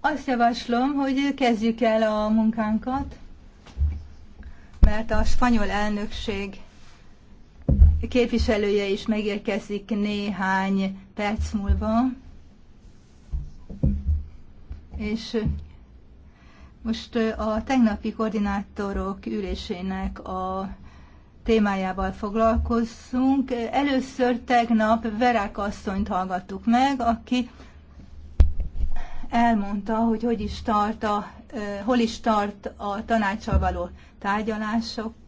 Azt javaslom, hogy kezdjük el a munkánkat, mert a spanyol elnökség képviselője is megérkezik néhány perc múlva. És most a tegnapi koordinátorok ülésének a témájával foglalkozzunk. Először tegnap Verák asszonyt hallgattuk meg, aki elmondta, hogy hogy is tart a, hol is tart a tanácsal való tárgyalásokkal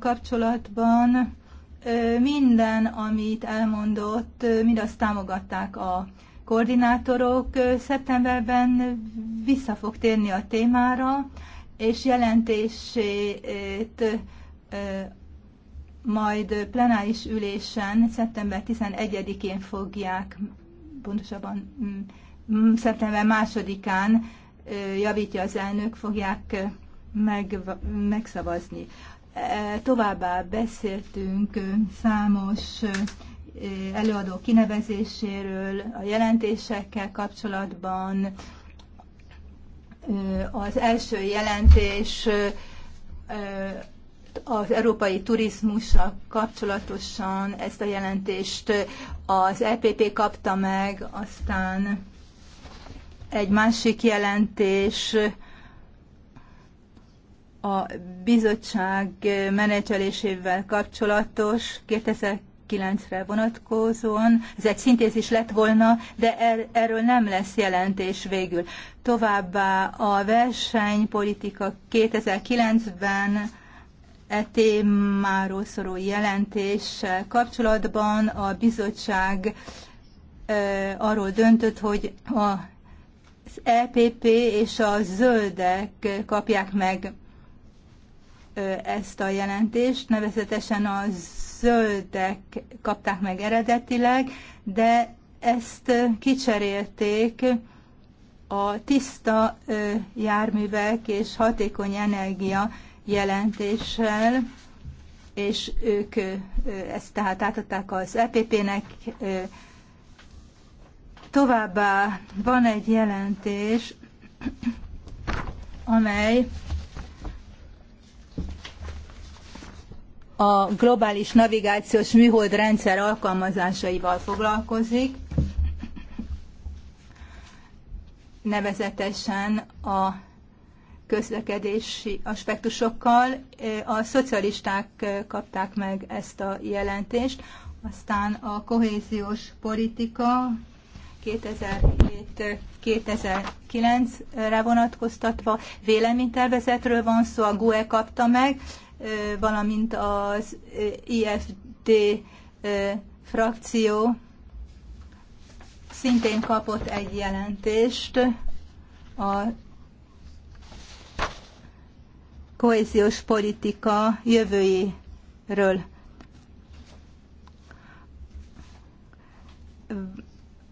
kapcsolatban. Minden, amit elmondott, mindazt támogatták a koordinátorok. Szeptemberben vissza fog térni a témára, és jelentését majd plenáris ülésen szeptember 11-én fogják, pontosabban mm, mm, szeptember másodikán javítja az elnök, fogják meg, megszavazni. E, továbbá beszéltünk számos előadó kinevezéséről, a jelentésekkel kapcsolatban, az első jelentés az európai turizmussal kapcsolatosan ezt a jelentést az EPP kapta meg, aztán egy másik jelentés a bizottság menedzselésével kapcsolatos 2000 2009-re vonatkozóan, ez egy szintézis lett volna, de er, erről nem lesz jelentés végül. Továbbá a versenypolitika 2009-ben e témáról szoró jelentés kapcsolatban a bizottság e, arról döntött, hogy a az EPP és a zöldek kapják meg ezt a jelentést, nevezetesen az zöldek kapták meg eredetileg, de ezt kicserélték a tiszta járművek és hatékony energia jelentéssel, és ők ezt tehát átadták az EPP-nek. Továbbá van egy jelentés, amely a globális navigációs műhold rendszer alkalmazásaival foglalkozik, nevezetesen a közlekedési aspektusokkal. A szocialisták kapták meg ezt a jelentést, aztán a kohéziós politika 2007-2009-re vonatkoztatva véleménytervezetről van szó, a GUE kapta meg, valamint az IFD frakció szintén kapott egy jelentést a kohéziós politika jövőjéről.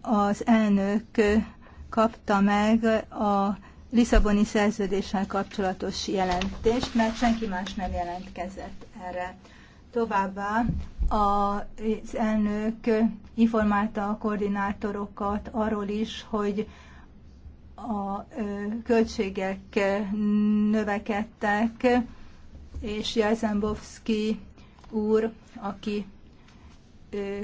Az elnök kapta meg a Lisszaboni szerződéssel kapcsolatos jelentést, mert senki más nem jelentkezett erre. Továbbá az elnök informálta a koordinátorokat arról is, hogy a költségek növekedtek, és Jelzenbovszki úr, aki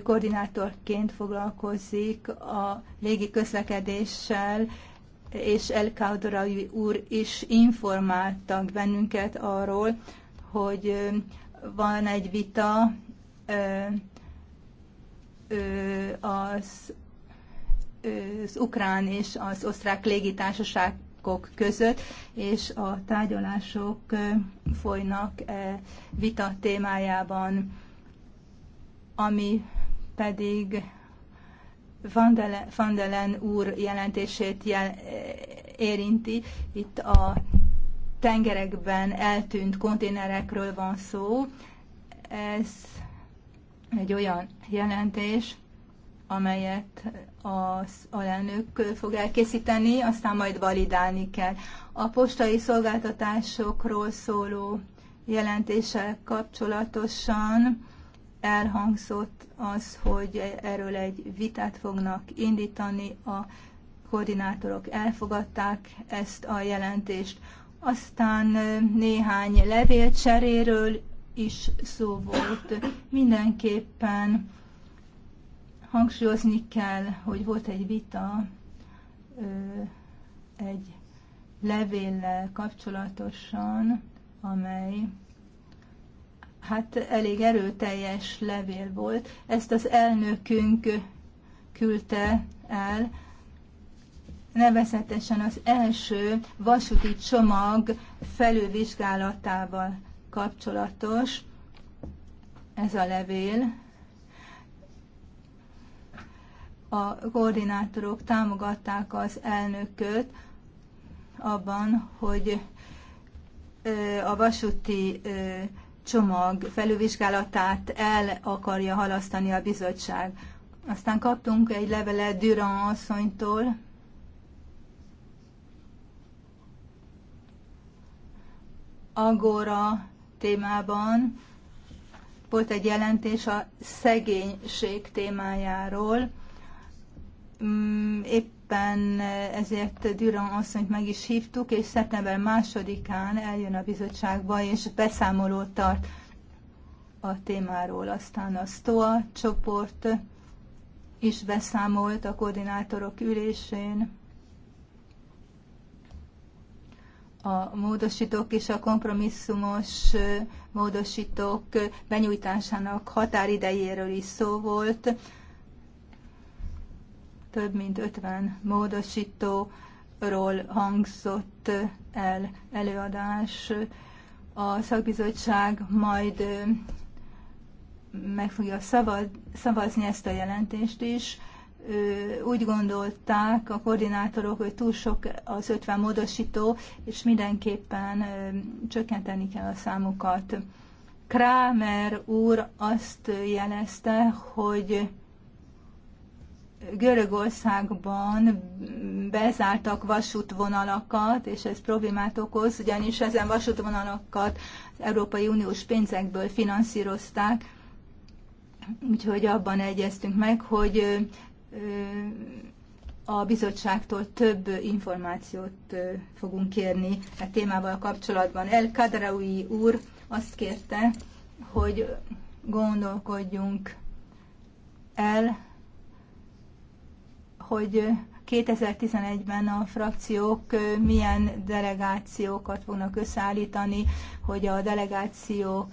koordinátorként foglalkozik a légi közlekedéssel, és El Kaudorai úr is informáltak bennünket arról, hogy van egy vita az, az ukrán és az osztrák légitársaságok között, és a tárgyalások folynak e vita témájában, ami pedig Vandelen úr jelentését jel, érinti. Itt a tengerekben eltűnt konténerekről van szó. Ez egy olyan jelentés, amelyet az alelnök fog elkészíteni, aztán majd validálni kell. A postai szolgáltatásokról szóló jelentéssel kapcsolatosan elhangzott az, hogy erről egy vitát fognak indítani, a koordinátorok elfogadták ezt a jelentést. Aztán néhány levélcseréről is szó volt. Mindenképpen hangsúlyozni kell, hogy volt egy vita egy levéllel kapcsolatosan, amely hát elég erőteljes levél volt. Ezt az elnökünk küldte el, nevezetesen az első vasúti csomag felülvizsgálatával kapcsolatos ez a levél. A koordinátorok támogatták az elnököt abban, hogy a vasúti csomag felülvizsgálatát el akarja halasztani a bizottság. Aztán kaptunk egy levelet Durand asszonytól, Agora témában volt egy jelentés a szegénység témájáról. Mm, épp éppen eh, ezért Durand asszonyt meg is hívtuk, és szeptember másodikán eljön a bizottságba, és beszámolót tart a témáról. Aztán a STOA csoport is beszámolt a koordinátorok ülésén. A módosítók és a kompromisszumos eh, módosítók benyújtásának határidejéről is szó volt több mint 50 módosítóról hangzott el előadás. A szakbizottság majd meg fogja szavaz, szavazni ezt a jelentést is. Úgy gondolták a koordinátorok, hogy túl sok az 50 módosító, és mindenképpen csökkenteni kell a számukat. Kramer úr azt jelezte, hogy Görögországban bezártak vasútvonalakat, és ez problémát okoz, ugyanis ezen vasútvonalakat az Európai Uniós pénzekből finanszírozták, úgyhogy abban egyeztünk meg, hogy a bizottságtól több információt fogunk kérni a e témával kapcsolatban. El Kadraui úr azt kérte, hogy gondolkodjunk el hogy 2011-ben a frakciók milyen delegációkat fognak összeállítani, hogy a delegációk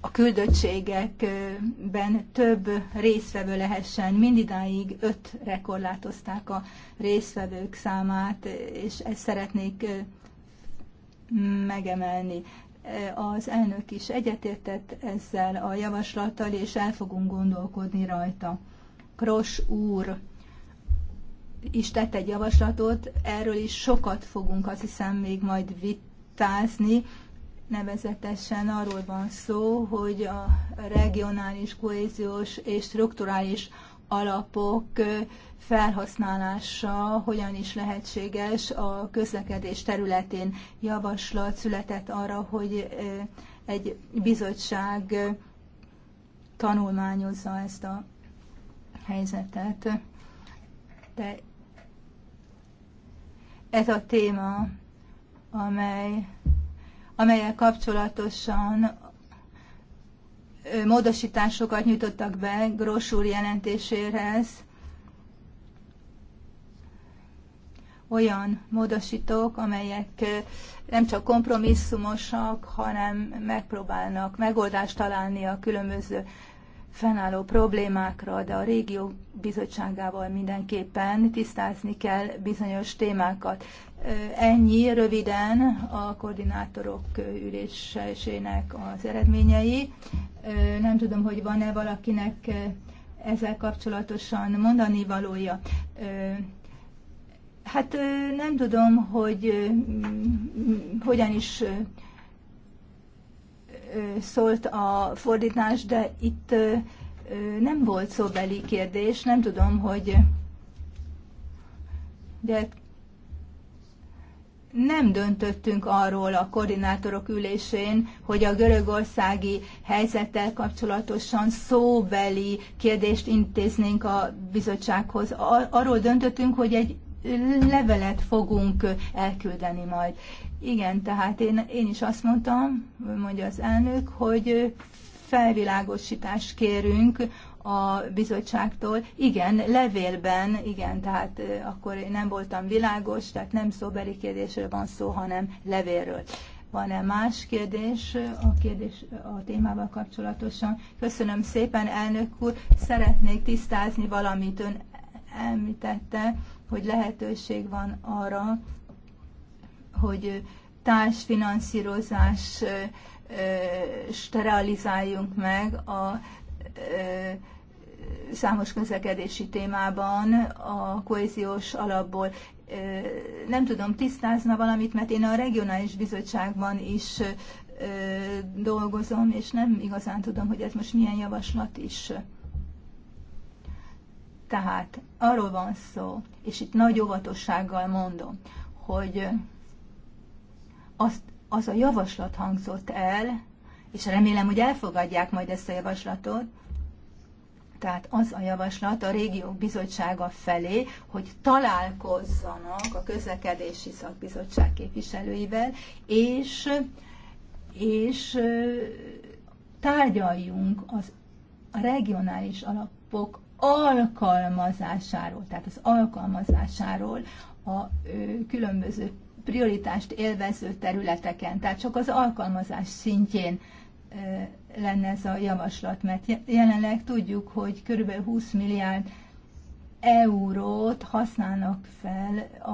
a küldöttségekben több részvevő lehessen. Mindidáig öt rekorlátozták a részvevők számát, és ezt szeretnék megemelni. Az elnök is egyetértett ezzel a javaslattal, és el fogunk gondolkodni rajta. Kros úr is tett egy javaslatot, erről is sokat fogunk azt hiszem még majd vitázni. Nevezetesen arról van szó, hogy a regionális, kohéziós és strukturális alapok felhasználása hogyan is lehetséges a közlekedés területén. Javaslat született arra, hogy egy bizottság tanulmányozza ezt a helyzetet, de ez a téma, amely, amelyel kapcsolatosan módosításokat nyújtottak be Gross úr jelentéséhez, olyan módosítók, amelyek nem csak kompromisszumosak, hanem megpróbálnak megoldást találni a különböző fennálló problémákra, de a régió bizottságával mindenképpen tisztázni kell bizonyos témákat. Ennyi röviden a koordinátorok ülésének az eredményei. Nem tudom, hogy van-e valakinek ezzel kapcsolatosan mondani valója. Hát nem tudom, hogy hogyan is szólt a fordítás, de itt nem volt szóbeli kérdés, nem tudom, hogy de nem döntöttünk arról a koordinátorok ülésén, hogy a görögországi helyzettel kapcsolatosan szóbeli kérdést intéznénk a bizottsághoz. Arról döntöttünk, hogy egy levelet fogunk elküldeni majd. Igen, tehát én, én is azt mondtam, mondja az elnök, hogy felvilágosítást kérünk a bizottságtól. Igen, levélben, igen, tehát akkor én nem voltam világos, tehát nem szóbeli kérdésről van szó, hanem levélről. Van-e más kérdés a, kérdés a témával kapcsolatosan? Köszönöm szépen, elnök úr. Szeretnék tisztázni valamit ön említette hogy lehetőség van arra, hogy társfinanszírozás realizáljunk meg a számos közlekedési témában a kohéziós alapból. Nem tudom, tisztázna valamit, mert én a regionális bizottságban is dolgozom, és nem igazán tudom, hogy ez most milyen javaslat is. Tehát arról van szó, és itt nagy óvatossággal mondom, hogy azt, az a javaslat hangzott el, és remélem, hogy elfogadják majd ezt a javaslatot, tehát az a javaslat a régiók bizottsága felé, hogy találkozzanak a közlekedési szakbizottság képviselőivel, és, és tárgyaljunk az a regionális alapok alkalmazásáról, tehát az alkalmazásáról a különböző prioritást élvező területeken, tehát csak az alkalmazás szintjén lenne ez a javaslat, mert jelenleg tudjuk, hogy kb. 20 milliárd eurót használnak fel a,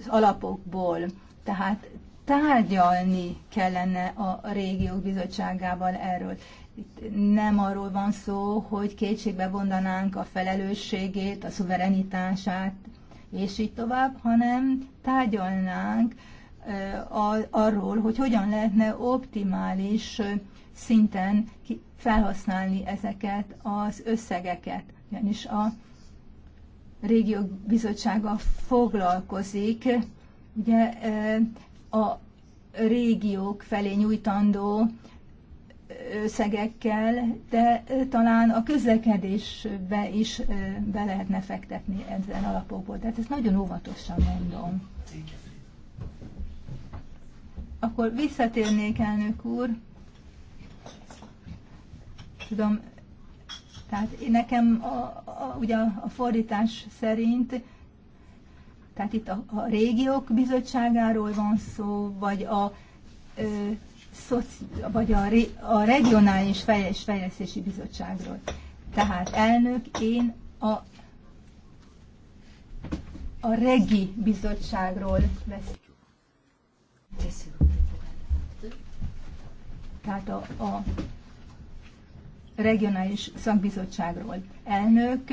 az alapokból. Tehát tárgyalni kellene a régiók bizottságával erről nem arról van szó, hogy kétségbe vondanánk a felelősségét, a szuverenitását, és így tovább, hanem tárgyalnánk arról, hogy hogyan lehetne optimális szinten felhasználni ezeket az összegeket. Ugyanis a régiók bizottsága foglalkozik, ugye a régiók felé nyújtandó összegekkel, de talán a közlekedésbe is be lehetne fektetni ezen alapokból. Tehát ezt nagyon óvatosan mondom. Akkor visszatérnék, elnök úr. Tudom, tehát nekem a, a, ugye a fordítás szerint tehát itt a, a régiók bizottságáról van szó, vagy a ö, vagy a, a Regionális Fejlesz, Fejlesztési Bizottságról. Tehát elnök, én a, a Regi Bizottságról beszélek. Tehát a, a Regionális Szakbizottságról. Elnök,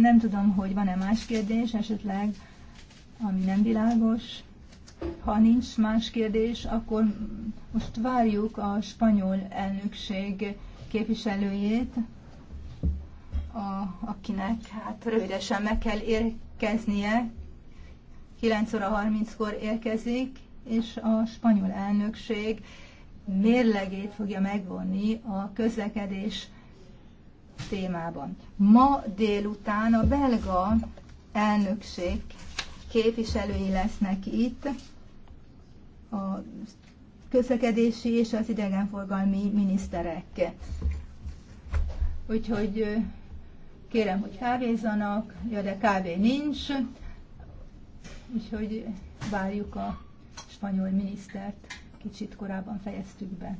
nem tudom, hogy van-e más kérdés esetleg, ami nem világos. Ha nincs más kérdés, akkor most várjuk a spanyol elnökség képviselőjét, a, akinek hát rövidesen meg kell érkeznie, 9 óra 30-kor érkezik, és a spanyol elnökség mérlegét fogja megvonni a közlekedés témában. Ma délután a belga elnökség képviselői lesznek itt, a közlekedési és az idegenforgalmi miniszterek. Úgyhogy kérem, hogy kávézzanak, ja, de kávé nincs, úgyhogy várjuk a spanyol minisztert, kicsit korábban fejeztük be.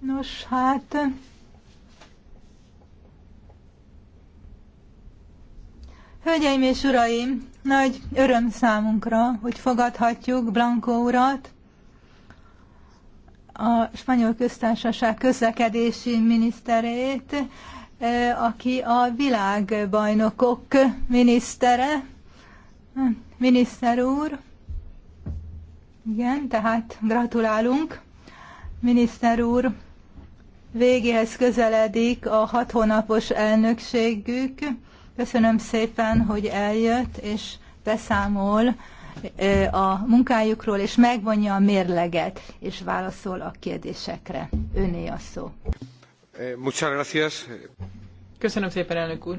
Nos, hát Hölgyeim és uraim, nagy öröm számunkra, hogy fogadhatjuk Blanco urat, a spanyol köztársaság közlekedési miniszterét, aki a világbajnokok minisztere, miniszter úr. Igen, tehát gratulálunk. Miniszter úr, végéhez közeledik a hat hónapos elnökségük. Köszönöm szépen, hogy eljött, és beszámol a munkájukról, és megvonja a mérleget, és válaszol a kérdésekre. Öné a szó. Eh, muchas gracias. Köszönöm szépen, elnök úr.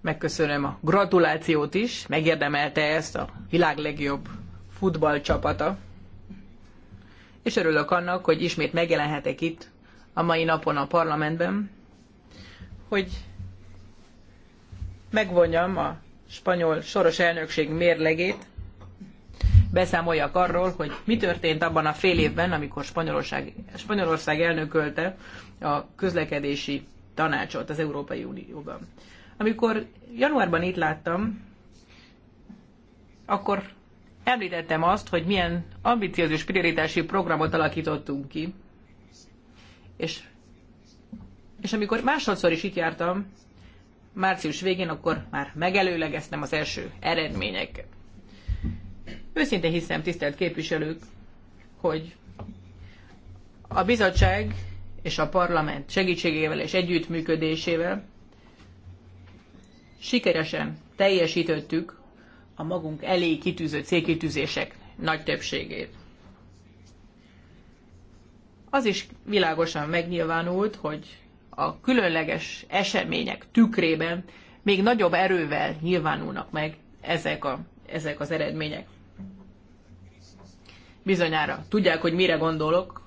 Megköszönöm a gratulációt is, megérdemelte ezt a világ legjobb futballcsapata. És örülök annak, hogy ismét megjelenhetek itt a mai napon a parlamentben, hogy megvonjam a spanyol soros elnökség mérlegét, beszámoljak arról, hogy mi történt abban a fél évben, amikor Spanyolország, Spanyolország elnökölte a közlekedési tanácsot az Európai Unióban. Amikor januárban itt láttam, akkor említettem azt, hogy milyen ambiciózus prioritási programot alakítottunk ki, és, és amikor másodszor is itt jártam, március végén, akkor már megelőlegeztem az első eredményeket. Őszintén hiszem, tisztelt képviselők, hogy a bizottság és a parlament segítségével és együttműködésével sikeresen teljesítettük a magunk elé kitűzött célkitűzések nagy többségét. Az is világosan megnyilvánult, hogy a különleges események tükrében még nagyobb erővel nyilvánulnak meg ezek, a, ezek az eredmények. Bizonyára tudják, hogy mire gondolok,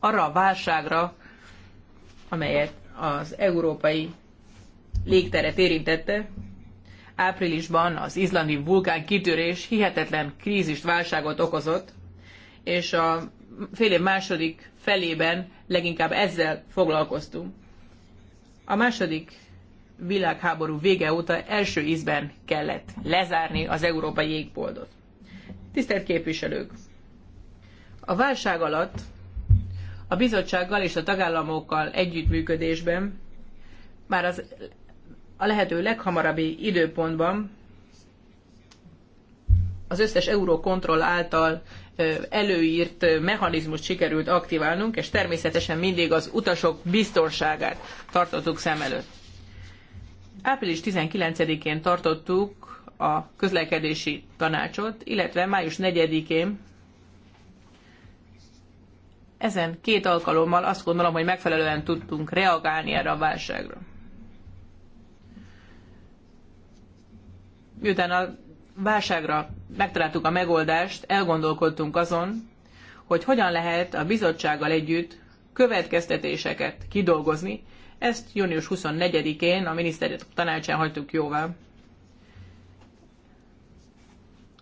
arra a válságra, amelyet az európai légteret érintette, áprilisban az izlandi vulkán kitörés hihetetlen krízist, válságot okozott, és a fél év második felében leginkább ezzel foglalkoztunk. A második világháború vége óta első ízben kellett lezárni az európai jégboldot. Tisztelt képviselők! A válság alatt a bizottsággal és a tagállamokkal együttműködésben már az a lehető leghamarabbi időpontban az összes eurókontroll által előírt mechanizmust sikerült aktiválnunk, és természetesen mindig az utasok biztonságát tartottuk szem előtt. Április 19-én tartottuk a közlekedési tanácsot, illetve május 4-én ezen két alkalommal azt gondolom, hogy megfelelően tudtunk reagálni erre a válságra. Miután a válságra megtaláltuk a megoldást, elgondolkodtunk azon, hogy hogyan lehet a bizottsággal együtt következtetéseket kidolgozni. Ezt június 24-én a miniszteri tanácsán hagytuk jóvá.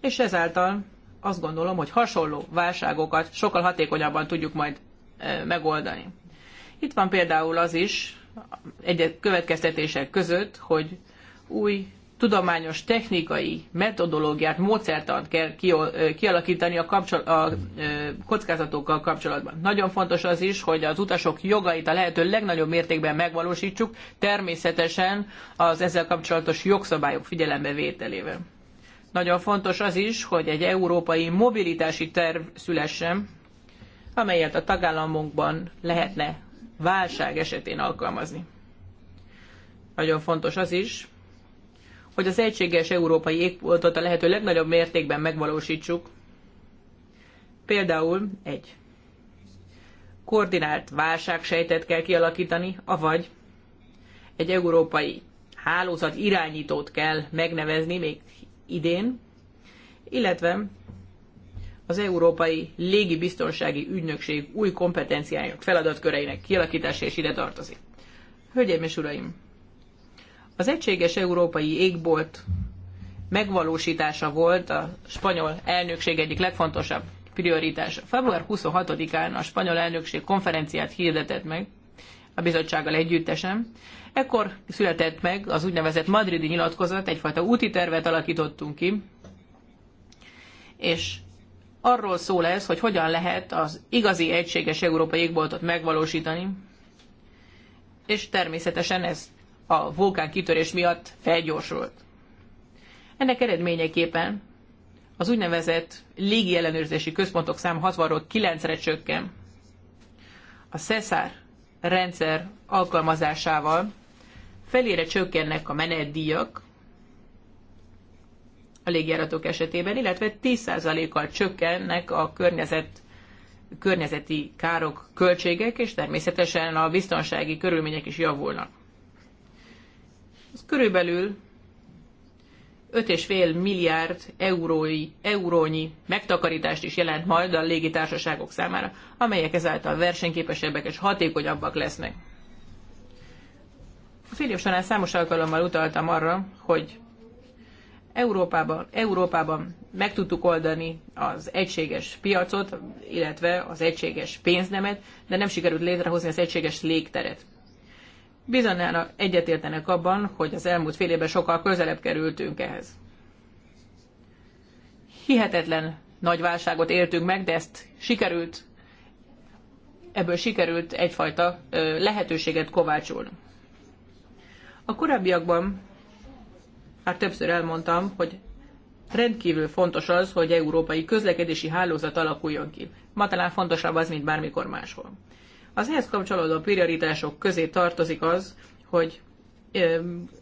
És ezáltal azt gondolom, hogy hasonló válságokat sokkal hatékonyabban tudjuk majd e, megoldani. Itt van például az is, egy következtetések között, hogy új tudományos, technikai metodológiát, módszertant kell kialakítani a, kapcsol- a kockázatokkal kapcsolatban. Nagyon fontos az is, hogy az utasok jogait a lehető legnagyobb mértékben megvalósítsuk, természetesen az ezzel kapcsolatos jogszabályok figyelembe vételével. Nagyon fontos az is, hogy egy európai mobilitási terv szülessen, amelyet a tagállamokban lehetne válság esetén alkalmazni. Nagyon fontos az is, hogy az egységes európai égboltot a lehető legnagyobb mértékben megvalósítsuk. Például egy koordinált válságsejtet kell kialakítani, avagy egy európai hálózat irányítót kell megnevezni még idén, illetve az Európai Légibiztonsági Ügynökség új kompetenciájának feladatköreinek kialakítása is ide tartozik. Hölgyeim és Uraim! Az egységes európai égbolt megvalósítása volt a spanyol elnökség egyik legfontosabb prioritása. Február 26-án a spanyol elnökség konferenciát hirdetett meg a bizottsággal együttesen. Ekkor született meg az úgynevezett madridi nyilatkozat, egyfajta úti tervet alakítottunk ki, és arról szól ez, hogy hogyan lehet az igazi egységes európai égboltot megvalósítani, és természetesen ez a vulkán kitörés miatt felgyorsult. Ennek eredményeképpen az úgynevezett légi ellenőrzési központok szám 60-ról 9-re csökken. A CESAR rendszer alkalmazásával felére csökkennek a menetdíjak a légjáratok esetében, illetve 10%-kal csökkennek a környezet, környezeti károk költségek, és természetesen a biztonsági körülmények is javulnak az körülbelül 5,5 milliárd eurói, eurónyi megtakarítást is jelent majd a légitársaságok számára, amelyek ezáltal versenyképesebbek és hatékonyabbak lesznek. A Filip során számos alkalommal utaltam arra, hogy Európában, Európában meg tudtuk oldani az egységes piacot, illetve az egységes pénznemet, de nem sikerült létrehozni az egységes légteret bizonyára egyetértenek abban, hogy az elmúlt fél évben sokkal közelebb kerültünk ehhez. Hihetetlen nagy válságot éltünk meg, de ezt sikerült, ebből sikerült egyfajta lehetőséget kovácsolni. A korábbiakban már többször elmondtam, hogy rendkívül fontos az, hogy európai közlekedési hálózat alakuljon ki. Ma talán fontosabb az, mint bármikor máshol. Az ehhez kapcsolódó prioritások közé tartozik az, hogy ö,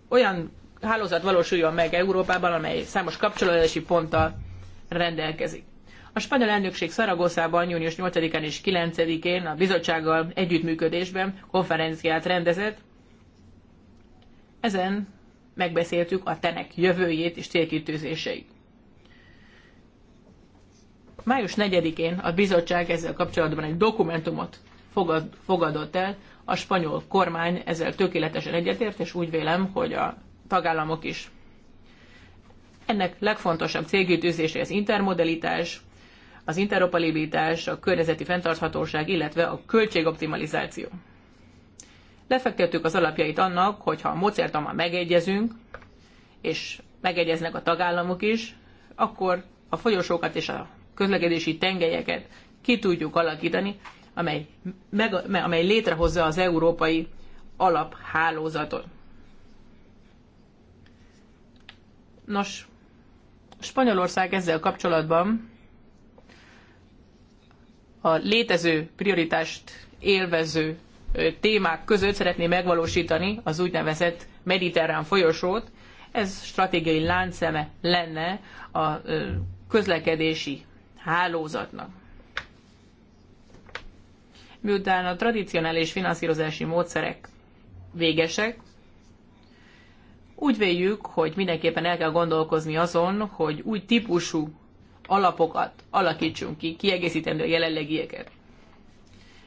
olyan hálózat valósuljon meg Európában, amely számos kapcsolódási ponttal rendelkezik. A spanyol elnökség Szaragoszában június 8-án és 9-én a bizottsággal együttműködésben konferenciát rendezett. Ezen megbeszéltük a tenek jövőjét és térkítőzéseit. Május 4-én a bizottság ezzel kapcsolatban egy dokumentumot fogad, fogadott el, a spanyol kormány ezzel tökéletesen egyetért, és úgy vélem, hogy a tagállamok is. Ennek legfontosabb célkütőzése az intermodalitás, az interoperabilitás, a környezeti fenntarthatóság, illetve a költségoptimalizáció. Lefektettük az alapjait annak, hogyha a mozertammal megegyezünk, és megegyeznek a tagállamok is, akkor a folyosókat és a közlekedési tengelyeket ki tudjuk alakítani amely, meg, amely létrehozza az európai alaphálózatot. Nos, Spanyolország ezzel kapcsolatban a létező prioritást élvező témák között szeretné megvalósítani az úgynevezett mediterrán folyosót. Ez stratégiai láncszeme lenne a közlekedési hálózatnak miután a tradicionális finanszírozási módszerek végesek, úgy véljük, hogy mindenképpen el kell gondolkozni azon, hogy új típusú alapokat alakítsunk ki, kiegészítendő a jelenlegieket.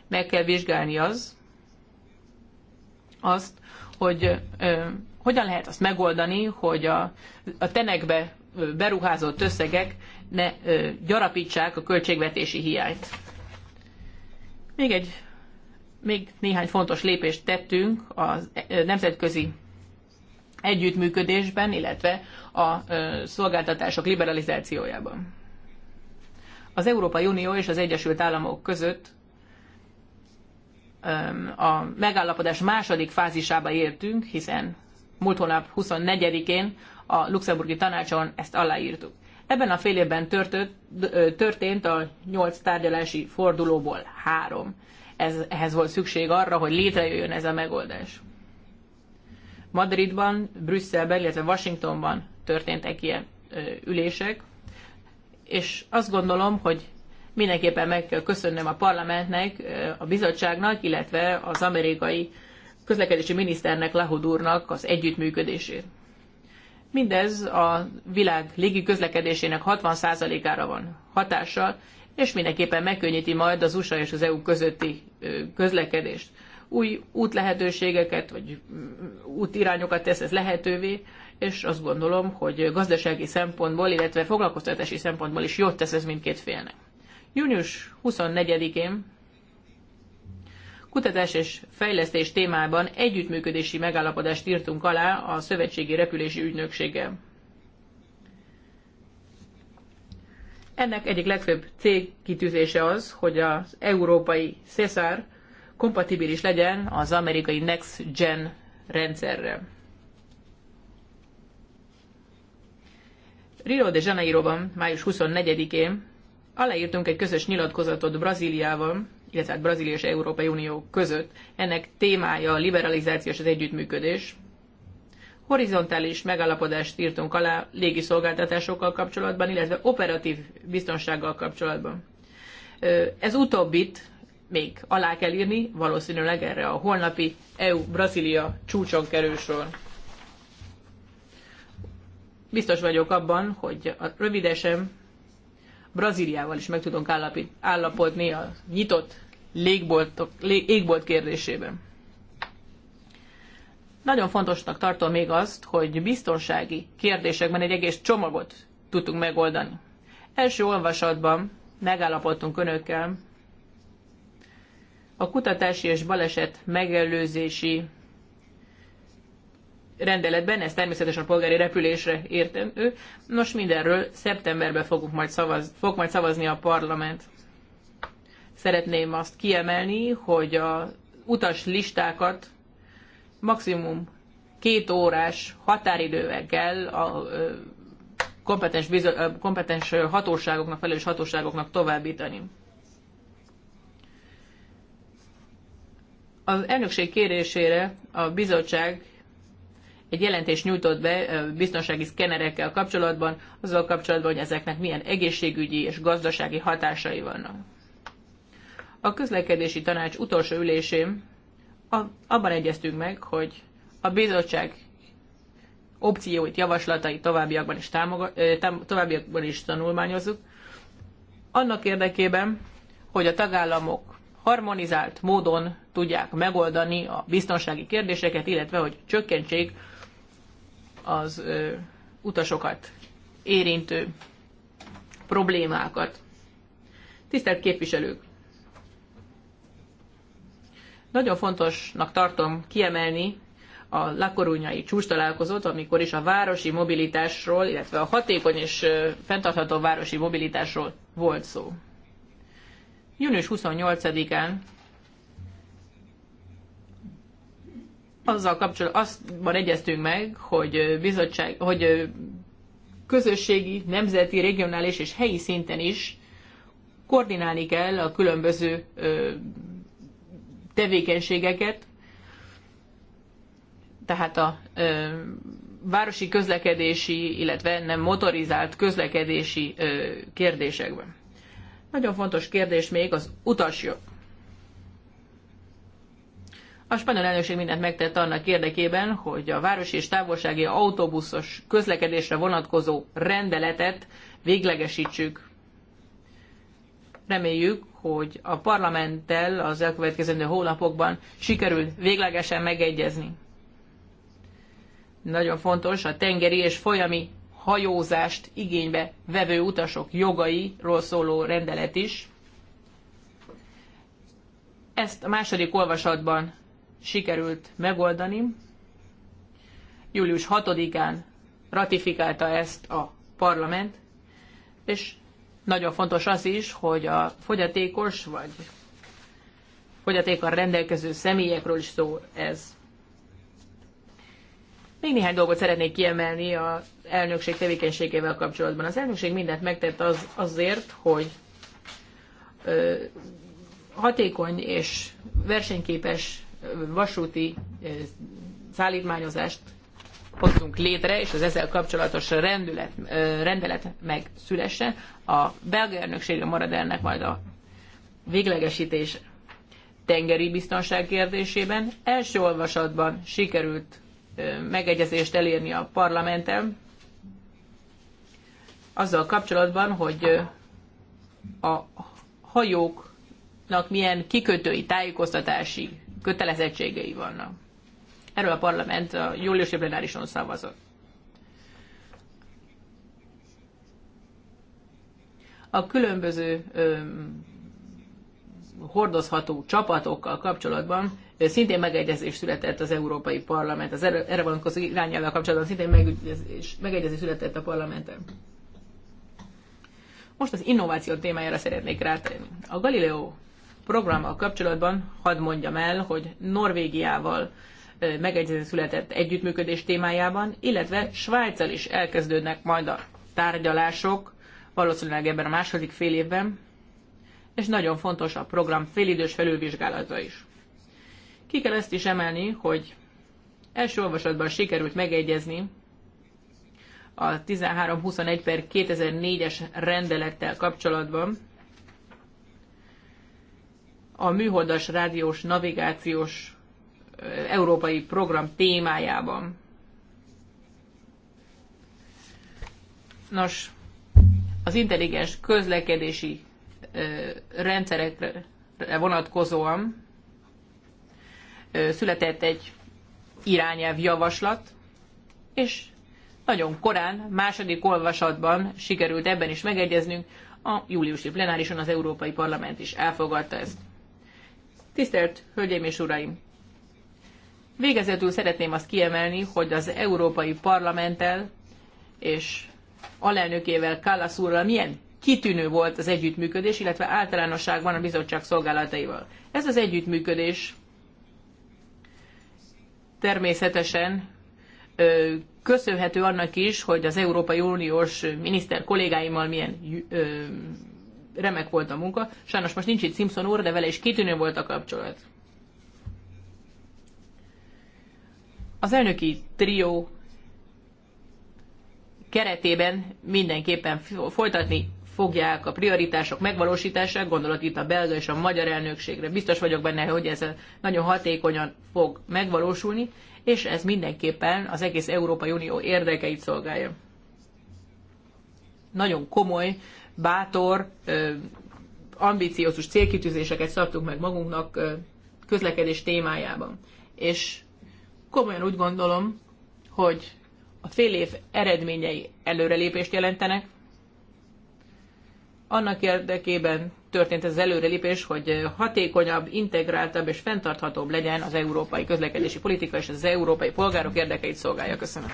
Meg kell vizsgálni az, azt, hogy ö, hogyan lehet azt megoldani, hogy a, a tenekbe beruházott összegek ne ö, gyarapítsák a költségvetési hiányt. Még egy még néhány fontos lépést tettünk a nemzetközi együttműködésben, illetve a szolgáltatások liberalizációjában. Az Európai Unió és az Egyesült Államok között a megállapodás második fázisába értünk, hiszen múlt hónap 24-én a luxemburgi tanácson ezt aláírtuk. Ebben a fél évben történt, történt a nyolc tárgyalási fordulóból három. Ez, ehhez volt szükség arra, hogy létrejöjjön ez a megoldás. Madridban, Brüsszelben, illetve Washingtonban történtek ilyen ö, ülések, és azt gondolom, hogy mindenképpen meg kell köszönnöm a parlamentnek, a bizottságnak, illetve az amerikai közlekedési miniszternek, Lahud úrnak az együttműködését. Mindez a világ légi közlekedésének 60%-ára van hatással, és mindenképpen megkönnyíti majd az USA és az EU közötti közlekedést. Új útlehetőségeket, vagy mm, útirányokat tesz ez lehetővé, és azt gondolom, hogy gazdasági szempontból, illetve foglalkoztatási szempontból is jót tesz ez mindkét félnek. Június 24-én kutatás és fejlesztés témában együttműködési megállapodást írtunk alá a Szövetségi Repülési Ügynökséggel. Ennek egyik legfőbb célkitűzése az, hogy az európai CESAR kompatibilis legyen az amerikai Next Gen rendszerre. Rio de Janeiroban, május 24-én aláírtunk egy közös nyilatkozatot Brazíliával, illetve hát Brazília és Európai Unió között. Ennek témája a liberalizáció és az együttműködés. Horizontális megállapodást írtunk alá légiszolgáltatásokkal kapcsolatban, illetve operatív biztonsággal kapcsolatban. Ez utóbbit még alá kell írni, valószínűleg erre a holnapi EU-Brazília csúcson kerül sor. Biztos vagyok abban, hogy a rövidesen Brazíliával is meg tudunk állapodni a nyitott légboltok, lég, égbolt kérdésében. Nagyon fontosnak tartom még azt, hogy biztonsági kérdésekben egy egész csomagot tudtunk megoldani. Első olvasatban megállapodtunk önökkel a kutatási és baleset megelőzési rendeletben, ez természetesen a polgári repülésre értem ő. Nos, mindenről szeptemberben fogunk majd szavaz, fog majd szavazni a parlament. Szeretném azt kiemelni, hogy a utas listákat maximum két órás határidővel kell a kompetens, kompetens hatóságoknak, felelős hatóságoknak továbbítani. Az elnökség kérésére a bizottság egy jelentést nyújtott be biztonsági szkenerekkel kapcsolatban, azzal kapcsolatban, hogy ezeknek milyen egészségügyi és gazdasági hatásai vannak. A közlekedési tanács utolsó ülésén abban egyeztünk meg, hogy a bizottság opcióit, javaslatait továbbiakban is, támogat, továbbiakban is tanulmányozzuk, annak érdekében, hogy a tagállamok harmonizált módon tudják megoldani a biztonsági kérdéseket, illetve hogy csökkentsék az utasokat érintő problémákat. Tisztelt képviselők! Nagyon fontosnak tartom kiemelni a lakorúnyai csúcs találkozót, amikor is a városi mobilitásról, illetve a hatékony és fenntartható városi mobilitásról volt szó. Június 28-án azzal kapcsolatban van egyeztünk meg, hogy bizottság, hogy közösségi, nemzeti, regionális és helyi szinten is koordinálni kell a különböző tevékenységeket, tehát a városi közlekedési, illetve nem motorizált közlekedési kérdésekben. Nagyon fontos kérdés még az utasjog. A spanyol elnökség mindent megtett annak érdekében, hogy a városi és távolsági autóbuszos közlekedésre vonatkozó rendeletet véglegesítsük. Reméljük, hogy a parlamenttel az elkövetkezendő hónapokban sikerül véglegesen megegyezni. Nagyon fontos a tengeri és folyami hajózást igénybe vevő utasok jogairól szóló rendelet is. Ezt a második olvasatban sikerült megoldani. Július 6-án ratifikálta ezt a parlament, és nagyon fontos az is, hogy a fogyatékos vagy fogyatékkal rendelkező személyekről is szó ez. Még néhány dolgot szeretnék kiemelni az elnökség tevékenységével kapcsolatban. Az elnökség mindent megtett az, azért, hogy ö, hatékony és versenyképes vasúti szállítmányozást hozzunk létre, és az ezzel kapcsolatos rendület, rendelet megszülesse. A belga elnöksége marad ennek majd a véglegesítés tengeri biztonság kérdésében. Első olvasatban sikerült megegyezést elérni a parlamenten, azzal kapcsolatban, hogy a hajóknak milyen kikötői tájékoztatási kötelezettségei vannak. Erről a parlament a júliusi plenárison szavazott. A különböző ö, hordozható csapatokkal kapcsolatban szintén megegyezés született az Európai Parlament, az erre vonatkozó irányával kapcsolatban szintén megegyezés, megegyezés született a parlamenten. Most az innováció témájára szeretnék rátenni. A Galileo programmal kapcsolatban hadd mondjam el, hogy Norvégiával megegyezés született együttműködés témájában, illetve Svájccal is elkezdődnek majd a tárgyalások, valószínűleg ebben a második fél évben, és nagyon fontos a program félidős felülvizsgálata is. Ki kell ezt is emelni, hogy első olvasatban sikerült megegyezni a 1321 per 2004-es rendelettel kapcsolatban, a műholdas rádiós navigációs európai program témájában. Nos, az intelligens közlekedési rendszerekre vonatkozóan született egy javaslat, és nagyon korán, második olvasatban sikerült ebben is megegyeznünk, a júliusi plenárison az Európai Parlament is elfogadta ezt. Tisztelt Hölgyeim és Uraim! Végezetül szeretném azt kiemelni, hogy az Európai Parlamenttel és alelnökével Kallas úrral milyen kitűnő volt az együttműködés, illetve általánosságban a bizottság szolgálataival. Ez az együttműködés természetesen köszönhető annak is, hogy az Európai Uniós miniszter kollégáimmal milyen remek volt a munka. Sajnos most nincs itt Simpson úr, de vele is kitűnő volt a kapcsolat. Az elnöki trió keretében mindenképpen folytatni fogják a prioritások megvalósítását, gondolat itt a belga és a magyar elnökségre. Biztos vagyok benne, hogy ez nagyon hatékonyan fog megvalósulni, és ez mindenképpen az egész Európai Unió érdekeit szolgálja. Nagyon komoly bátor, ambiciózus célkitűzéseket szabtunk meg magunknak közlekedés témájában. És komolyan úgy gondolom, hogy a fél év eredményei előrelépést jelentenek. Annak érdekében történt ez az előrelépés, hogy hatékonyabb, integráltabb és fenntarthatóbb legyen az európai közlekedési politika, és az európai polgárok érdekeit szolgálja. Köszönöm.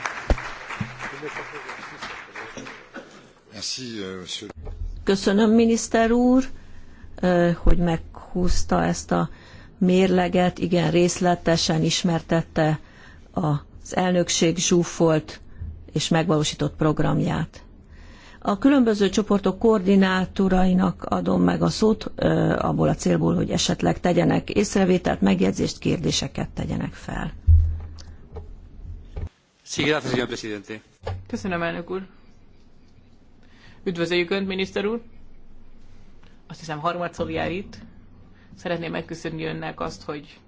Euh, Köszönöm, miniszter úr, hogy meghúzta ezt a mérleget, igen részletesen ismertette az elnökség zsúfolt és megvalósított programját. A különböző csoportok koordinátorainak adom meg a szót, abból a célból, hogy esetleg tegyenek észrevételt, megjegyzést, kérdéseket tegyenek fel. Sí, gracias, señor presidente. Köszönöm, elnök úr. Üdvözöljük Önt, miniszter úr! Azt hiszem harmadszor jár itt. Szeretném megköszönni Önnek azt, hogy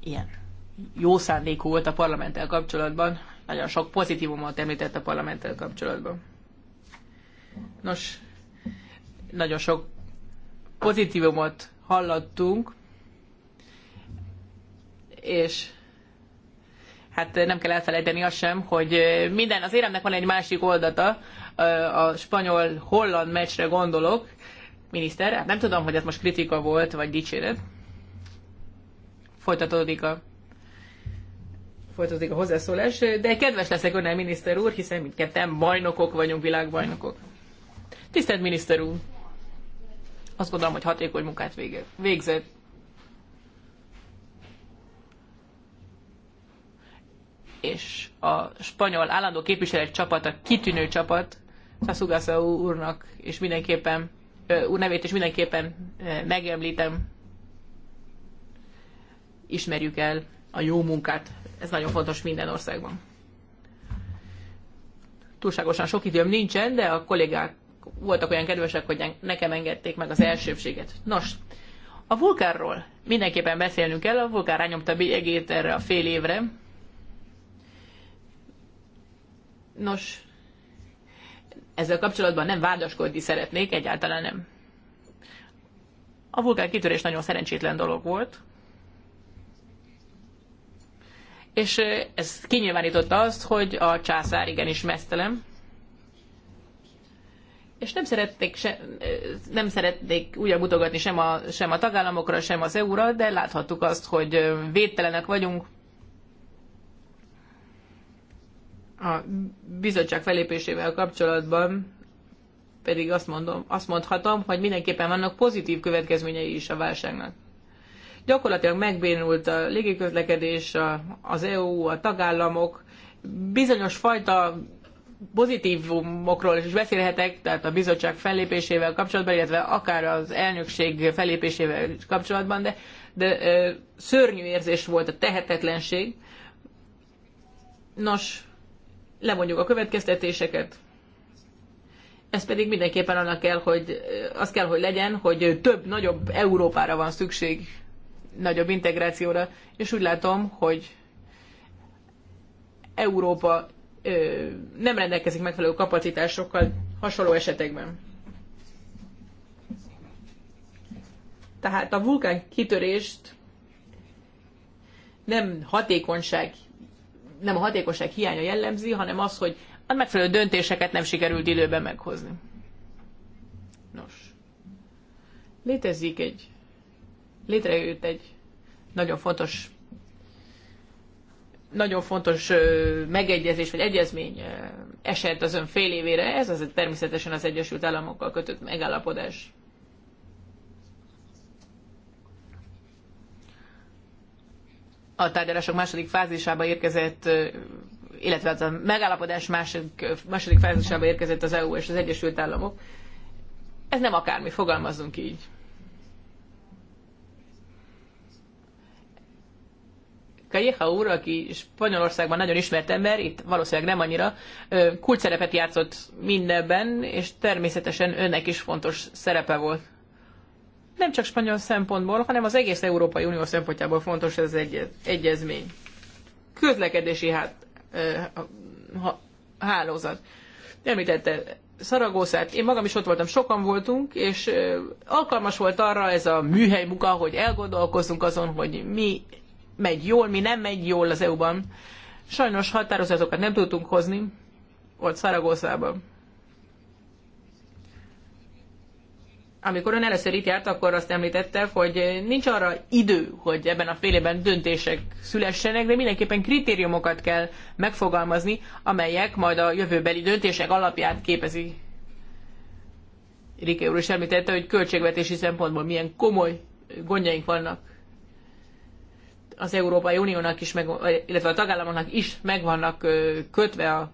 ilyen jó szándékú volt a parlamenttel kapcsolatban. Nagyon sok pozitívumot említett a parlamenttel kapcsolatban. Nos, nagyon sok pozitívumot hallottunk, és hát nem kell elfelejteni azt sem, hogy minden, az éremnek van egy másik oldata, a spanyol-holland meccsre gondolok, miniszter, hát nem tudom, hogy ez most kritika volt, vagy dicséret. Folytatódik a folytatódik a hozzászólás, de kedves leszek önnel, miniszter úr, hiszen mindketten bajnokok vagyunk, világbajnokok. Tisztelt miniszter úr! Azt gondolom, hogy hatékony munkát végzett. és a spanyol állandó képviselet a kitűnő csapat, Sasugasa úrnak, és mindenképpen úr nevét is mindenképpen megemlítem. Ismerjük el a jó munkát. Ez nagyon fontos minden országban. Túlságosan sok időm nincsen, de a kollégák voltak olyan kedvesek, hogy nekem engedték meg az elsőbséget. Nos, a vulkárról mindenképpen beszélnünk kell, a vulkár rányomta bélyegét erre a fél évre, Nos, ezzel kapcsolatban nem vádaskodni szeretnék, egyáltalán nem. A vulkán kitörés nagyon szerencsétlen dolog volt, és ez kinyilvánította azt, hogy a császár igenis mesztelem, és nem szeretnék, se, nem szeretnék újabb utogatni sem a, sem a tagállamokra, sem az EU-ra, de láthattuk azt, hogy védtelenek vagyunk, a bizottság felépésével kapcsolatban pedig azt, mondom, azt mondhatom, hogy mindenképpen vannak pozitív következményei is a válságnak. Gyakorlatilag megbénult a légiközlekedés, az EU, a tagállamok, bizonyos fajta pozitívumokról is beszélhetek, tehát a bizottság fellépésével kapcsolatban, illetve akár az elnökség fellépésével kapcsolatban, de, de ö, szörnyű érzés volt a tehetetlenség. Nos, levonjuk a következtetéseket. Ez pedig mindenképpen annak kell, hogy az kell, hogy legyen, hogy több, nagyobb Európára van szükség, nagyobb integrációra, és úgy látom, hogy Európa ö, nem rendelkezik megfelelő kapacitásokkal hasonló esetekben. Tehát a vulkán kitörést nem hatékonysági nem a hatékonyság hiánya jellemzi, hanem az, hogy a megfelelő döntéseket nem sikerült időben meghozni. Nos, létezik egy, létrejött egy nagyon fontos nagyon fontos megegyezés vagy egyezmény esett az ön fél évére, ez az természetesen az Egyesült Államokkal kötött megállapodás. a tárgyalások második fázisába érkezett, illetve az a megállapodás második, második fázisába érkezett az EU és az Egyesült Államok. Ez nem akármi, fogalmazunk így. Kajéha úr, aki Spanyolországban nagyon ismert ember, itt valószínűleg nem annyira, kulcs szerepet játszott mindenben, és természetesen önnek is fontos szerepe volt nem csak spanyol szempontból, hanem az egész Európai Unió szempontjából fontos ez egy, egyezmény. Közlekedési hát, ha, hálózat. Említette Szaragószát, én magam is ott voltam, sokan voltunk, és alkalmas volt arra ez a műhely muka, hogy elgondolkozzunk azon, hogy mi megy jól, mi nem megy jól az EU-ban. Sajnos határozatokat nem tudtunk hozni, volt Szaragószában. amikor ön először itt járt, akkor azt említette, hogy nincs arra idő, hogy ebben a félében döntések szülessenek, de mindenképpen kritériumokat kell megfogalmazni, amelyek majd a jövőbeli döntések alapját képezi. Rike úr is említette, hogy költségvetési szempontból milyen komoly gondjaink vannak. Az Európai Uniónak is, meg, illetve a tagállamoknak is megvannak kötve a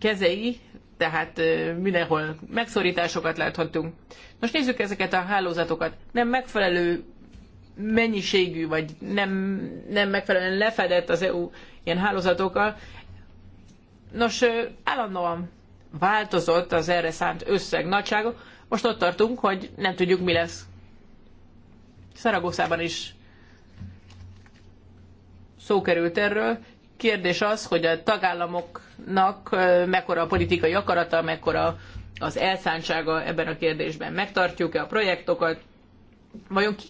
kezei, tehát mindenhol megszorításokat láthatunk. Most nézzük ezeket a hálózatokat. Nem megfelelő mennyiségű, vagy nem, nem megfelelően lefedett az EU ilyen hálózatokkal. Nos, állandóan változott az erre szánt összeg nagysága. Most ott tartunk, hogy nem tudjuk, mi lesz. Szaragoszában is szó került erről kérdés az, hogy a tagállamoknak mekkora a politikai akarata, mekkora az elszántsága ebben a kérdésben. Megtartjuk-e a projektokat? Vajon ki,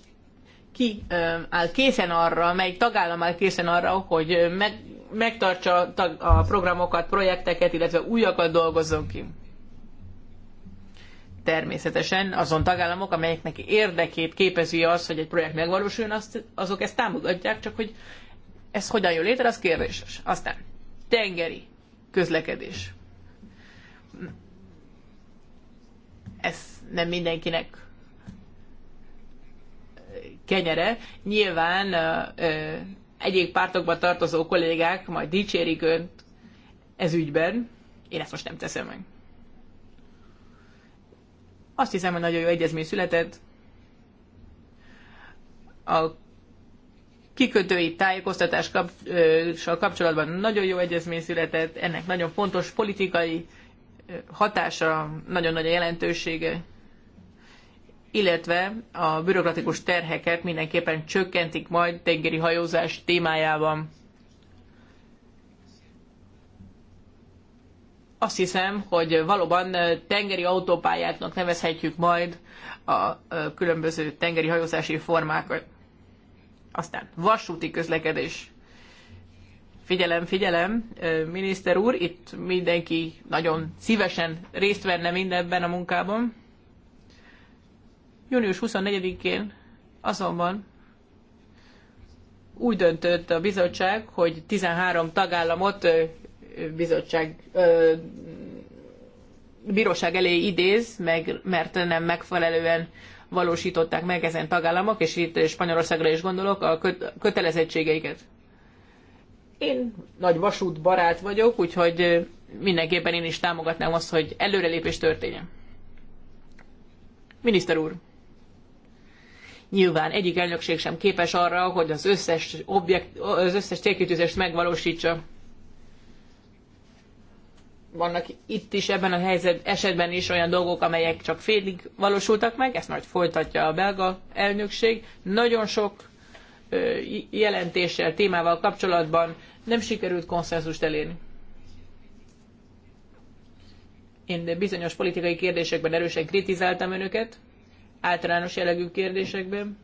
ki áll készen arra, melyik tagállam áll készen arra, hogy meg, megtartsa a programokat, projekteket, illetve újakat dolgozzon ki? Természetesen azon tagállamok, amelyeknek érdekét képezi az, hogy egy projekt megvalósuljon, azt, azok ezt támogatják, csak hogy ez hogyan jön létre, az kérdéses. Aztán tengeri közlekedés. Ez nem mindenkinek eh, kenyere. Nyilván eh, eh, egyik pártokban tartozó kollégák majd dicsérik önt ez ügyben. Én ezt most nem teszem meg. Azt hiszem, hogy nagyon jó egyezmény született. A kikötői tájékoztatással kapcsolatban nagyon jó egyezmény született, ennek nagyon fontos politikai hatása, nagyon nagy a jelentősége, illetve a bürokratikus terheket mindenképpen csökkentik majd tengeri hajózás témájában. Azt hiszem, hogy valóban tengeri autópályáknak nevezhetjük majd a különböző tengeri hajózási formákat. Aztán vasúti közlekedés. Figyelem, figyelem, miniszter úr, itt mindenki nagyon szívesen részt venne mindenben a munkában. Június 24-én azonban úgy döntött a bizottság, hogy 13 tagállamot bizottság bíróság elé idéz, meg, mert nem megfelelően valósították meg ezen tagállamok, és itt Spanyolországra is gondolok, a kötelezettségeiket. Én nagy vasút barát vagyok, úgyhogy mindenképpen én is támogatnám azt, hogy előrelépés történjen. Miniszter úr, nyilván egyik elnökség sem képes arra, hogy az összes, objekt, az összes célkitűzést megvalósítsa vannak itt is ebben a helyzet, esetben is olyan dolgok, amelyek csak félig valósultak meg, ezt majd folytatja a belga elnökség. Nagyon sok jelentéssel, témával kapcsolatban nem sikerült konszenzust elérni. Én bizonyos politikai kérdésekben erősen kritizáltam önöket, általános jellegű kérdésekben.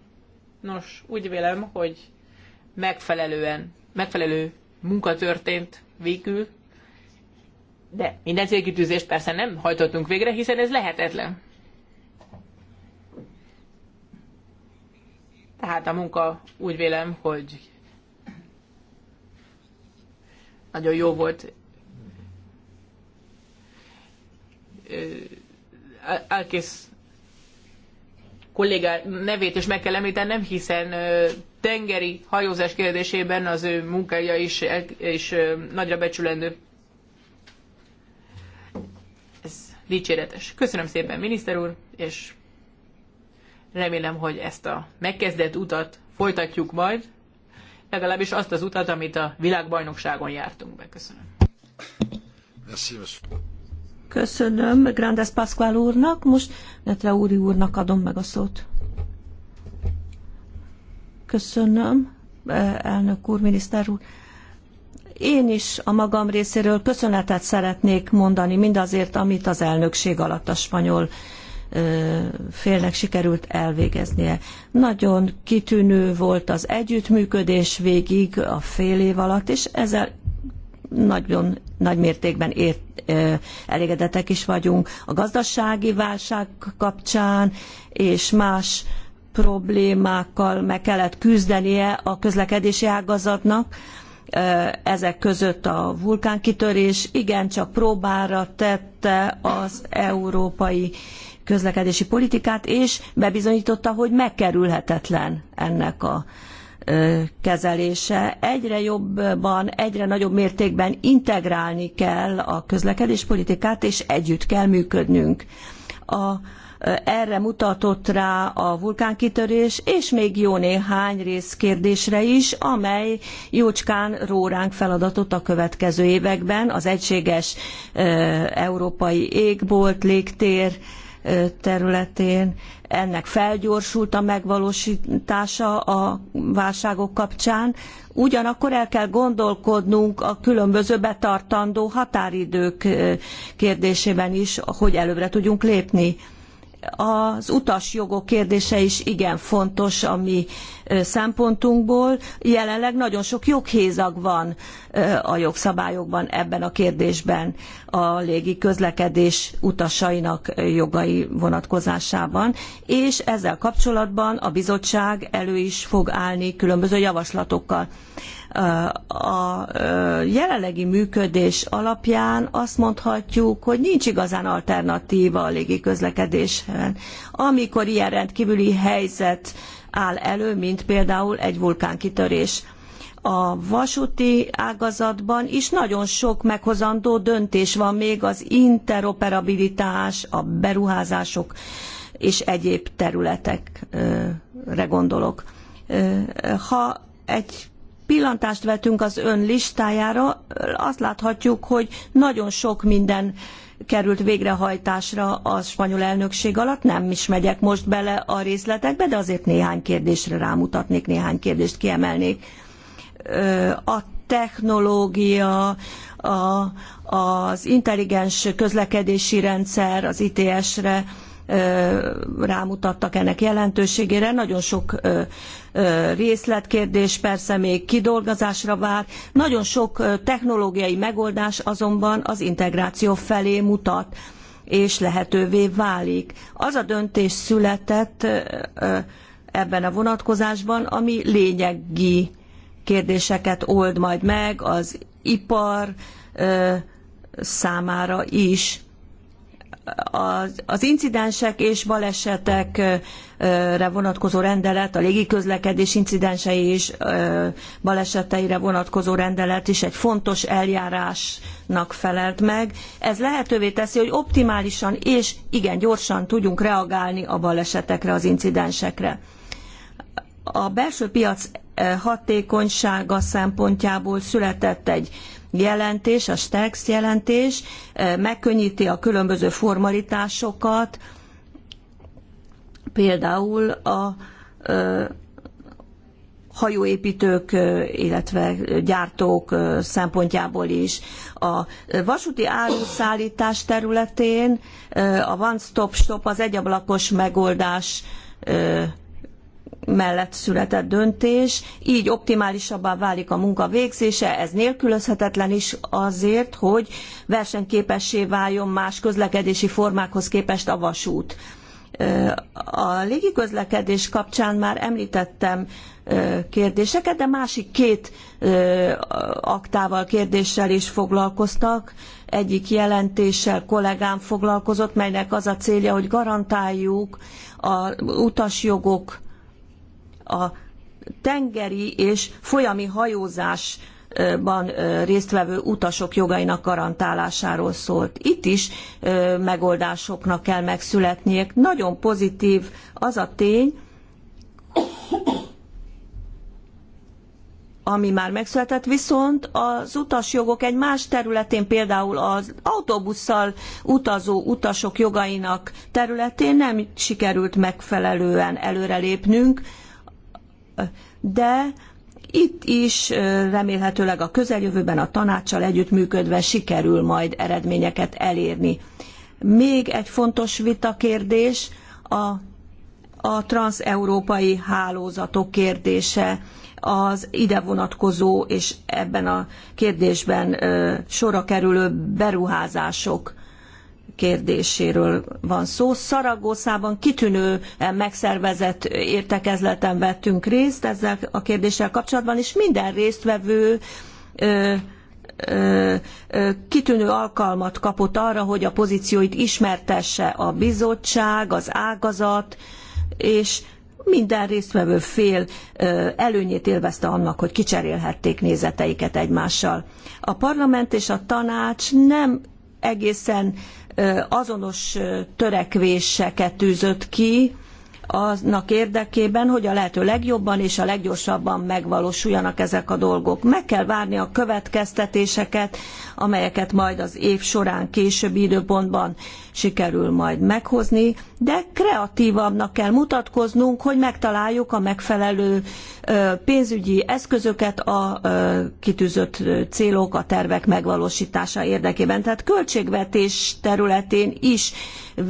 Nos, úgy vélem, hogy megfelelően, megfelelő munka történt végül, de minden célkitűzést persze nem hajtottunk végre, hiszen ez lehetetlen. Tehát a munka úgy vélem, hogy nagyon jó volt. Elkész kollégá nevét is meg kell említenem, hiszen tengeri hajózás kérdésében az ő munkája is, is nagyra becsülendő. dicséretes. Köszönöm szépen, miniszter úr, és remélem, hogy ezt a megkezdett utat folytatjuk majd, legalábbis azt az utat, amit a világbajnokságon jártunk be. Köszönöm. Köszönöm Grandes Pasquale úrnak, most Netre úri úrnak adom meg a szót. Köszönöm, eh, elnök úr, miniszter úr. Én is a magam részéről köszönetet szeretnék mondani mindazért, amit az elnökség alatt a spanyol félnek sikerült elvégeznie. Nagyon kitűnő volt az együttműködés végig a fél év alatt, és ezzel nagyon nagy mértékben ért, elégedettek is vagyunk. A gazdasági válság kapcsán és más problémákkal meg kellett küzdenie a közlekedési ágazatnak, ezek között a vulkánkitörés igencsak próbára tette az európai közlekedési politikát, és bebizonyította, hogy megkerülhetetlen ennek a kezelése. Egyre jobban, egyre nagyobb mértékben integrálni kell a közlekedéspolitikát, és együtt kell működnünk. A erre mutatott rá a vulkánkitörés, és még jó néhány részkérdésre is, amely jócskán róránk feladatot a következő években, az egységes európai égbolt, légtér, területén. Ennek felgyorsult a megvalósítása a válságok kapcsán. Ugyanakkor el kell gondolkodnunk a különböző betartandó határidők kérdésében is, hogy előbbre tudjunk lépni az utasjogok kérdése is igen fontos a mi szempontunkból. Jelenleg nagyon sok joghézag van a jogszabályokban ebben a kérdésben a légi közlekedés utasainak jogai vonatkozásában, és ezzel kapcsolatban a bizottság elő is fog állni különböző javaslatokkal a jelenlegi működés alapján azt mondhatjuk, hogy nincs igazán alternatíva a légiközlekedésben. Amikor ilyen rendkívüli helyzet áll elő, mint például egy vulkánkitörés. A vasúti ágazatban is nagyon sok meghozandó döntés van még az interoperabilitás, a beruházások és egyéb területekre gondolok. Ha egy pillantást vetünk az ön listájára, azt láthatjuk, hogy nagyon sok minden került végrehajtásra a spanyol elnökség alatt. Nem is megyek most bele a részletekbe, de azért néhány kérdésre rámutatnék, néhány kérdést kiemelnék. A technológia, a, az intelligens közlekedési rendszer, az ITS-re, rámutattak ennek jelentőségére. Nagyon sok részletkérdés persze még kidolgozásra vár. Nagyon sok technológiai megoldás azonban az integráció felé mutat és lehetővé válik. Az a döntés született ebben a vonatkozásban, ami lényegi kérdéseket old majd meg az ipar számára is az, az incidensek és balesetekre vonatkozó rendelet, a légiközlekedés incidensei és baleseteire vonatkozó rendelet is egy fontos eljárásnak felelt meg. Ez lehetővé teszi, hogy optimálisan és igen gyorsan tudjunk reagálni a balesetekre, az incidensekre. A belső piac hatékonysága szempontjából született egy jelentés, a STEX jelentés eh, megkönnyíti a különböző formalitásokat, például a eh, hajóépítők, eh, illetve gyártók szempontjából is. A vasúti áruszállítás területén a One Stop Shop az egyablakos megoldás mellett született döntés, így optimálisabbá válik a munka végzése, ez nélkülözhetetlen is azért, hogy versenyképessé váljon más közlekedési formákhoz képest a vasút. A légiközlekedés kapcsán már említettem kérdéseket, de másik két aktával, kérdéssel is foglalkoztak. Egyik jelentéssel kollégám foglalkozott, melynek az a célja, hogy garantáljuk a utasjogok a tengeri és folyami hajózás ban résztvevő utasok jogainak garantálásáról szólt. Itt is megoldásoknak kell megszületniek. Nagyon pozitív az a tény, ami már megszületett, viszont az utasjogok egy más területén, például az autóbusszal utazó utasok jogainak területén nem sikerült megfelelően előrelépnünk de itt is remélhetőleg a közeljövőben a tanácssal együttműködve sikerül majd eredményeket elérni. Még egy fontos vitakérdés a, a transeurópai hálózatok kérdése az ide vonatkozó és ebben a kérdésben sorra kerülő beruházások kérdéséről van szó. Szaragoszában kitűnő eh, megszervezett értekezleten vettünk részt ezzel a kérdéssel kapcsolatban, és minden résztvevő ö, ö, ö, kitűnő alkalmat kapott arra, hogy a pozícióit ismertesse a bizottság, az ágazat, és minden résztvevő fél eh, előnyét élvezte annak, hogy kicserélhették nézeteiket egymással. A parlament és a tanács nem egészen azonos törekvéseket tűzött ki, annak érdekében, hogy a lehető legjobban és a leggyorsabban megvalósuljanak ezek a dolgok. Meg kell várni a következtetéseket, amelyeket majd az év során későbbi időpontban sikerül majd meghozni, de kreatívabbnak kell mutatkoznunk, hogy megtaláljuk a megfelelő pénzügyi eszközöket a kitűzött célok, a tervek megvalósítása érdekében. Tehát költségvetés területén is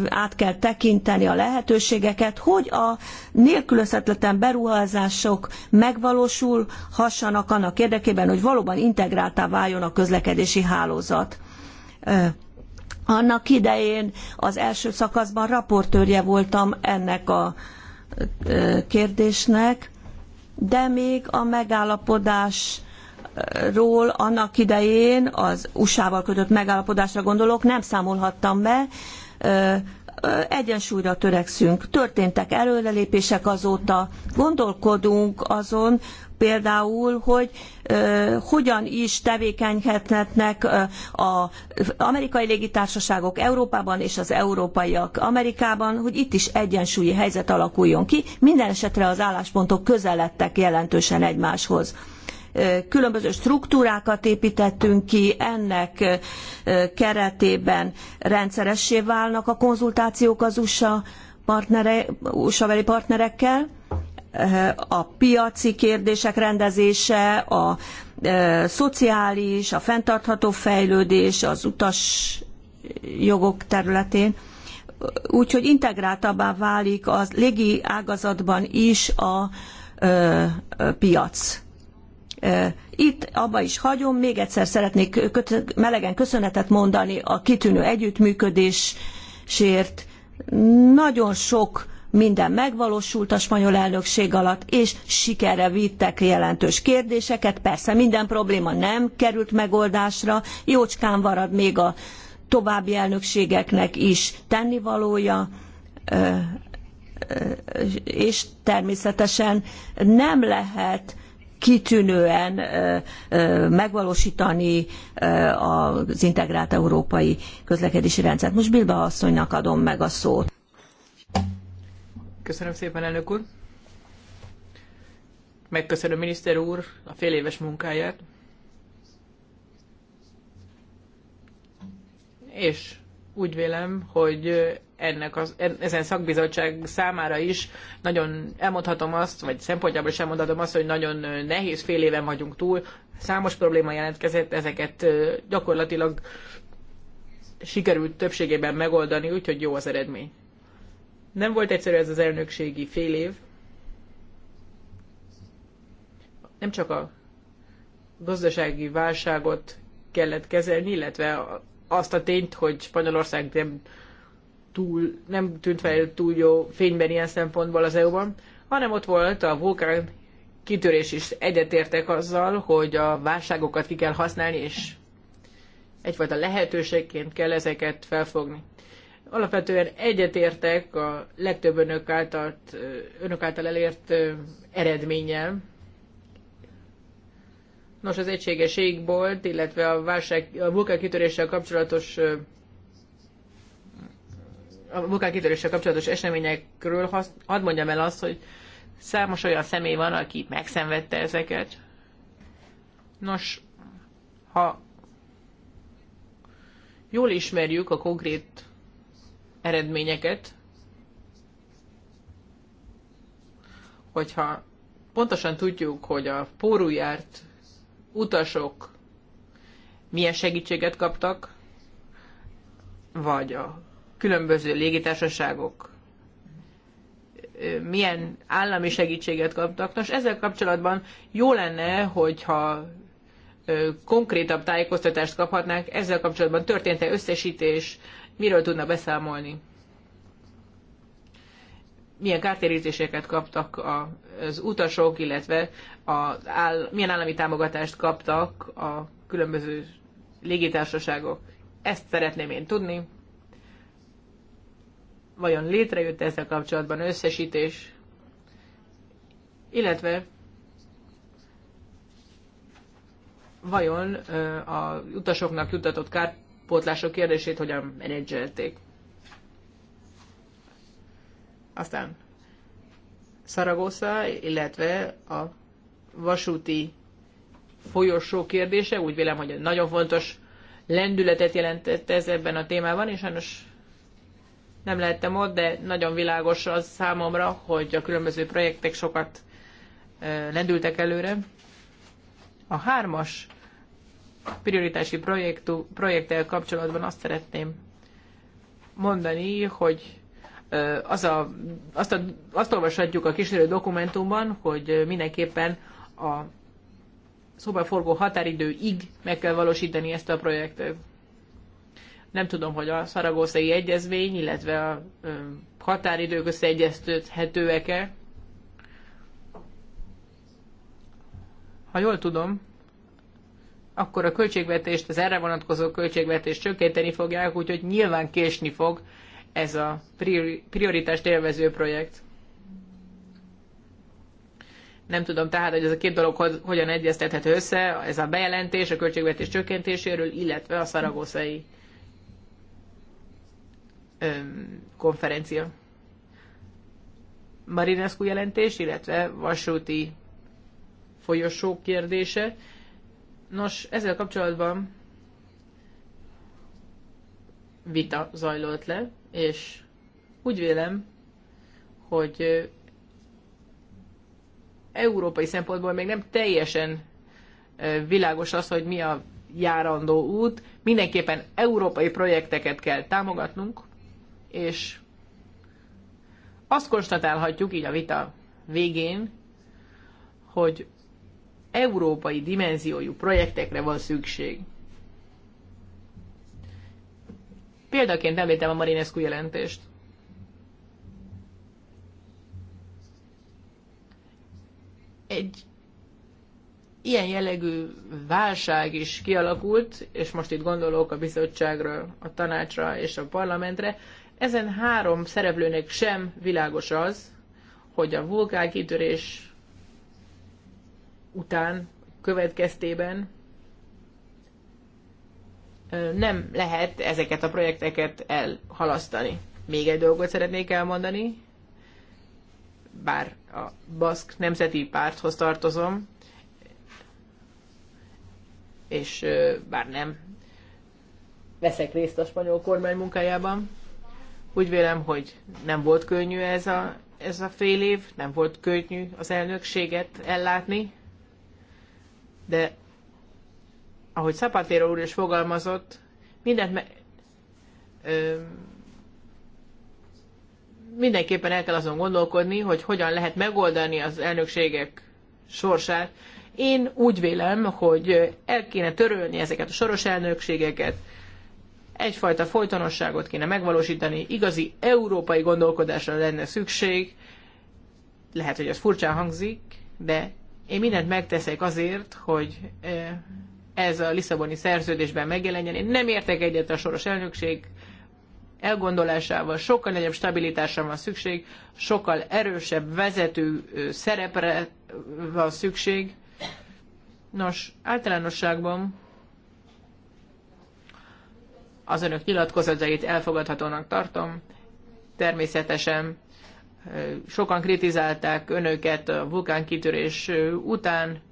át kell tekinteni a lehetőségeket, hogy a nélkülözhetetlen beruházások megvalósulhassanak annak érdekében, hogy valóban integráltá váljon a közlekedési hálózat. Annak idején az első szakaszban raportőrje voltam ennek a kérdésnek, de még a megállapodás ról annak idején az USA-val kötött megállapodásra gondolok, nem számolhattam be, egyensúlyra törekszünk. Történtek előrelépések azóta, gondolkodunk azon, például, hogy ö, hogyan is tevékenykedhetnek az amerikai légitársaságok Európában és az európaiak Amerikában, hogy itt is egyensúlyi helyzet alakuljon ki. Minden esetre az álláspontok közeledtek jelentősen egymáshoz különböző struktúrákat építettünk ki, ennek keretében rendszeressé válnak a konzultációk az USA, partnere, USA veli partnerekkel, a piaci kérdések rendezése, a szociális, a fenntartható fejlődés, az utas jogok területén úgyhogy integráltabbá válik az légi ágazatban is a piac itt abba is hagyom, még egyszer szeretnék melegen köszönetet mondani a kitűnő együttműködésért. Nagyon sok minden megvalósult a spanyol elnökség alatt, és sikerre vittek jelentős kérdéseket. Persze minden probléma nem került megoldásra, jócskán marad még a további elnökségeknek is tennivalója, és természetesen nem lehet kitűnően megvalósítani az integrált európai közlekedési rendszert. Most Bilba asszonynak adom meg a szót. Köszönöm szépen, elnök úr. Megköszönöm miniszter úr a féléves munkáját. És úgy vélem, hogy ennek az, ezen szakbizottság számára is nagyon elmondhatom azt, vagy szempontjából is elmondhatom azt, hogy nagyon nehéz fél éven vagyunk túl, számos probléma jelentkezett, ezeket gyakorlatilag sikerült többségében megoldani, úgyhogy jó az eredmény. Nem volt egyszerű ez az elnökségi fél év. Nem csak a gazdasági válságot kellett kezelni, illetve azt a tényt, hogy Spanyolország nem, túl, nem tűnt fel túl jó fényben ilyen szempontból az EU-ban, hanem ott volt a vulkán kitörés is egyetértek azzal, hogy a válságokat ki kell használni, és egyfajta lehetőségként kell ezeket felfogni. Alapvetően egyetértek a legtöbb önök által, önök által elért eredménnyel, Nos, az egységes égbolt, illetve a, válság, a vulkánkitöréssel kapcsolatos a vulkánkitöréssel kapcsolatos eseményekről hasz, hadd mondjam el azt, hogy számos olyan személy van, aki megszenvedte ezeket. Nos, ha jól ismerjük a konkrét eredményeket, hogyha pontosan tudjuk, hogy a pórujárt utasok milyen segítséget kaptak, vagy a különböző légitársaságok milyen állami segítséget kaptak. Nos, ezzel kapcsolatban jó lenne, hogyha konkrétabb tájékoztatást kaphatnánk, ezzel kapcsolatban történt-e összesítés, miről tudna beszámolni milyen kártérítéseket kaptak az utasok, illetve az áll, milyen állami támogatást kaptak a különböző légitársaságok. Ezt szeretném én tudni. Vajon létrejött ezzel kapcsolatban összesítés? Illetve vajon a utasoknak jutatott kárpótlások kérdését hogyan menedzselték? Aztán Szaragosza, illetve a vasúti folyosó kérdése, úgy vélem, hogy nagyon fontos lendületet jelentett ez ebben a témában, és sajnos nem lehettem ott, de nagyon világos az számomra, hogy a különböző projektek sokat lendültek előre. A hármas prioritási projektel kapcsolatban azt szeretném mondani, hogy az a, azt, a, azt olvashatjuk a kísérő dokumentumban, hogy mindenképpen a szobaforgó határidőig meg kell valósítani ezt a projektet. Nem tudom, hogy a szaragószai egyezmény, illetve a határidők összeegyeztethetőek-e. Ha jól tudom, akkor a költségvetést, az erre vonatkozó költségvetést csökkenteni fogják, úgyhogy nyilván késni fog ez a prioritást élvező projekt. Nem tudom tehát, hogy ez a két dolog hogyan egyeztethető össze, ez a bejelentés a költségvetés csökkentéséről, illetve a szaragoszai konferencia. Marinescu jelentés, illetve vasúti folyosó kérdése. Nos, ezzel kapcsolatban vita zajlott le és úgy vélem, hogy európai szempontból még nem teljesen világos az, hogy mi a járandó út. Mindenképpen európai projekteket kell támogatnunk, és azt konstatálhatjuk így a vita végén, hogy európai dimenziójú projektekre van szükség. Példaként említem a Marinescu jelentést. Egy ilyen jellegű válság is kialakult, és most itt gondolok a bizottságra, a tanácsra és a parlamentre, ezen három szereplőnek sem világos az, hogy a vulkánkitörés után, következtében nem lehet ezeket a projekteket elhalasztani. Még egy dolgot szeretnék elmondani, bár a Baszk Nemzeti Párthoz tartozom, és bár nem veszek részt a spanyol kormány munkájában, úgy vélem, hogy nem volt könnyű ez a, ez a fél év, nem volt könnyű az elnökséget ellátni, de ahogy Szapatero úr is fogalmazott, mindent me- ö, mindenképpen el kell azon gondolkodni, hogy hogyan lehet megoldani az elnökségek sorsát. Én úgy vélem, hogy el kéne törölni ezeket a soros elnökségeket, egyfajta folytonosságot kéne megvalósítani, igazi európai gondolkodásra lenne szükség, lehet, hogy ez furcsán hangzik, de én mindent megteszek azért, hogy ez a Lisszaboni szerződésben megjelenjen. Én nem értek egyet a soros elnökség elgondolásával, sokkal nagyobb stabilitásra van szükség, sokkal erősebb vezető szerepre van szükség. Nos, általánosságban az önök nyilatkozatait elfogadhatónak tartom. Természetesen sokan kritizálták önöket a vulkánkitörés után,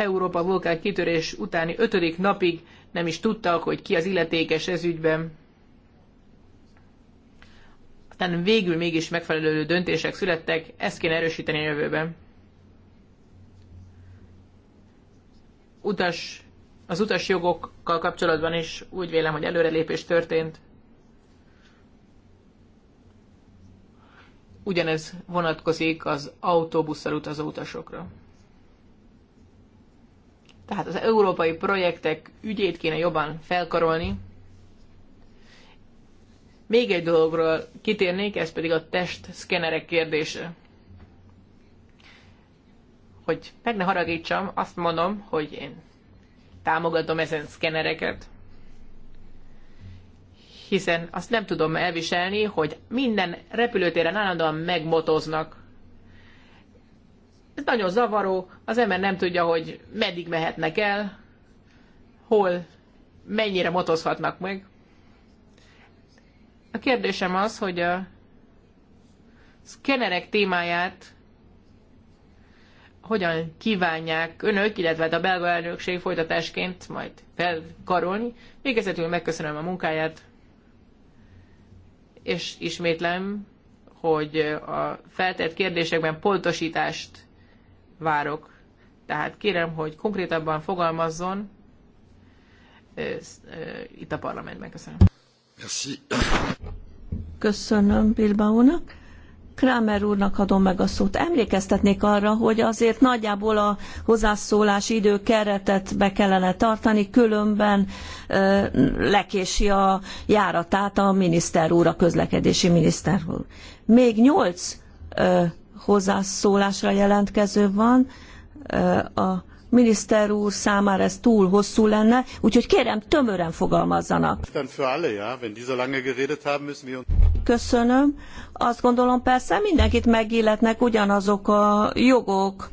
Európa vulkán kitörés utáni ötödik napig nem is tudtak, hogy ki az illetékes ez ügyben. Aztán végül mégis megfelelő döntések születtek, ezt kéne erősíteni a jövőben. Utas, az utasjogokkal kapcsolatban is úgy vélem, hogy előrelépés történt. Ugyanez vonatkozik az autóbusszal utazó utasokra. Tehát az európai projektek ügyét kéne jobban felkarolni. Még egy dologról kitérnék, ez pedig a szkenerek kérdése. Hogy meg ne haragítsam, azt mondom, hogy én támogatom ezen szkenereket, hiszen azt nem tudom elviselni, hogy minden repülőtéren állandóan megmotoznak. Ez nagyon zavaró, az ember nem tudja, hogy meddig mehetnek el, hol, mennyire motozhatnak meg. A kérdésem az, hogy a szkenerek témáját hogyan kívánják önök, illetve hát a belga elnökség folytatásként majd felkarolni. Végezetül megköszönöm a munkáját, és ismétlem, hogy a feltett kérdésekben pontosítást várok. Tehát kérem, hogy konkrétabban fogalmazzon itt a parlamentben. Köszönöm. Merci. Köszönöm Bilbaónak. Kramer úrnak adom meg a szót. Emlékeztetnék arra, hogy azért nagyjából a hozzászólási idő keretet be kellene tartani, különben lekési a járatát a miniszter úr, a közlekedési miniszter úr. Még nyolc hozzászólásra jelentkező van. A miniszter úr számára ez túl hosszú lenne, úgyhogy kérem, tömören fogalmazzanak. Köszönöm. Azt gondolom persze mindenkit megilletnek ugyanazok a jogok,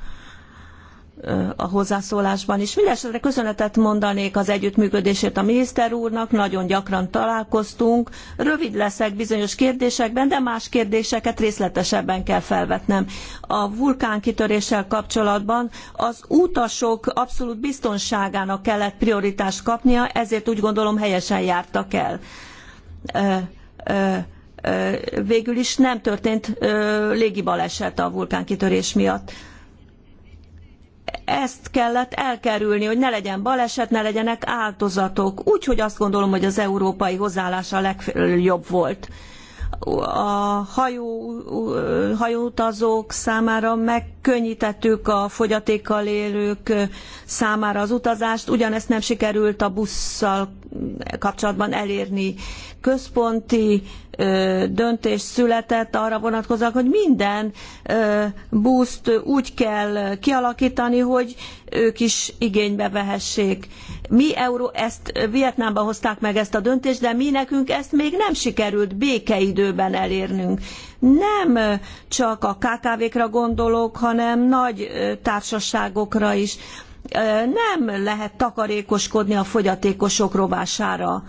a hozzászólásban is. Mindenesetre köszönetet mondanék az együttműködésért a miniszter úrnak, nagyon gyakran találkoztunk. Rövid leszek bizonyos kérdésekben, de más kérdéseket részletesebben kell felvetnem. A vulkánkitöréssel kapcsolatban az utasok abszolút biztonságának kellett prioritást kapnia, ezért úgy gondolom helyesen jártak el. Ö, ö, végül is nem történt ö, légi baleset a vulkánkitörés miatt ezt kellett elkerülni, hogy ne legyen baleset, ne legyenek áldozatok. Úgyhogy azt gondolom, hogy az európai hozzáállás a legjobb volt. A hajó, hajóutazók számára megkönnyítettük a fogyatékkal élők számára az utazást, ugyanezt nem sikerült a busszal kapcsolatban elérni központi döntés született arra vonatkozóan, hogy minden buszt úgy kell kialakítani, hogy ők is igénybe vehessék. Mi Euró, ezt Vietnámba hozták meg ezt a döntést, de mi nekünk ezt még nem sikerült békeidőben elérnünk. Nem csak a KKV-kra gondolok, hanem nagy társaságokra is. Nem lehet takarékoskodni a fogyatékosok rovására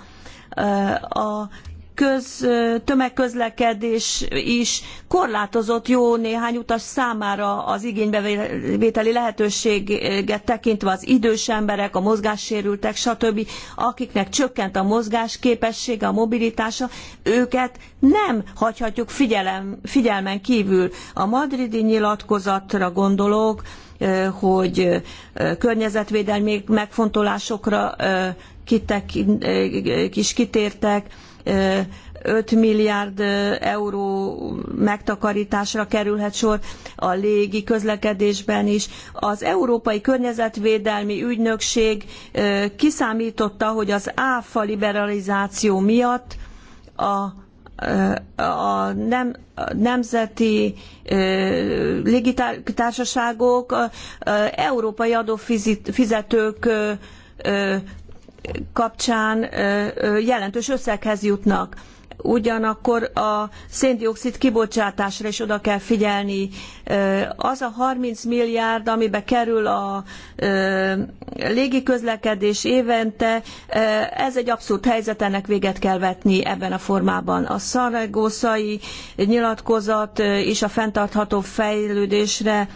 a köz, tömegközlekedés is korlátozott jó néhány utas számára az igénybevételi lehetőséget tekintve az idős emberek, a mozgássérültek, stb., akiknek csökkent a mozgásképessége, a mobilitása, őket nem hagyhatjuk figyelem, figyelmen kívül. A madridi nyilatkozatra gondolok, eh, hogy eh, környezetvédelmi megfontolásokra eh, kitek, is kitértek, 5 milliárd euró megtakarításra kerülhet sor a légi közlekedésben is. Az Európai Környezetvédelmi Ügynökség kiszámította, hogy az áfa liberalizáció miatt a a nem, nemzeti légitársaságok európai adófizetők kapcsán jelentős összeghez jutnak. Ugyanakkor a széndiokszid kibocsátásra is oda kell figyelni. Az a 30 milliárd, amibe kerül a légiközlekedés évente, ez egy abszurd helyzet, ennek véget kell vetni ebben a formában. A szaragószai nyilatkozat és a fenntartható fejlődésre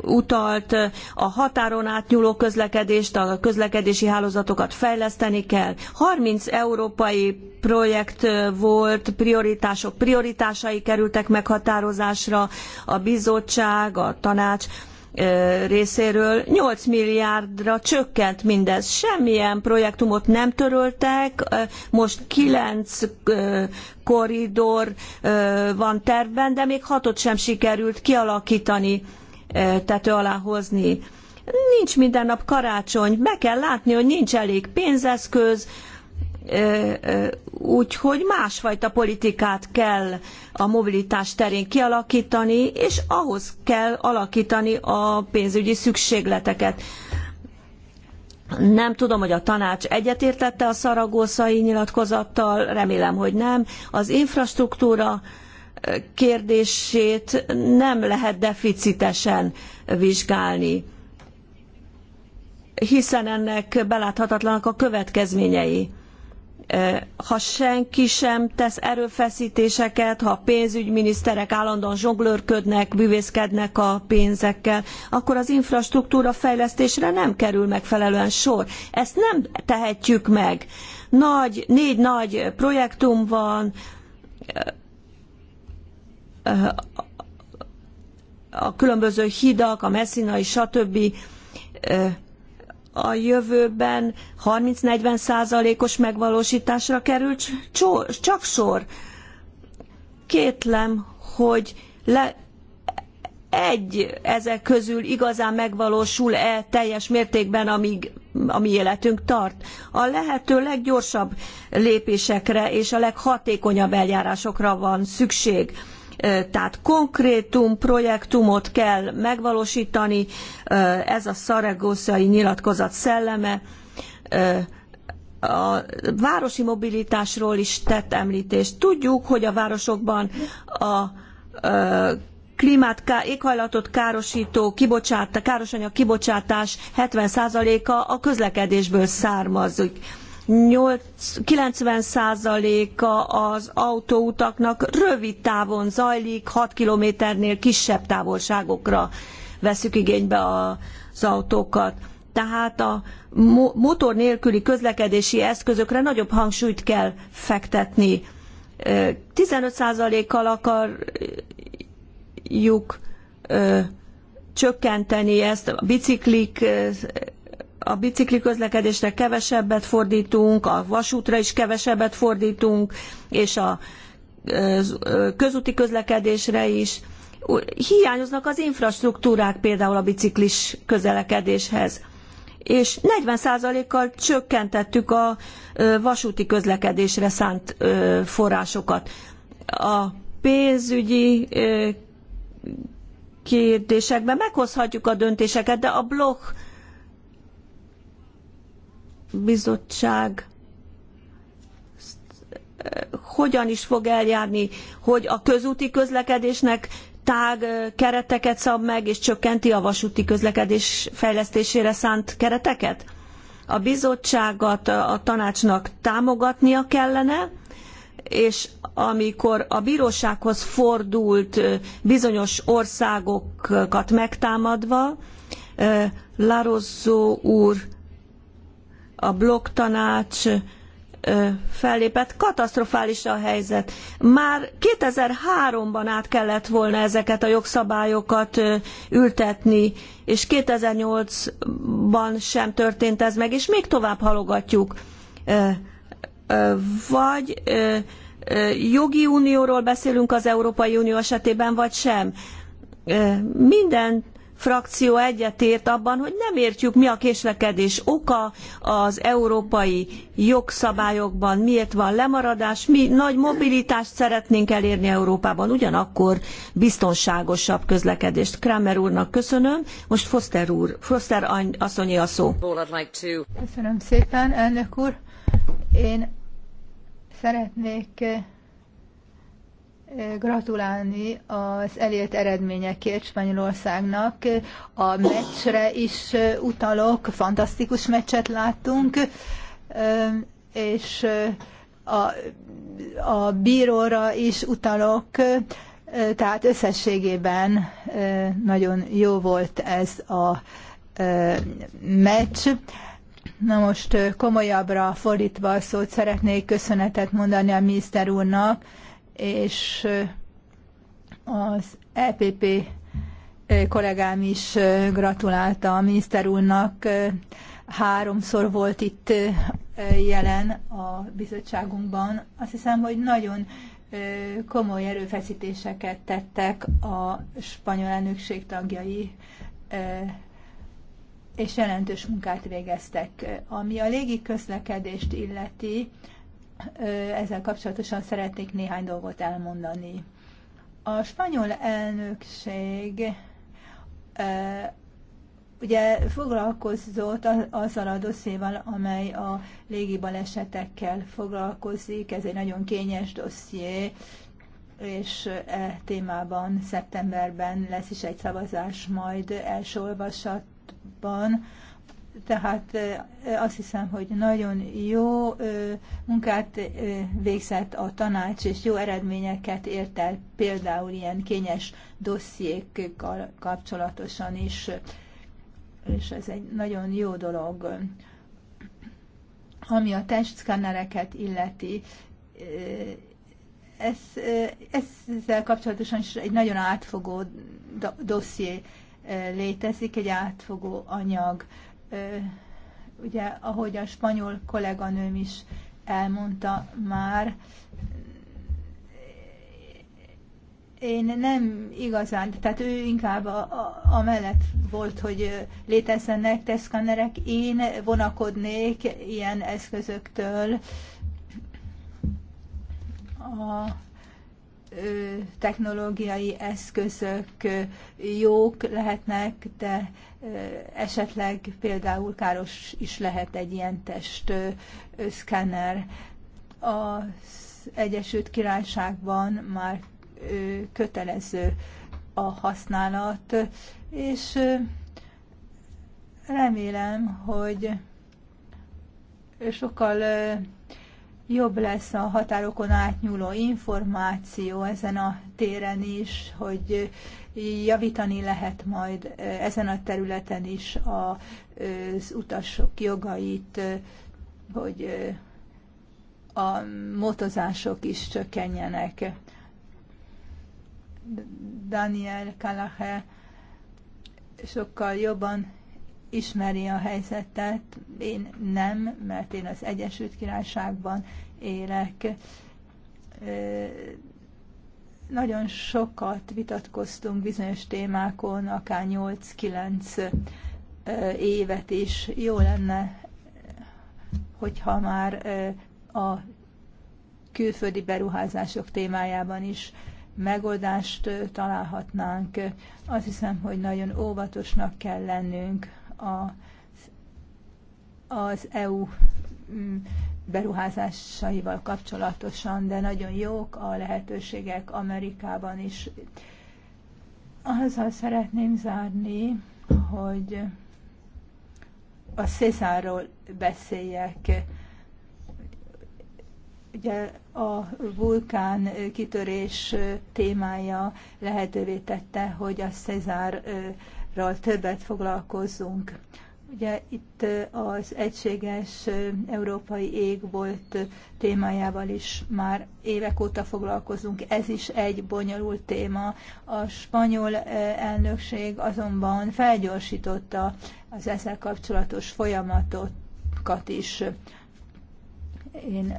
utalt, a határon átnyúló közlekedést, a közlekedési hálózatokat fejleszteni kell. 30 európai projekt volt, prioritások prioritásai kerültek meghatározásra, a bizottság, a tanács részéről 8 milliárdra csökkent mindez. Semmilyen projektumot nem töröltek, most 9 korridor van tervben, de még hatot sem sikerült kialakítani, tető alá hozni. Nincs minden nap karácsony, be kell látni, hogy nincs elég pénzeszköz, Úgyhogy másfajta politikát kell a mobilitás terén kialakítani, és ahhoz kell alakítani a pénzügyi szükségleteket. Nem tudom, hogy a tanács egyetértette a szaragószai nyilatkozattal, remélem, hogy nem. Az infrastruktúra kérdését nem lehet deficitesen vizsgálni, hiszen ennek beláthatatlanak a következményei ha senki sem tesz erőfeszítéseket, ha a pénzügyminiszterek állandóan zsonglőrködnek, bűvészkednek a pénzekkel, akkor az infrastruktúra fejlesztésre nem kerül megfelelően sor. Ezt nem tehetjük meg. Nagy, négy nagy projektum van, a különböző hidak, a messzinai, stb a jövőben 30-40 százalékos megvalósításra került csak sor. Kétlem, hogy le, egy ezek közül igazán megvalósul-e teljes mértékben, amíg a mi életünk tart. A lehető leggyorsabb lépésekre és a leghatékonyabb eljárásokra van szükség tehát konkrétum, projektumot kell megvalósítani, ez a szaragoszai nyilatkozat szelleme. A városi mobilitásról is tett említést. Tudjuk, hogy a városokban a klímát, éghajlatot károsító kibocsát, károsanyag kibocsátás 70%-a a közlekedésből származik 90%-a az autóutaknak rövid távon zajlik, 6 kilométernél kisebb távolságokra veszük igénybe az autókat. Tehát a motor nélküli közlekedési eszközökre nagyobb hangsúlyt kell fektetni. 15%-kal akarjuk csökkenteni ezt a biciklik a bicikli közlekedésre kevesebbet fordítunk, a vasútra is kevesebbet fordítunk, és a közúti közlekedésre is. Hiányoznak az infrastruktúrák például a biciklis közlekedéshez. És 40%-kal csökkentettük a vasúti közlekedésre szánt forrásokat. A pénzügyi kérdésekben meghozhatjuk a döntéseket, de a blokk bizottság hogyan is fog eljárni, hogy a közúti közlekedésnek tág kereteket szab meg, és csökkenti a vasúti közlekedés fejlesztésére szánt kereteket? A bizottságot a tanácsnak támogatnia kellene, és amikor a bírósághoz fordult bizonyos országokat megtámadva, Larozzo úr a tanács fellépett, katasztrofális a helyzet. Már 2003-ban át kellett volna ezeket a jogszabályokat ültetni, és 2008-ban sem történt ez meg, és még tovább halogatjuk. Vagy jogi unióról beszélünk az Európai Unió esetében, vagy sem. Minden frakció egyetért abban, hogy nem értjük, mi a késlekedés oka az európai jogszabályokban, miért van lemaradás, mi nagy mobilitást szeretnénk elérni Európában, ugyanakkor biztonságosabb közlekedést. Kramer úrnak köszönöm, most Foster úr, Foster asszonyi a szó. Köszönöm szépen, elnök úr. Én szeretnék gratulálni az elért eredményekért Spanyolországnak. A meccsre is utalok, fantasztikus meccset láttunk, és a, a bíróra is utalok, tehát összességében nagyon jó volt ez a meccs. Na most komolyabbra fordítva a szót szeretnék köszönetet mondani a miniszter úrnak, és az EPP kollégám is gratulálta a miniszter úrnak. Háromszor volt itt jelen a bizottságunkban. Azt hiszem, hogy nagyon komoly erőfeszítéseket tettek a spanyol elnökség tagjai, és jelentős munkát végeztek. Ami a légi közlekedést illeti, ezzel kapcsolatosan szeretnék néhány dolgot elmondani. A spanyol elnökség ugye foglalkozott azzal a dosszéval, amely a légi balesetekkel foglalkozik. Ez egy nagyon kényes dosszié, és e témában szeptemberben lesz is egy szavazás majd első olvasatban tehát azt hiszem, hogy nagyon jó munkát végzett a tanács, és jó eredményeket ért el például ilyen kényes dossziékkal kapcsolatosan is, és ez egy nagyon jó dolog. Ami a testszkennereket illeti, ez, ezzel kapcsolatosan is egy nagyon átfogó dosszié létezik, egy átfogó anyag ugye, ahogy a spanyol kolléganőm is elmondta már, én nem igazán, tehát ő inkább a, a, a mellett volt, hogy létezzenek teszkanerek. én vonakodnék ilyen eszközöktől. A ö, technológiai eszközök jók lehetnek, de esetleg például káros is lehet egy ilyen test szkenner. Az Egyesült Királyságban már kötelező a használat, és remélem, hogy sokkal jobb lesz a határokon átnyúló információ ezen a téren is, hogy javítani lehet majd ezen a területen is az utasok jogait, hogy a motozások is csökkenjenek. Daniel Kalahe sokkal jobban ismeri a helyzetet, én nem, mert én az Egyesült Királyságban élek. Nagyon sokat vitatkoztunk bizonyos témákon, akár 8-9 évet is. Jó lenne, hogyha már a külföldi beruházások témájában is megoldást találhatnánk. Azt hiszem, hogy nagyon óvatosnak kell lennünk a, az EU mm, beruházásaival kapcsolatosan, de nagyon jók a lehetőségek Amerikában is. Azzal szeretném zárni, hogy a Cézárról beszéljek. Ugye a vulkán kitörés témája lehetővé tette, hogy a Cézár ral többet foglalkozzunk. Ugye itt az egységes európai ég volt témájával is már évek óta foglalkozunk, ez is egy bonyolult téma. A spanyol elnökség azonban felgyorsította az ezzel kapcsolatos folyamatokat is. Én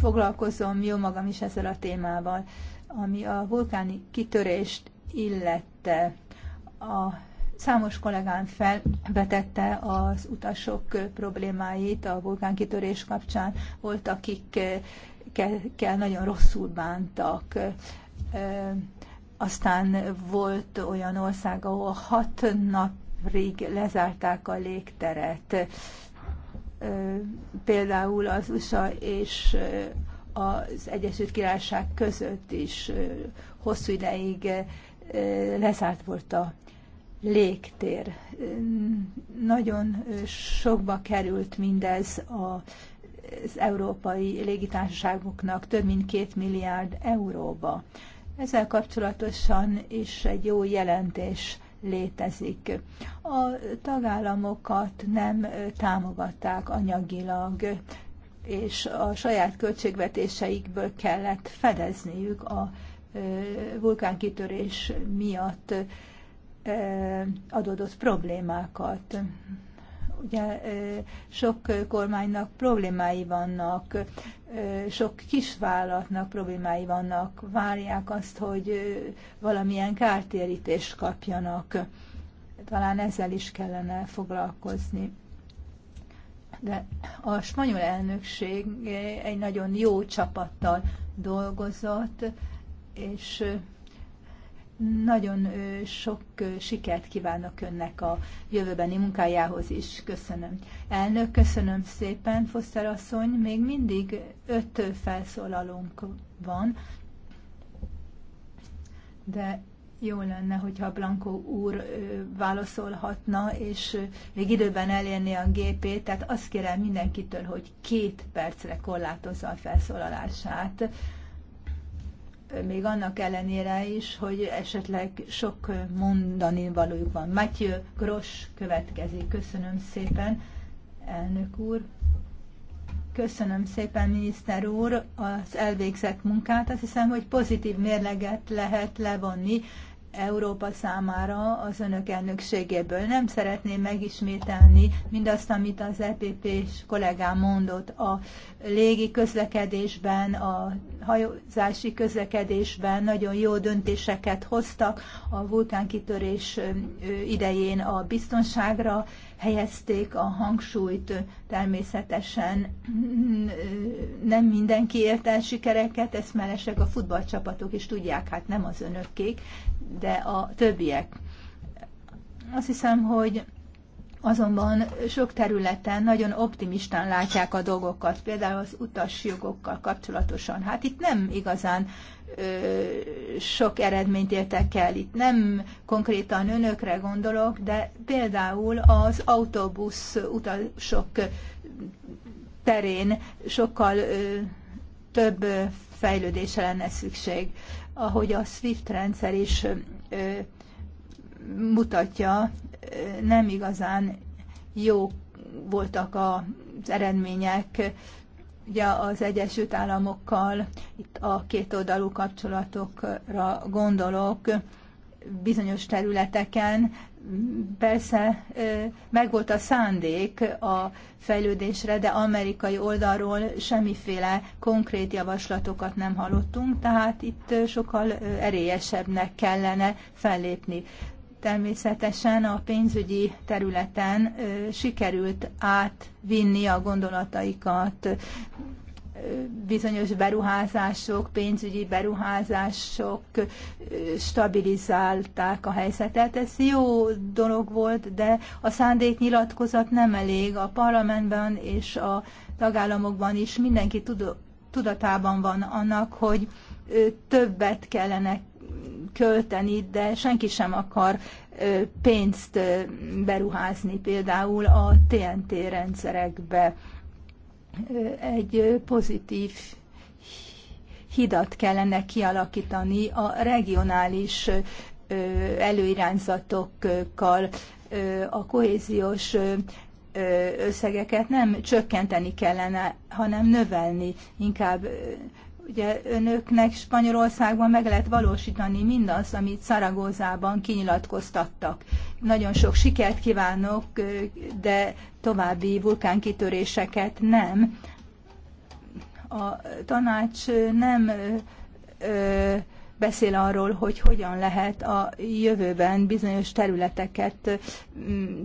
foglalkozom jó magam is ezzel a témával, ami a vulkáni kitörést illette a számos kollégán felvetette az utasok problémáit a vulkánkitörés kapcsán. Volt, akikkel nagyon rosszul bántak. Aztán volt olyan ország, ahol hat napig lezárták a légteret. Például az USA és az Egyesült Királyság között is hosszú ideig lezárt volt a légtér. Nagyon sokba került mindez a az európai légitársaságoknak több mint két milliárd euróba. Ezzel kapcsolatosan is egy jó jelentés létezik. A tagállamokat nem támogatták anyagilag, és a saját költségvetéseikből kellett fedezniük a vulkánkitörés miatt adódott problémákat. Ugye sok kormánynak problémái vannak, sok kisvállalatnak problémái vannak, várják azt, hogy valamilyen kártérítést kapjanak. Talán ezzel is kellene foglalkozni. De a spanyol elnökség egy nagyon jó csapattal dolgozott, és nagyon sok sikert kívánok önnek a jövőbeni munkájához is. Köszönöm. Elnök, köszönöm szépen, Foster asszony. Még mindig öt felszólalónk van, de jó lenne, hogyha Blanco úr válaszolhatna, és még időben elérni a gépét, tehát azt kérem mindenkitől, hogy két percre korlátozza a felszólalását még annak ellenére is, hogy esetleg sok mondani valójuk van. Matyő Gross következik. Köszönöm szépen, elnök úr. Köszönöm szépen, miniszter úr, az elvégzett munkát. Azt hiszem, hogy pozitív mérleget lehet levonni Európa számára az önök elnökségéből. Nem szeretném megismételni mindazt, amit az epp és kollégám mondott a légi közlekedésben, a hajózási közlekedésben nagyon jó döntéseket hoztak. A vulkánkitörés idején a biztonságra helyezték a hangsúlyt természetesen. Mm, nem mindenki ért el sikereket, ezt mellesleg a futballcsapatok is tudják, hát nem az önökék, de de a többiek. Azt hiszem, hogy azonban sok területen nagyon optimistán látják a dolgokat, például az utasjogokkal kapcsolatosan. Hát itt nem igazán ö, sok eredményt értek el, itt nem konkrétan önökre gondolok, de például az autóbusz utasok terén sokkal ö, több fejlődésre lenne szükség ahogy a SWIFT rendszer is mutatja, nem igazán jó voltak az eredmények, ugye az Egyesült Államokkal, itt a két oldalú kapcsolatokra gondolok, bizonyos területeken persze megvolt a szándék a fejlődésre, de amerikai oldalról semmiféle konkrét javaslatokat nem hallottunk, tehát itt sokkal erélyesebbnek kellene fellépni. Természetesen a pénzügyi területen sikerült átvinni a gondolataikat bizonyos beruházások, pénzügyi beruházások stabilizálták a helyzetet. Ez jó dolog volt, de a szándéknyilatkozat nem elég. A parlamentben és a tagállamokban is mindenki tudatában van annak, hogy többet kellene költeni, de senki sem akar pénzt beruházni például a TNT rendszerekbe egy pozitív hidat kellene kialakítani a regionális előirányzatokkal, a kohéziós összegeket nem csökkenteni kellene, hanem növelni, inkább Ugye önöknek Spanyolországban meg lehet valósítani mindazt, amit Szaragózában kinyilatkoztattak. Nagyon sok sikert kívánok, de további vulkánkitöréseket nem. A tanács nem ö, beszél arról, hogy hogyan lehet a jövőben bizonyos területeket,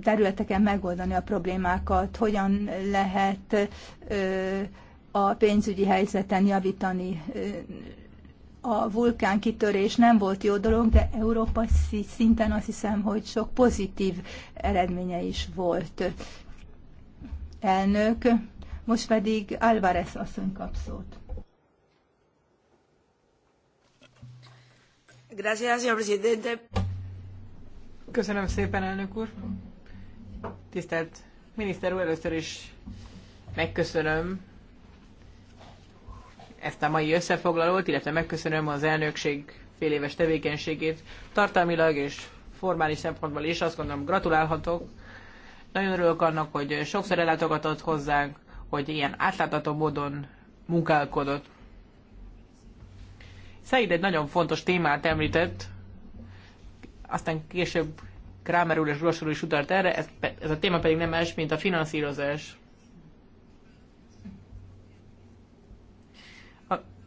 területeken megoldani a problémákat, hogyan lehet ö, a pénzügyi helyzeten javítani. A vulkán kitörés nem volt jó dolog, de Európa szinten azt hiszem, hogy sok pozitív eredménye is volt. Elnök, most pedig Álvarez asszony kap szót. Köszönöm szépen, elnök úr. Tisztelt miniszter úr, először is megköszönöm ezt a mai összefoglalót, illetve megköszönöm az elnökség fél éves tevékenységét tartalmilag és formális szempontból is, azt gondolom gratulálhatok. Nagyon örülök annak, hogy sokszor ellátogatott hozzánk, hogy ilyen átlátható módon munkálkodott. Szeid egy nagyon fontos témát említett, aztán később Krámer úr és Grossor is utalt erre, ez, ez a téma pedig nem más, mint a finanszírozás.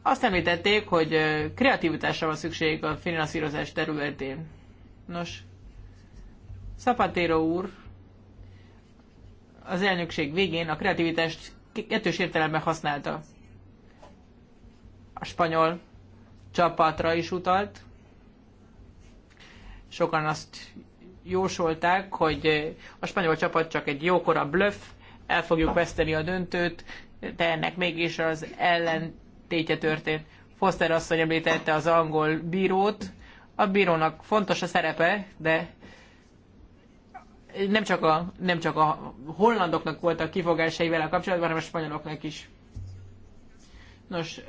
Azt említették, hogy kreativitásra van szükség a finanszírozás területén. Nos, Szapatéro úr az elnökség végén a kreativitást kettős értelemben használta. A spanyol csapatra is utalt. Sokan azt jósolták, hogy a spanyol csapat csak egy jókora bluff, el fogjuk veszteni a döntőt, de ennek mégis az ellen tétje történt. Foster asszony említette az angol bírót. A bírónak fontos a szerepe, de nem csak a, nem csak a hollandoknak voltak kifogásai vele kapcsolatban, hanem a spanyoloknak is. Nos,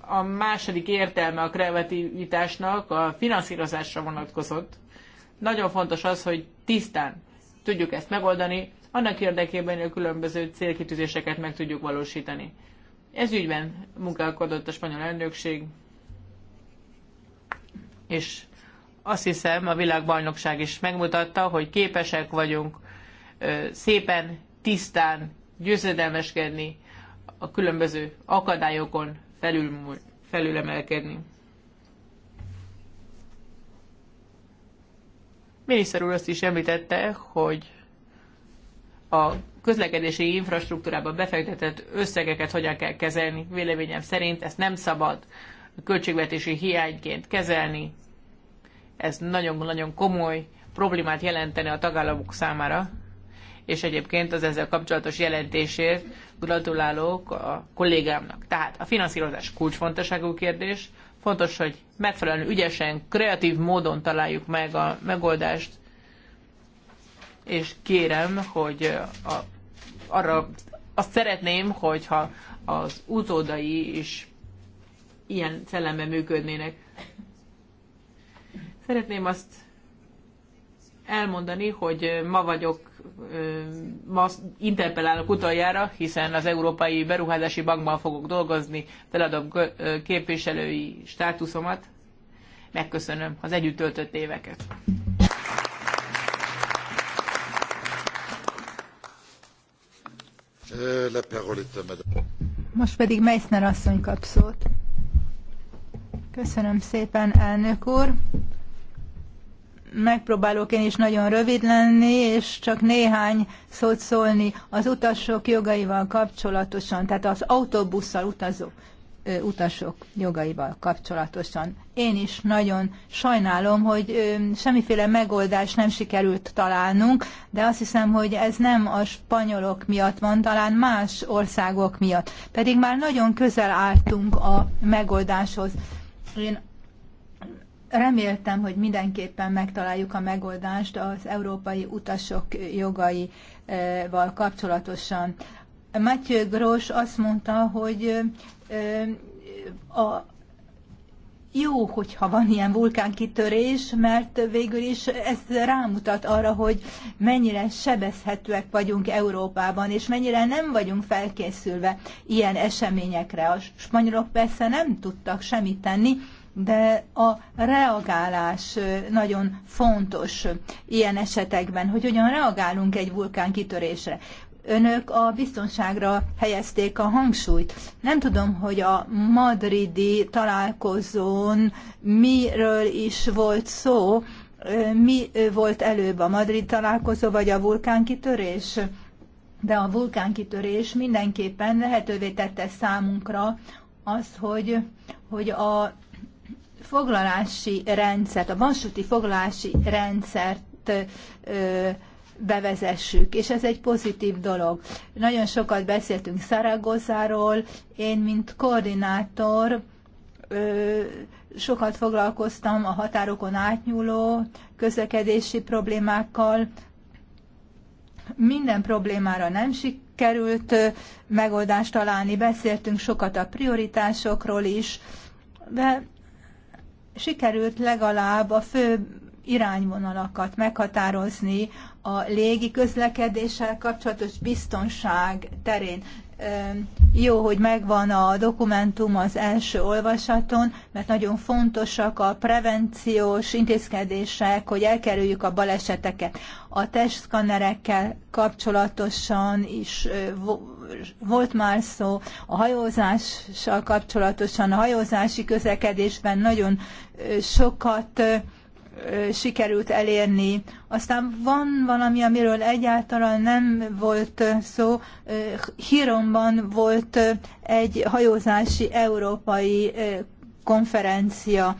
a második értelme a kreativitásnak a finanszírozásra vonatkozott. Nagyon fontos az, hogy tisztán tudjuk ezt megoldani, annak érdekében, hogy a különböző célkitűzéseket meg tudjuk valósítani. Ez ügyben munkálkodott a spanyol elnökség, és azt hiszem a világbajnokság is megmutatta, hogy képesek vagyunk szépen, tisztán győzedelmeskedni, a különböző akadályokon felül, felülemelkedni. Miniszter úr azt is említette, hogy a közlekedési infrastruktúrába befektetett összegeket hogyan kell kezelni. Véleményem szerint ezt nem szabad költségvetési hiányként kezelni. Ez nagyon-nagyon komoly problémát jelentene a tagállamok számára, és egyébként az ezzel kapcsolatos jelentésért gratulálok a kollégámnak. Tehát a finanszírozás kulcsfontosságú kérdés, fontos, hogy megfelelően ügyesen, kreatív módon találjuk meg a megoldást, és kérem, hogy a arra azt szeretném, hogyha az utódai is ilyen szellemben működnének. Szeretném azt elmondani, hogy ma vagyok, ma interpellálok utoljára, hiszen az Európai Beruházási Bankban fogok dolgozni, feladom képviselői státuszomat. Megköszönöm az együtt töltött éveket. Most pedig Meissner asszony kap szót. Köszönöm szépen, elnök úr. Megpróbálok én is nagyon rövid lenni, és csak néhány szót szólni az utasok jogaival kapcsolatosan, tehát az autóbusszal utazó utasok jogaival kapcsolatosan. Én is nagyon sajnálom, hogy semmiféle megoldást nem sikerült találnunk, de azt hiszem, hogy ez nem a spanyolok miatt van, talán más országok miatt. Pedig már nagyon közel álltunk a megoldáshoz. Én reméltem, hogy mindenképpen megtaláljuk a megoldást az európai utasok jogaival kapcsolatosan. Mathieu Gros azt mondta, hogy a jó, hogyha van ilyen vulkánkitörés, mert végül is ez rámutat arra, hogy mennyire sebezhetőek vagyunk Európában, és mennyire nem vagyunk felkészülve ilyen eseményekre. A spanyolok persze nem tudtak semmit tenni, de a reagálás nagyon fontos ilyen esetekben, hogy hogyan reagálunk egy vulkánkitörésre önök a biztonságra helyezték a hangsúlyt. Nem tudom, hogy a madridi találkozón miről is volt szó, mi volt előbb, a madrid találkozó vagy a vulkánkitörés? De a vulkánkitörés mindenképpen lehetővé tette számunkra az, hogy, hogy a foglalási rendszert, a vasúti foglalási rendszert ö, bevezessük, és ez egy pozitív dolog. Nagyon sokat beszéltünk Szaragozáról, én, mint koordinátor, sokat foglalkoztam a határokon átnyúló közlekedési problémákkal. Minden problémára nem sikerült megoldást találni, beszéltünk sokat a prioritásokról is, de sikerült legalább a fő irányvonalakat meghatározni a légi közlekedéssel kapcsolatos biztonság terén. Jó, hogy megvan a dokumentum az első olvasaton, mert nagyon fontosak a prevenciós intézkedések, hogy elkerüljük a baleseteket. A testszkannerekkel kapcsolatosan is volt már szó, a hajózással kapcsolatosan, a hajózási közlekedésben nagyon sokat sikerült elérni. Aztán van valami, amiről egyáltalán nem volt szó. Híromban volt egy hajózási európai konferencia.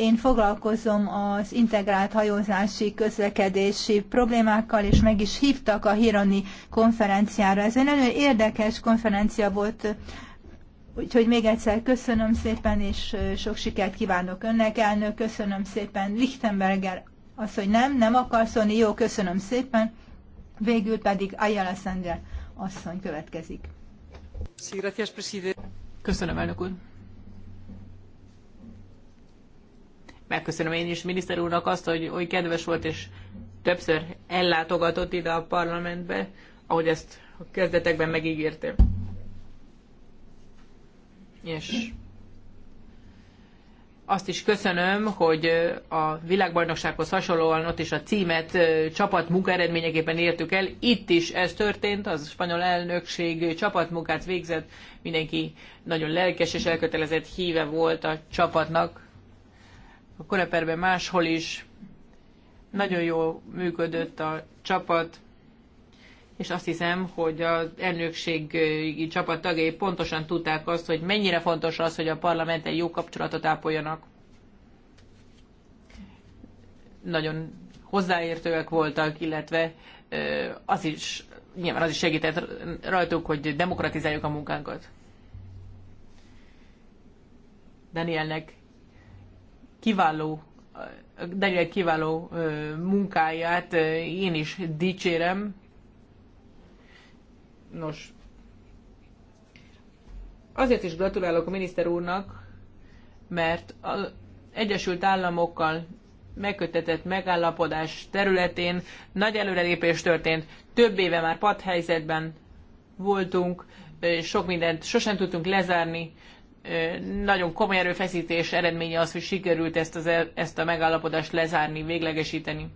Én foglalkozom az integrált hajózási közlekedési problémákkal, és meg is hívtak a Hironi konferenciára. Ez egy nagyon érdekes konferencia volt Úgyhogy még egyszer köszönöm szépen, és sok sikert kívánok önnek, elnök, köszönöm szépen. Lichtenberger az, hogy nem, nem akar szólni, jó, köszönöm szépen. Végül pedig Ayala Sander asszony következik. Köszönöm, elnök úr. Megköszönöm én is miniszter úrnak azt, hogy, oly kedves volt, és többször ellátogatott ide a parlamentbe, ahogy ezt a kezdetekben megígértem és azt is köszönöm, hogy a világbajnoksághoz hasonlóan ott is a címet csapat eredményeképpen értük el. Itt is ez történt, az spanyol elnökség csapatmunkát végzett, mindenki nagyon lelkes és elkötelezett híve volt a csapatnak. A koreperben máshol is nagyon jól működött a csapat, és azt hiszem, hogy az elnökségi csapat tagjai pontosan tudták azt, hogy mennyire fontos az, hogy a parlament egy jó kapcsolatot ápoljanak. Nagyon hozzáértőek voltak, illetve az is, nyilván az is segített rajtuk, hogy demokratizáljuk a munkánkat. Danielnek kiváló Daniel kiváló munkáját én is dicsérem, Nos, azért is gratulálok a miniszter úrnak, mert az Egyesült Államokkal megkötetett megállapodás területén nagy előrelépés történt. Több éve már padhelyzetben voltunk, sok mindent sosem tudtunk lezárni. Nagyon komoly erőfeszítés eredménye az, hogy sikerült ezt, az, e- ezt a megállapodást lezárni, véglegesíteni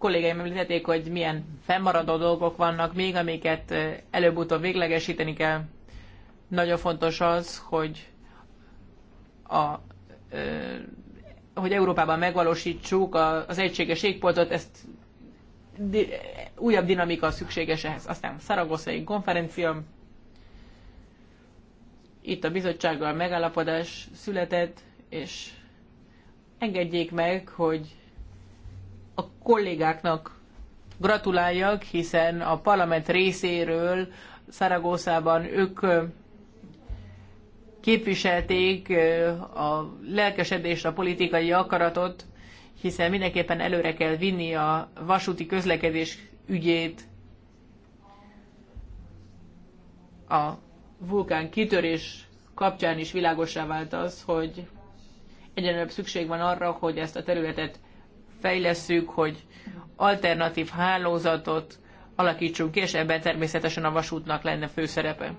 kollégáim említették, hogy milyen fennmaradó dolgok vannak még, amiket előbb-utóbb véglegesíteni kell. Nagyon fontos az, hogy a hogy Európában megvalósítsuk az egységes égpoltot, ezt újabb dinamika szükséges ehhez. Aztán Szaragoszai konferencia, itt a bizottsággal megállapodás született, és engedjék meg, hogy a kollégáknak gratuláljak, hiszen a parlament részéről Szaragószában ők képviselték a lelkesedést, a politikai akaratot, hiszen mindenképpen előre kell vinni a vasúti közlekedés ügyét. A vulkán kitörés kapcsán is világosá vált az, hogy egyenlőbb szükség van arra, hogy ezt a területet fejleszünk, hogy alternatív hálózatot alakítsunk ki, és ebben természetesen a vasútnak lenne főszerepe.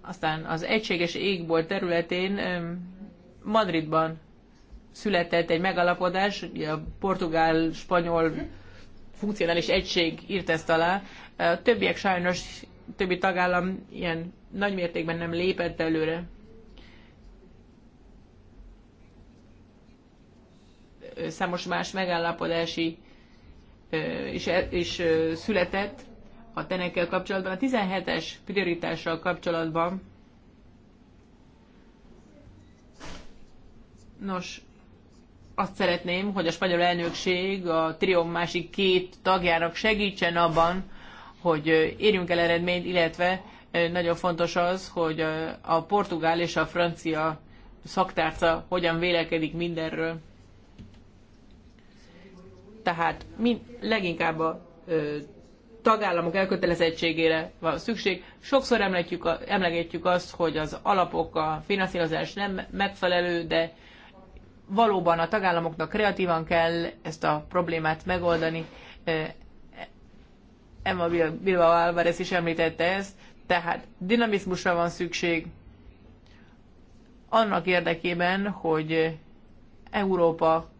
Aztán az egységes égbolt területén Madridban született egy megalapodás, a portugál-spanyol funkcionális egység írt ezt alá. A többiek sajnos, többi tagállam ilyen nagymértékben nem lépett előre. számos más megállapodási is, e, is született a tenekkel kapcsolatban. A 17-es prioritással kapcsolatban Nos, azt szeretném, hogy a spanyol elnökség a triom másik két tagjának segítsen abban, hogy érjünk el eredményt, illetve nagyon fontos az, hogy a portugál és a francia szaktárca hogyan vélekedik mindenről tehát mind, leginkább a ö, tagállamok elkötelezettségére van szükség. Sokszor emlegetjük, a, emlegetjük azt, hogy az alapok, a finanszírozás nem megfelelő, de valóban a tagállamoknak kreatívan kell ezt a problémát megoldani. Emma Bilba Álvarez is említette ezt, tehát dinamizmusra van szükség annak érdekében, hogy Európa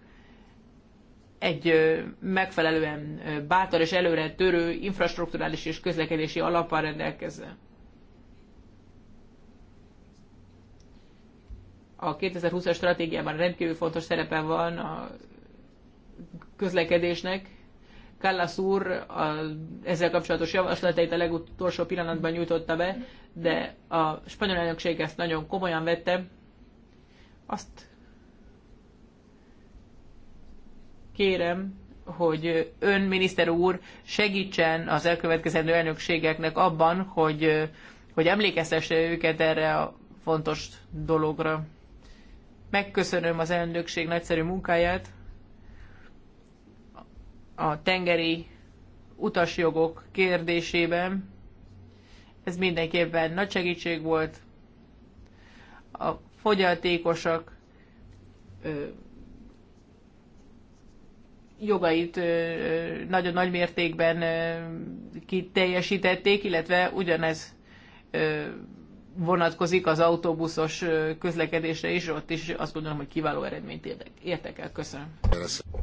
egy megfelelően bátor és előre törő infrastruktúrális és közlekedési alappal rendelkezve. A 2020-as stratégiában rendkívül fontos szerepe van a közlekedésnek. Kallas úr a, ezzel kapcsolatos javaslatait a legutolsó pillanatban nyújtotta be, de a spanyol elnökség ezt nagyon komolyan vette. Azt kérem, hogy ön, miniszter úr, segítsen az elkövetkezendő elnökségeknek abban, hogy, hogy emlékeztesse őket erre a fontos dologra. Megköszönöm az elnökség nagyszerű munkáját. A tengeri utasjogok kérdésében ez mindenképpen nagy segítség volt. A fogyatékosak jogait nagyon nagy mértékben kiteljesítették, illetve ugyanez vonatkozik az autóbuszos közlekedésre is, ott is azt gondolom, hogy kiváló eredményt értek el. Köszönöm.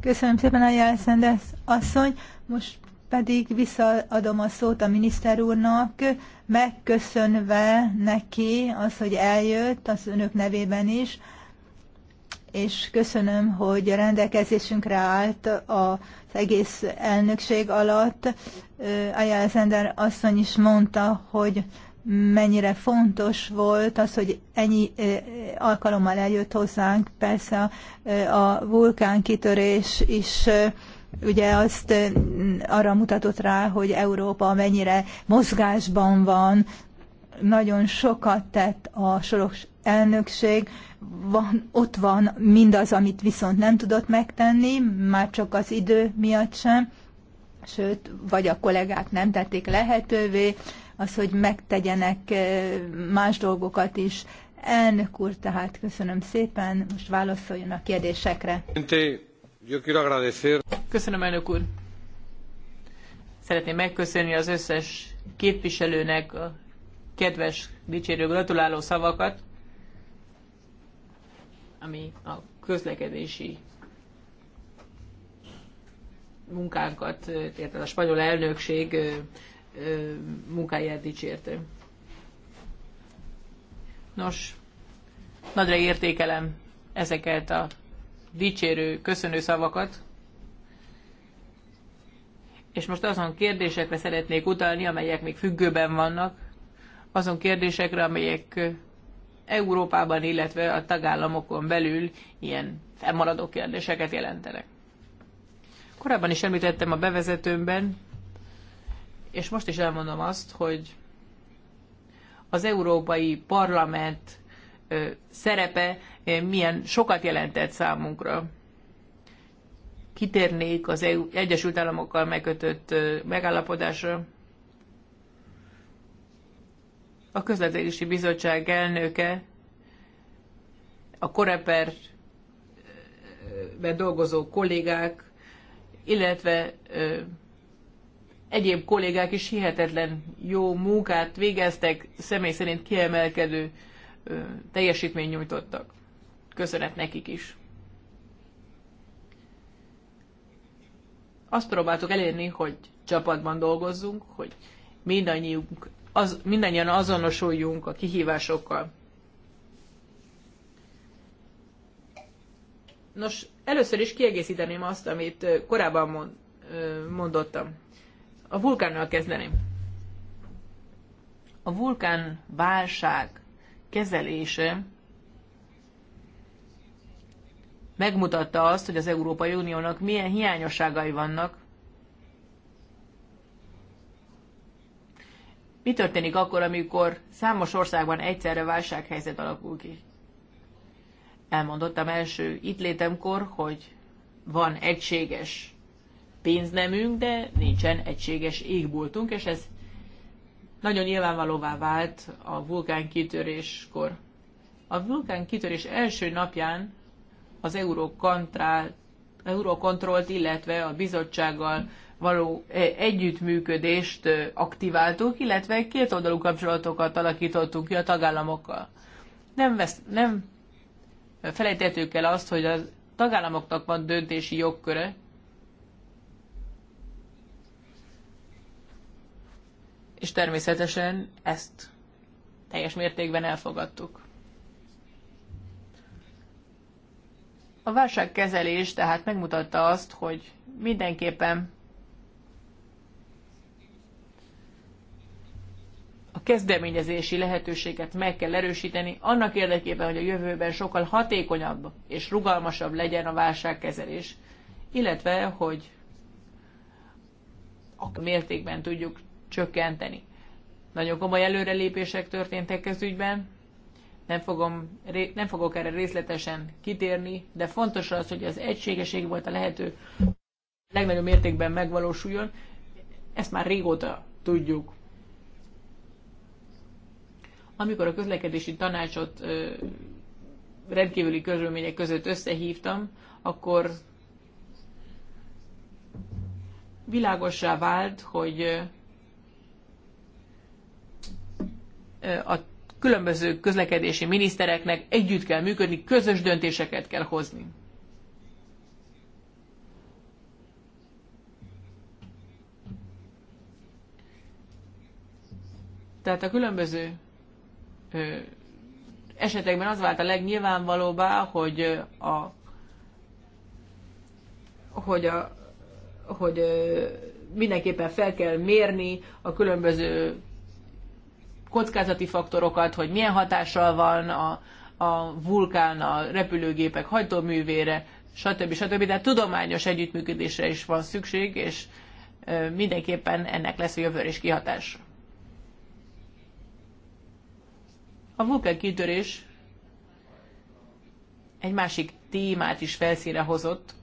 Köszönöm szépen a jelszendes asszony. Most pedig visszaadom a szót a miniszter úrnak, megköszönve neki az, hogy eljött, az önök nevében is és köszönöm, hogy a rendelkezésünkre állt az egész elnökség alatt. Aja Zender asszony is mondta, hogy mennyire fontos volt az, hogy ennyi alkalommal eljött hozzánk. Persze a vulkánkitörés is ugye azt arra mutatott rá, hogy Európa mennyire mozgásban van, nagyon sokat tett a soros elnökség, van, ott van mindaz, amit viszont nem tudott megtenni, már csak az idő miatt sem, sőt, vagy a kollégák nem tették lehetővé az, hogy megtegyenek eh, más dolgokat is. Elnök úr, tehát köszönöm szépen, most válaszoljon a kérdésekre. Köszönöm, elnök úr. Szeretném megköszönni az összes képviselőnek a kedves, dicsérő, gratuláló szavakat, ami a közlekedési munkánkat, tehát a spanyol elnökség munkáját dicsérte. Nos, nagyra értékelem ezeket a dicsérő, köszönő szavakat, és most azon kérdésekre szeretnék utalni, amelyek még függőben vannak, azon kérdésekre, amelyek Európában, illetve a tagállamokon belül ilyen felmaradó kérdéseket jelentenek. Korábban is említettem a bevezetőmben, és most is elmondom azt, hogy az Európai Parlament szerepe milyen sokat jelentett számunkra. Kitérnék az EU, Egyesült Államokkal megkötött megállapodásra, a közlekedési bizottság elnöke a koreperben dolgozó kollégák, illetve egyéb kollégák is hihetetlen jó munkát végeztek, személy szerint kiemelkedő teljesítmény nyújtottak. Köszönet nekik is. Azt próbáltuk elérni, hogy csapatban dolgozzunk, hogy mindannyiunk az, mindannyian azonosuljunk a kihívásokkal. Nos, először is kiegészíteném azt, amit korábban mondottam. A vulkánnal kezdeném. A vulkán válság kezelése megmutatta azt, hogy az Európai Uniónak milyen hiányosságai vannak, mi történik akkor, amikor számos országban egyszerre válsághelyzet alakul ki? Elmondottam első itt létemkor, hogy van egységes pénznemünk, de nincsen egységes égboltunk, és ez nagyon nyilvánvalóvá vált a vulkán kitöréskor. A vulkán kitörés első napján az Eurocontrolt, illetve a bizottsággal való e, együttműködést e, aktiváltuk, illetve kétoldalú kapcsolatokat alakítottunk ki a tagállamokkal. Nem, vesz, nem felejtettük el azt, hogy a tagállamoknak van döntési jogköre, és természetesen ezt teljes mértékben elfogadtuk. A válságkezelés tehát megmutatta azt, hogy mindenképpen a kezdeményezési lehetőséget meg kell erősíteni, annak érdekében, hogy a jövőben sokkal hatékonyabb és rugalmasabb legyen a válságkezelés, illetve, hogy a mértékben tudjuk csökkenteni. Nagyon komoly előrelépések történtek ez ügyben, nem, fogom, nem fogok erre részletesen kitérni, de fontos az, hogy az egységeség volt a lehető legnagyobb mértékben megvalósuljon. Ezt már régóta tudjuk. Amikor a közlekedési tanácsot rendkívüli körülmények között összehívtam, akkor világosra vált, hogy a különböző közlekedési minisztereknek együtt kell működni, közös döntéseket kell hozni. Tehát a különböző esetekben az vált a legnyilvánvalóbbá, hogy a hogy, a, hogy mindenképpen fel kell mérni a különböző kockázati faktorokat, hogy milyen hatással van a, a vulkán, a repülőgépek hajtóművére, stb. stb. De tudományos együttműködésre is van szükség, és mindenképpen ennek lesz a jövőre is kihatása. A vulkán kitörés egy másik témát is felszínre hozott,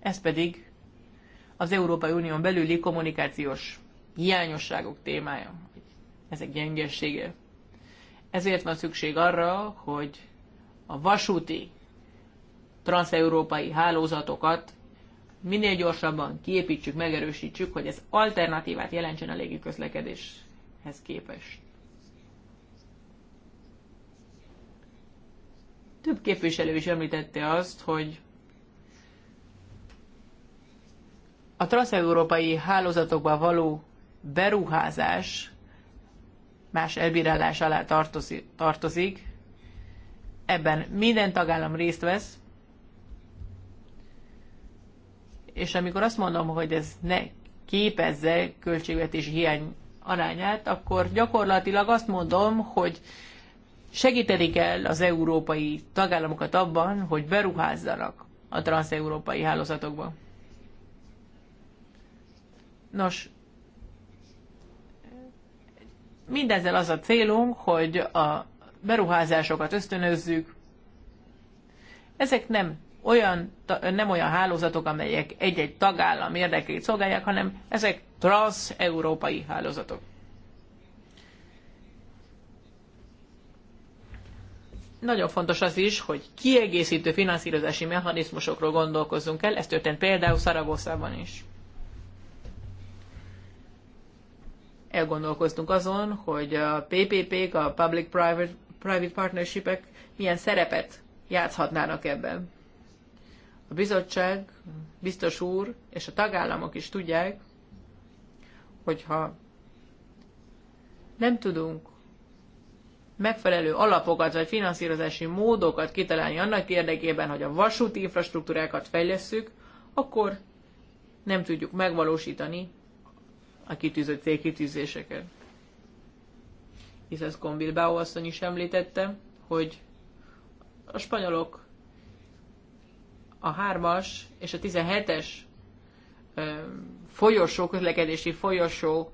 ez pedig az Európai Unión belüli kommunikációs hiányosságok témája. Ezek gyengessége. Ezért van szükség arra, hogy a vasúti transeurópai hálózatokat minél gyorsabban kiépítsük, megerősítsük, hogy ez alternatívát jelentsen a légiközlekedéshez képest. Több képviselő is említette azt, hogy a transzeurópai hálózatokba való beruházás más elbírálás alá tartozik. Ebben minden tagállam részt vesz, és amikor azt mondom, hogy ez ne képezze költségvetési hiány arányát, akkor gyakorlatilag azt mondom, hogy segíteni kell az európai tagállamokat abban, hogy beruházzanak a transeurópai hálózatokba. Nos, mindezzel az a célunk, hogy a beruházásokat ösztönözzük. Ezek nem olyan, nem olyan hálózatok, amelyek egy-egy tagállam érdekét szolgálják, hanem ezek transz-európai hálózatok. Nagyon fontos az is, hogy kiegészítő finanszírozási mechanizmusokról gondolkozzunk el, ez történt például Szaragoszában is. Elgondolkoztunk azon, hogy a PPP-k, a Public Private, Private Partnership-ek milyen szerepet játszhatnának ebben. A bizottság, biztos úr és a tagállamok is tudják, hogyha nem tudunk megfelelő alapokat vagy finanszírozási módokat kitalálni annak érdekében, hogy a vasúti infrastruktúrákat fejlesszük, akkor nem tudjuk megvalósítani a kitűzött célkitűzéseket. Hisz Kombilbao asszony is említette, hogy a spanyolok a 3-as és a 17-es folyosó, közlekedési folyosó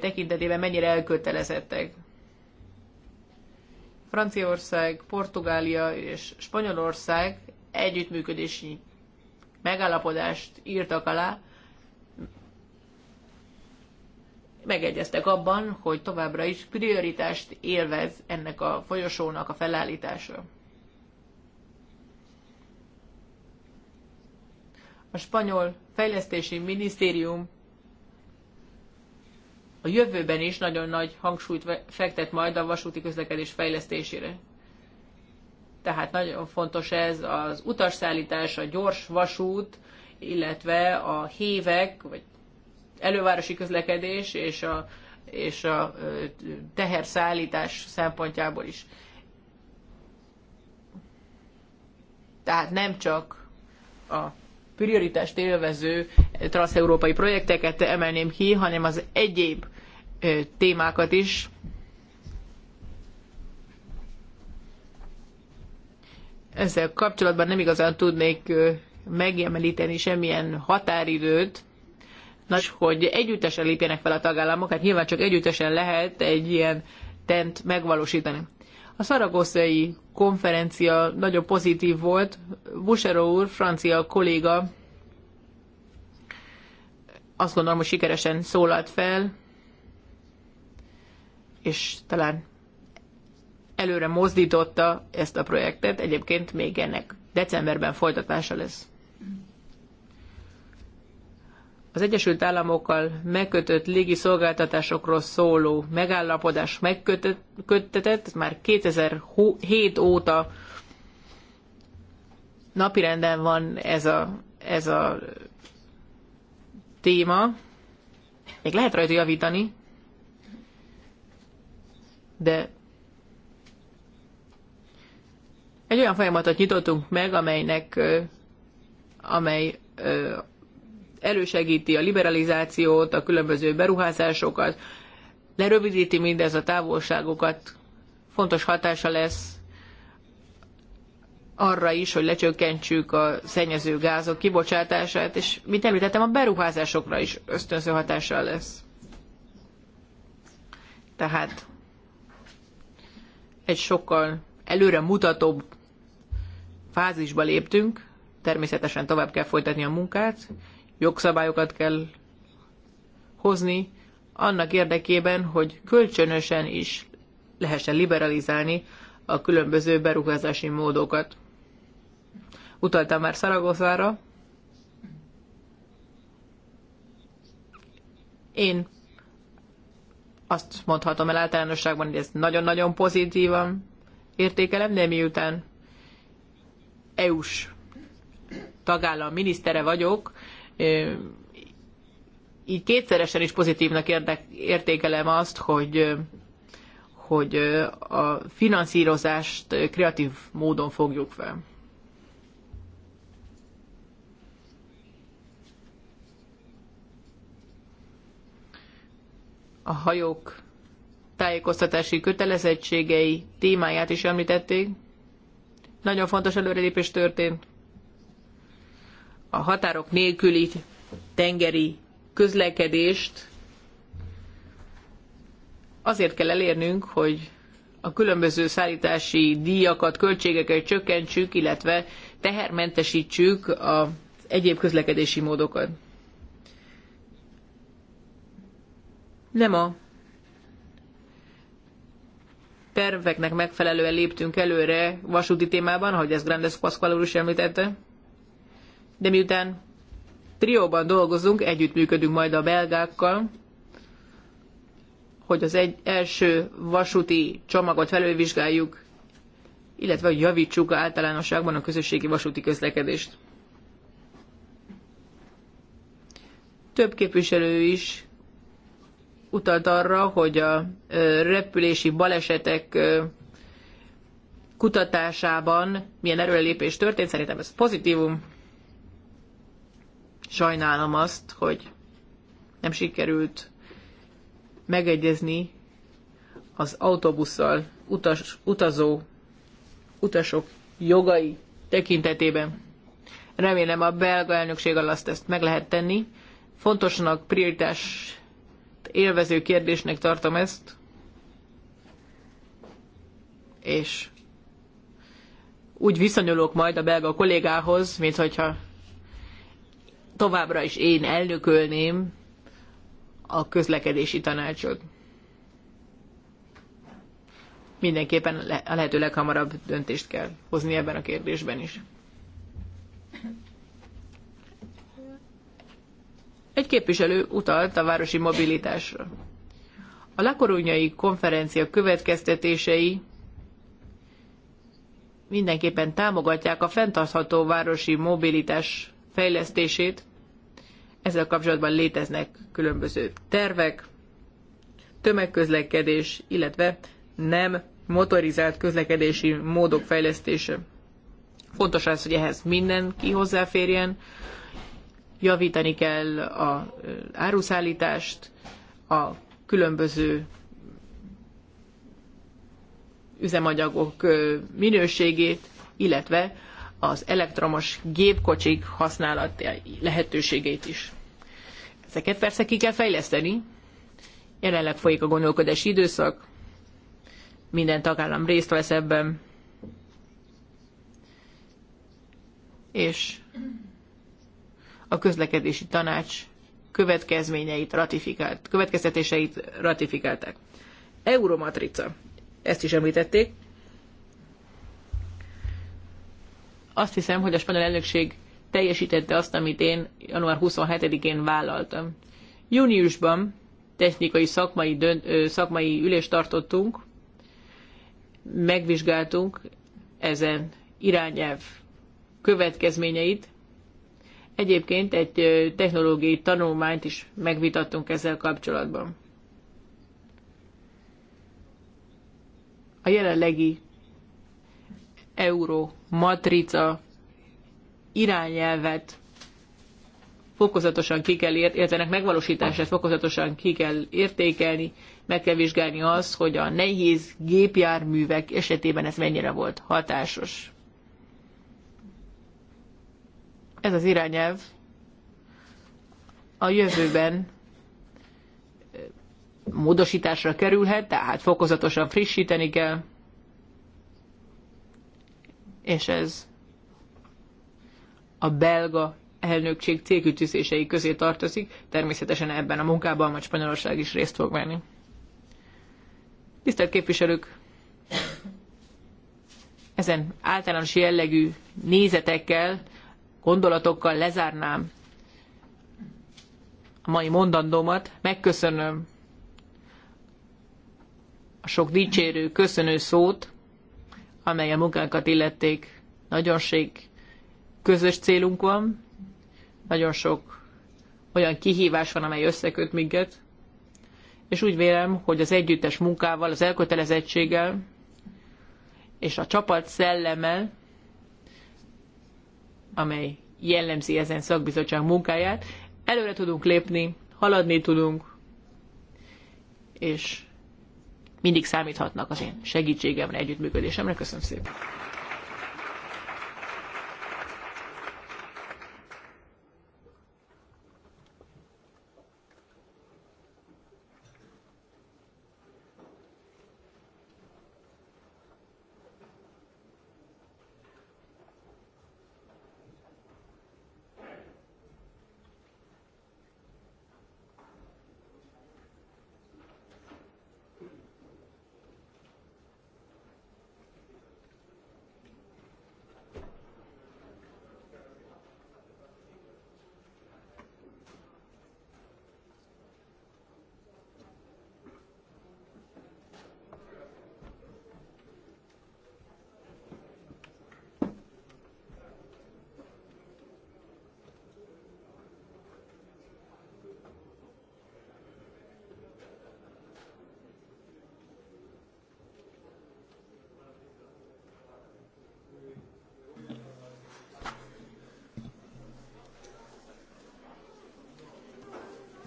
tekintetében mennyire elkötelezettek. Franciaország, Portugália és Spanyolország együttműködési megállapodást írtak alá, megegyeztek abban, hogy továbbra is prioritást élvez ennek a folyosónak a felállítása. A spanyol fejlesztési minisztérium a jövőben is nagyon nagy hangsúlyt fektet majd a vasúti közlekedés fejlesztésére. Tehát nagyon fontos ez az utasszállítás, a gyors vasút, illetve a hévek, vagy elővárosi közlekedés és a, és a teherszállítás szempontjából is. Tehát nem csak a prioritást élvező transzeurópai projekteket emelném ki, hanem az egyéb témákat is. Ezzel kapcsolatban nem igazán tudnék megemelíteni semmilyen határidőt, Nos, hogy együttesen lépjenek fel a tagállamok, hát nyilván csak együttesen lehet egy ilyen tent megvalósítani. A szaragoszai konferencia nagyon pozitív volt. Busero úr, francia kolléga, azt gondolom, hogy sikeresen szólalt fel, és talán előre mozdította ezt a projektet. Egyébként még ennek decemberben folytatása lesz. Az Egyesült Államokkal megkötött légi szolgáltatásokról szóló megállapodás megköttetett, már 2007 óta napirenden van ez a, ez a téma. Még lehet rajta javítani, de egy olyan folyamatot nyitottunk meg, amelynek, amely elősegíti a liberalizációt, a különböző beruházásokat, lerövidíti mindez a távolságokat, fontos hatása lesz arra is, hogy lecsökkentsük a szennyező gázok kibocsátását, és mint említettem, a beruházásokra is ösztönző hatással lesz. Tehát egy sokkal előre mutatóbb fázisba léptünk, természetesen tovább kell folytatni a munkát, jogszabályokat kell hozni, annak érdekében, hogy kölcsönösen is lehessen liberalizálni a különböző beruházási módokat. Utaltam már Szaragoszára. Én azt mondhatom el általánosságban, hogy ez nagyon-nagyon pozitívan értékelem, de miután EU-s tagállam minisztere vagyok, így kétszeresen is pozitívnak érdek, értékelem azt, hogy hogy a finanszírozást kreatív módon fogjuk fel. a hajók tájékoztatási kötelezettségei témáját is említették. Nagyon fontos előrelépés történt. A határok nélküli tengeri közlekedést azért kell elérnünk, hogy a különböző szállítási díjakat, költségeket csökkentsük, illetve tehermentesítsük az egyéb közlekedési módokat. nem a terveknek megfelelően léptünk előre vasúti témában, ahogy ezt Grandes Pascual úr is említette, de miután trióban dolgozunk, együttműködünk majd a belgákkal, hogy az egy első vasúti csomagot felülvizsgáljuk, illetve hogy javítsuk általánosságban a közösségi vasúti közlekedést. Több képviselő is utalt arra, hogy a repülési balesetek kutatásában milyen erőlépés történt. Szerintem ez pozitívum. Sajnálom azt, hogy nem sikerült megegyezni az autóbusszal utas, utazó utasok jogai tekintetében. Remélem a belga elnökség alatt ezt meg lehet tenni. Fontosnak prioritás élvező kérdésnek tartom ezt, és úgy viszonyulok majd a belga kollégához, mint hogyha továbbra is én elnökölném a közlekedési tanácsot. Mindenképpen a lehető leghamarabb döntést kell hozni ebben a kérdésben is. Egy képviselő utalt a városi mobilitásra. A lakorúnyai konferencia következtetései mindenképpen támogatják a fenntartható városi mobilitás fejlesztését. Ezzel kapcsolatban léteznek különböző tervek, tömegközlekedés, illetve nem motorizált közlekedési módok fejlesztése. Fontos az, hogy ehhez mindenki hozzáférjen, javítani kell az áruszállítást, a különböző üzemanyagok minőségét, illetve az elektromos gépkocsik használati lehetőségét is. Ezeket persze ki kell fejleszteni. Jelenleg folyik a gondolkodási időszak, minden tagállam részt vesz ebben, és a közlekedési tanács következményeit ratifikált, következtetéseit ratifikálták. Euromatrica. Ezt is említették. Azt hiszem, hogy a spanyol elnökség teljesítette azt, amit én január 27-én vállaltam. Júniusban technikai szakmai, dönt, ö, szakmai ülést tartottunk, megvizsgáltunk ezen irányelv következményeit, Egyébként egy technológiai tanulmányt is megvitattunk ezzel kapcsolatban. A jelenlegi euró matrica irányelvet fokozatosan ki kell ért, értenek megvalósítását fokozatosan ki kell értékelni, meg kell vizsgálni azt, hogy a nehéz gépjárművek esetében ez mennyire volt hatásos. ez az irányelv a jövőben módosításra kerülhet, tehát fokozatosan frissíteni kell, és ez a belga elnökség célkütőzései közé tartozik, természetesen ebben a munkában majd Spanyolország is részt fog venni. Tisztelt képviselők! Ezen általános jellegű nézetekkel gondolatokkal lezárnám a mai mondandómat. Megköszönöm a sok dicsérő, köszönő szót, amely a munkánkat illették. Nagyon sok közös célunk van, nagyon sok olyan kihívás van, amely összeköt minket, és úgy vélem, hogy az együttes munkával, az elkötelezettséggel és a csapat szellemmel amely jellemzi ezen szakbizottság munkáját. Előre tudunk lépni, haladni tudunk, és mindig számíthatnak az én segítségemre, együttműködésemre. Köszönöm szépen!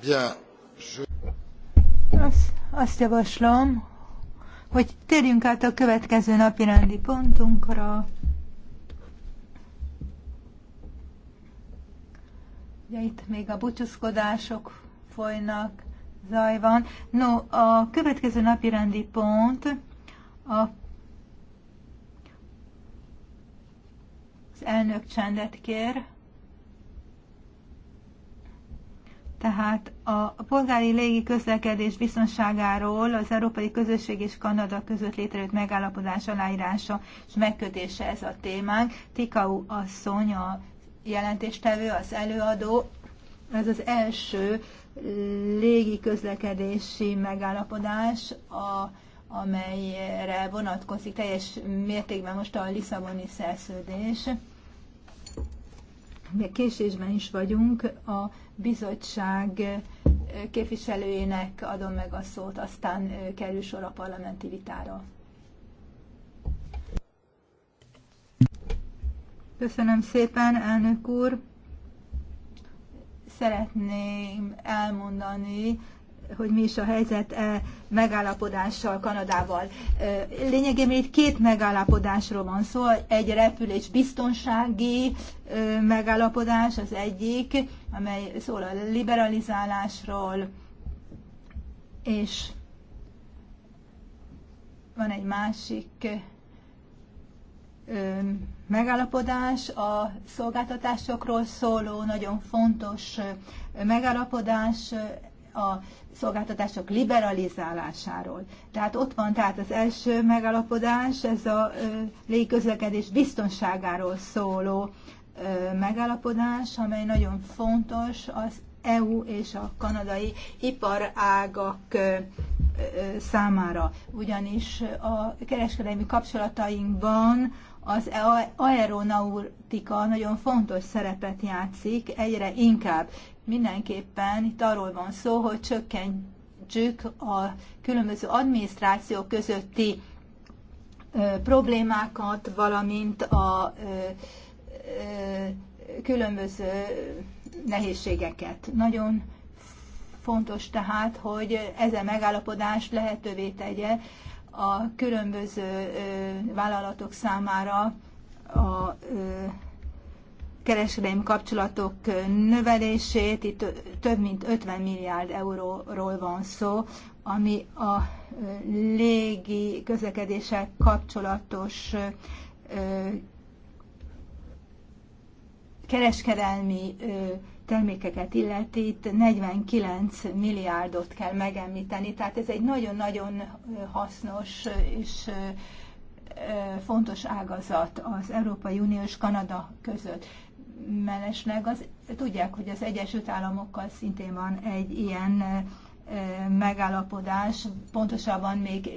Bien. Azt javaslom, hogy térjünk át a következő napi rendi pontunkra. Ugye itt még a búcsúzkodások folynak, zaj van. No, a következő napi rendi pont a az elnök csendet kér. Tehát a polgári légi közlekedés biztonságáról az Európai Közösség és Kanada között létrejött megállapodás aláírása és megkötése ez a témánk. Tikau asszony a jelentéstevő, az előadó. Ez az első légi közlekedési megállapodás, a, amelyre vonatkozik teljes mértékben most a Lisszaboni szerződés késésben is vagyunk, a bizottság képviselőjének adom meg a szót, aztán kerül sor a parlamenti vitára. Köszönöm szépen, elnök úr! Szeretném elmondani, hogy mi is a helyzet e megállapodással Kanadával. E, lényegében itt két megállapodásról van szó, egy repülés biztonsági e, megállapodás az egyik, amely szól a liberalizálásról, és van egy másik e, megállapodás, a szolgáltatásokról szóló nagyon fontos megállapodás, a szolgáltatások liberalizálásáról. Tehát ott van tehát az első megalapodás, ez a légközlekedés biztonságáról szóló megalapodás, amely nagyon fontos az EU és a kanadai iparágak számára, ugyanis a kereskedelmi kapcsolatainkban az aeronautika nagyon fontos szerepet játszik, egyre inkább. Mindenképpen itt arról van szó, hogy csökkentsük a különböző adminisztrációk közötti problémákat, valamint a különböző nehézségeket. Nagyon fontos tehát, hogy ez a megállapodás lehetővé tegye a különböző vállalatok számára a kereskedelmi kapcsolatok növelését. Itt több mint 50 milliárd euróról van szó, ami a légi közlekedéssel kapcsolatos kereskedelmi termékeket illeti, itt 49 milliárdot kell megemlíteni, tehát ez egy nagyon-nagyon hasznos és fontos ágazat az Európai Unió és Kanada között. Mellesleg az, tudják, hogy az Egyesült Államokkal szintén van egy ilyen megállapodás, pontosabban még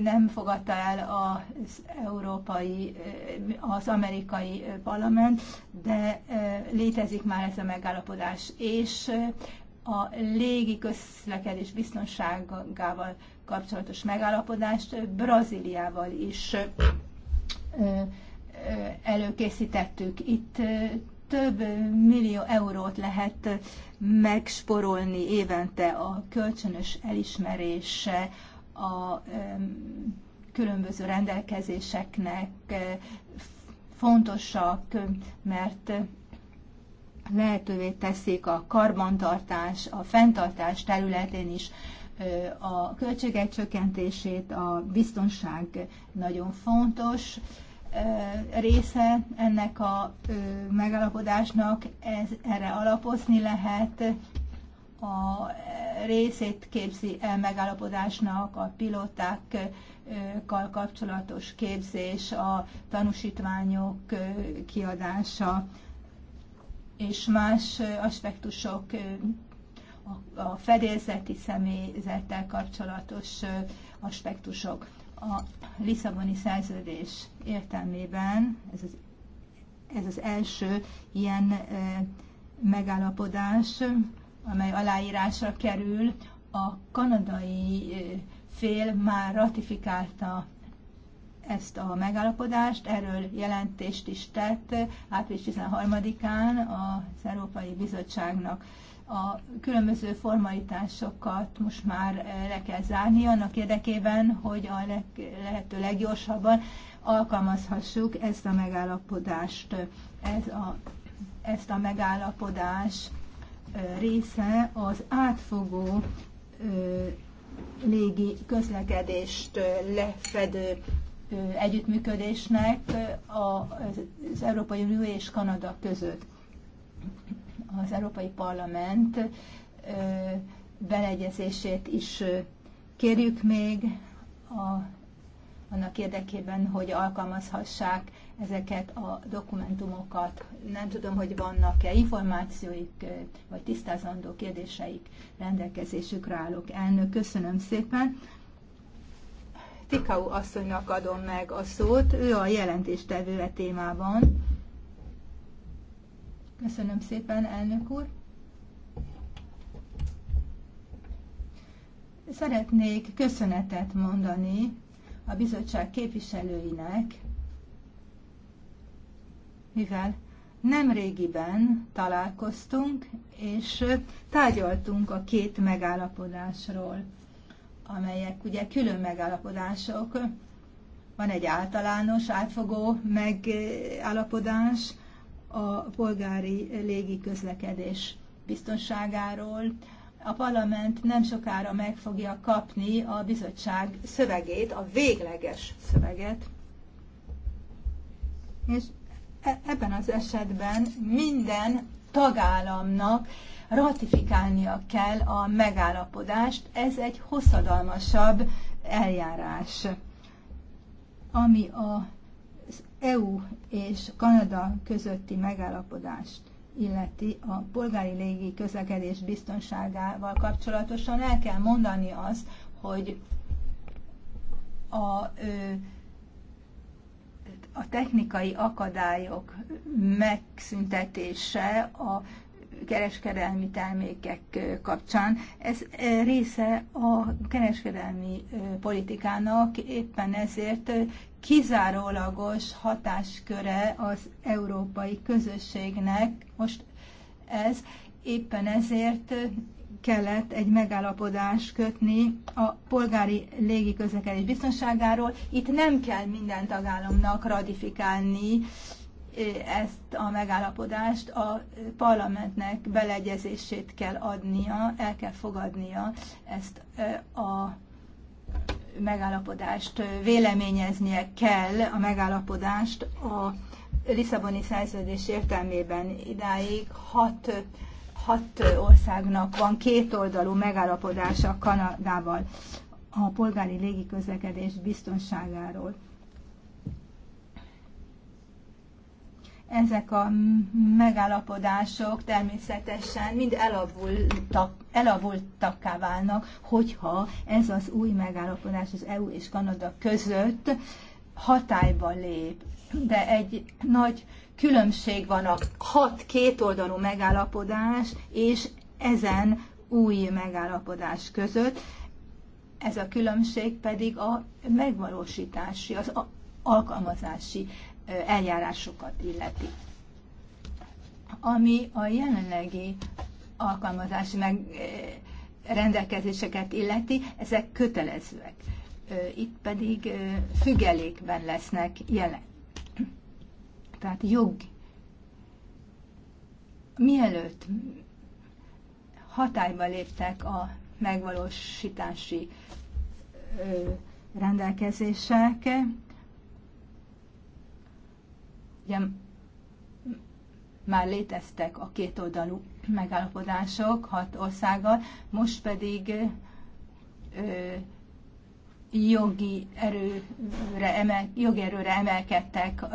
nem fogadta el az európai, az amerikai parlament, de létezik már ez a megállapodás, és a légi közlekedés biztonságával kapcsolatos megállapodást Brazíliával is előkészítettük. Itt több millió eurót lehet megsporolni évente a kölcsönös elismerése a különböző rendelkezéseknek eh, fontosak, mert lehetővé teszik a karbantartás, a fenntartás területén is eh, a költségek csökkentését, a biztonság nagyon fontos eh, része ennek a megalapodásnak, ez, erre alapozni lehet, a részét képzi el megállapodásnak a pilotákkal kapcsolatos képzés, a tanúsítványok kiadása és más aspektusok a fedélzeti személyzettel kapcsolatos aspektusok. A Lisszaboni szerződés értelmében ez az, ez az első ilyen eh, megállapodás, amely aláírásra kerül, a kanadai fél már ratifikálta ezt a megállapodást, erről jelentést is tett április 13-án az Európai Bizottságnak. A különböző formalitásokat most már le kell zárni annak érdekében, hogy a leg, lehető leggyorsabban alkalmazhassuk ezt a megállapodást. Ez a, ezt a megállapodás része az átfogó légi közlekedést lefedő együttműködésnek az Európai Unió és Kanada között. Az Európai Parlament beleegyezését is kérjük még a, annak érdekében, hogy alkalmazhassák ezeket a dokumentumokat. Nem tudom, hogy vannak-e információik, vagy tisztázandó kérdéseik rendelkezésükre állok. Elnök, köszönöm szépen. Tikau asszonynak adom meg a szót, ő a jelentéstevőre témában. Köszönöm szépen, elnök úr. Szeretnék köszönetet mondani a bizottság képviselőinek, mivel nem régiben találkoztunk, és tárgyaltunk a két megállapodásról, amelyek ugye külön megállapodások. Van egy általános, átfogó megállapodás a polgári légiközlekedés biztonságáról. A parlament nem sokára meg fogja kapni a bizottság szövegét, a végleges szöveget. És E-, ebben az esetben minden tagállamnak ratifikálnia kell a megállapodást. Ez egy hosszadalmasabb eljárás, ami az EU és Kanada közötti megállapodást illeti a polgári légi közlekedés biztonságával kapcsolatosan el kell mondani azt, hogy a ö, a technikai akadályok megszüntetése a kereskedelmi termékek kapcsán. Ez e, része a kereskedelmi e, politikának, éppen ezért kizárólagos hatásköre az európai közösségnek most ez, éppen ezért kellett egy megállapodást kötni a polgári légiközlekedés biztonságáról. Itt nem kell minden tagállamnak ratifikálni ezt a megállapodást, a parlamentnek beleegyezését kell adnia, el kell fogadnia ezt a megállapodást, véleményeznie kell a megállapodást a Lisszaboni szerződés értelmében idáig hat hat országnak van kétoldalú megállapodása Kanadával a polgári légiközlekedés biztonságáról. Ezek a megállapodások természetesen mind elavultak, elavultakká válnak, hogyha ez az új megállapodás az EU és Kanada között hatályba lép. De egy nagy különbség van a hat kétoldalú megállapodás és ezen új megállapodás között. Ez a különbség pedig a megvalósítási, az alkalmazási eljárásokat illeti. Ami a jelenlegi alkalmazási meg, rendelkezéseket illeti, ezek kötelezőek. Itt pedig függelékben lesznek jelen tehát jog. Mielőtt hatályba léptek a megvalósítási rendelkezések, ugye már léteztek a kétoldalú megállapodások hat országgal, most pedig jogi erőre, emel, jogi erőre emelkedtek a,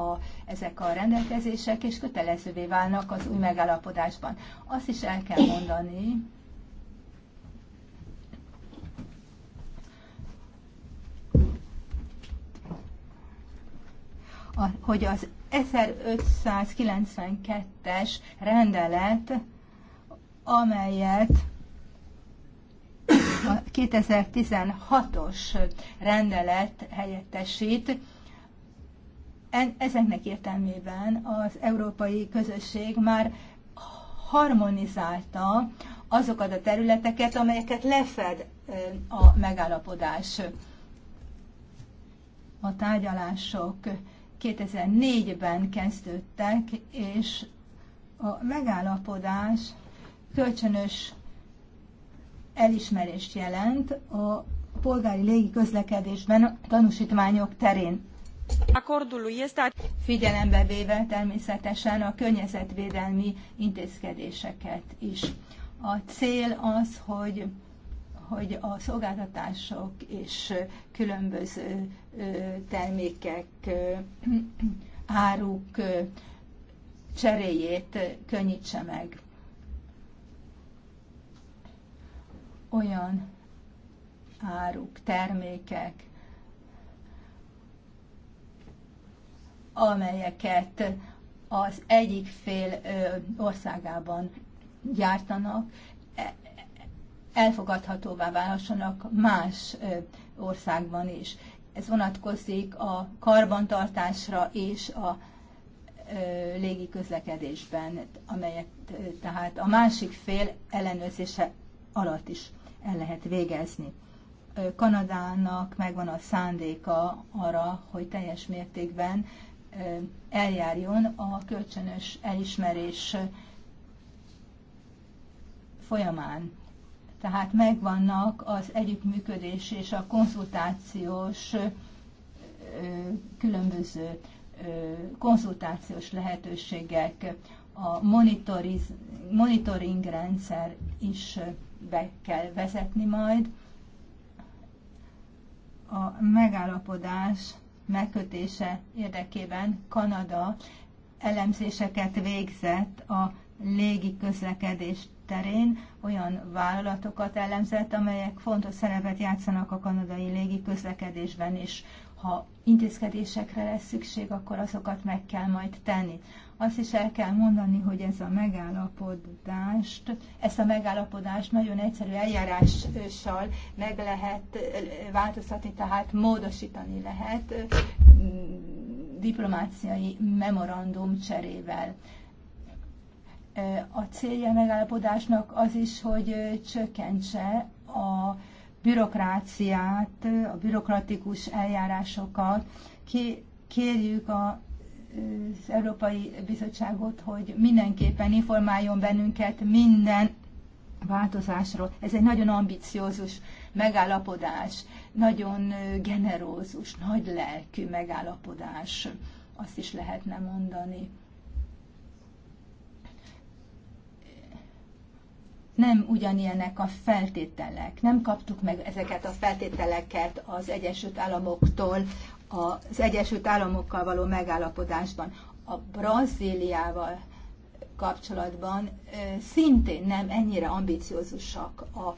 a, ezek a rendelkezések, és kötelezővé válnak az új megállapodásban. Azt is el kell mondani, a, hogy az 1592-es rendelet, amelyet a 2016-os rendelet helyettesít. Ezeknek értelmében az európai közösség már harmonizálta azokat a területeket, amelyeket lefed a megállapodás. A tárgyalások 2004-ben kezdődtek, és a megállapodás kölcsönös elismerést jelent a polgári légi közlekedésben a tanúsítványok terén. Figyelembe véve természetesen a környezetvédelmi intézkedéseket is. A cél az, hogy hogy a szolgáltatások és különböző termékek, áruk cseréjét könnyítse meg. olyan áruk, termékek, amelyeket az egyik fél országában gyártanak, e, elfogadhatóvá válhassanak más országban is. Ez vonatkozik a karbantartásra és a légi közlekedésben, amelyet tehát a másik fél ellenőrzése alatt is el lehet végezni. Kanadának megvan a szándéka arra, hogy teljes mértékben eljárjon a kölcsönös elismerés folyamán. Tehát megvannak az együttműködés és a konzultációs különböző konzultációs lehetőségek, a monitoring rendszer is be kell vezetni majd. A megállapodás megkötése érdekében Kanada elemzéseket végzett a légi közlekedés terén, olyan vállalatokat elemzett, amelyek fontos szerepet játszanak a kanadai légi közlekedésben, és ha intézkedésekre lesz szükség, akkor azokat meg kell majd tenni. Azt is el kell mondani, hogy ez a megállapodást, ezt a megállapodást nagyon egyszerű eljárással meg lehet változtatni, tehát módosítani lehet mm, diplomáciai memorandum cserével. A célja megállapodásnak az is, hogy csökkentse a bürokráciát, a bürokratikus eljárásokat. Kérjük a Európai Bizottságot, hogy mindenképpen informáljon bennünket minden változásról. Ez egy nagyon ambiciózus megállapodás, nagyon generózus, nagy lelkű megállapodás, azt is lehetne mondani. nem ugyanilyenek a feltételek. Nem kaptuk meg ezeket a feltételeket az Egyesült Államoktól az Egyesült Államokkal való megállapodásban. A Brazíliával kapcsolatban szintén nem ennyire ambiciózusak a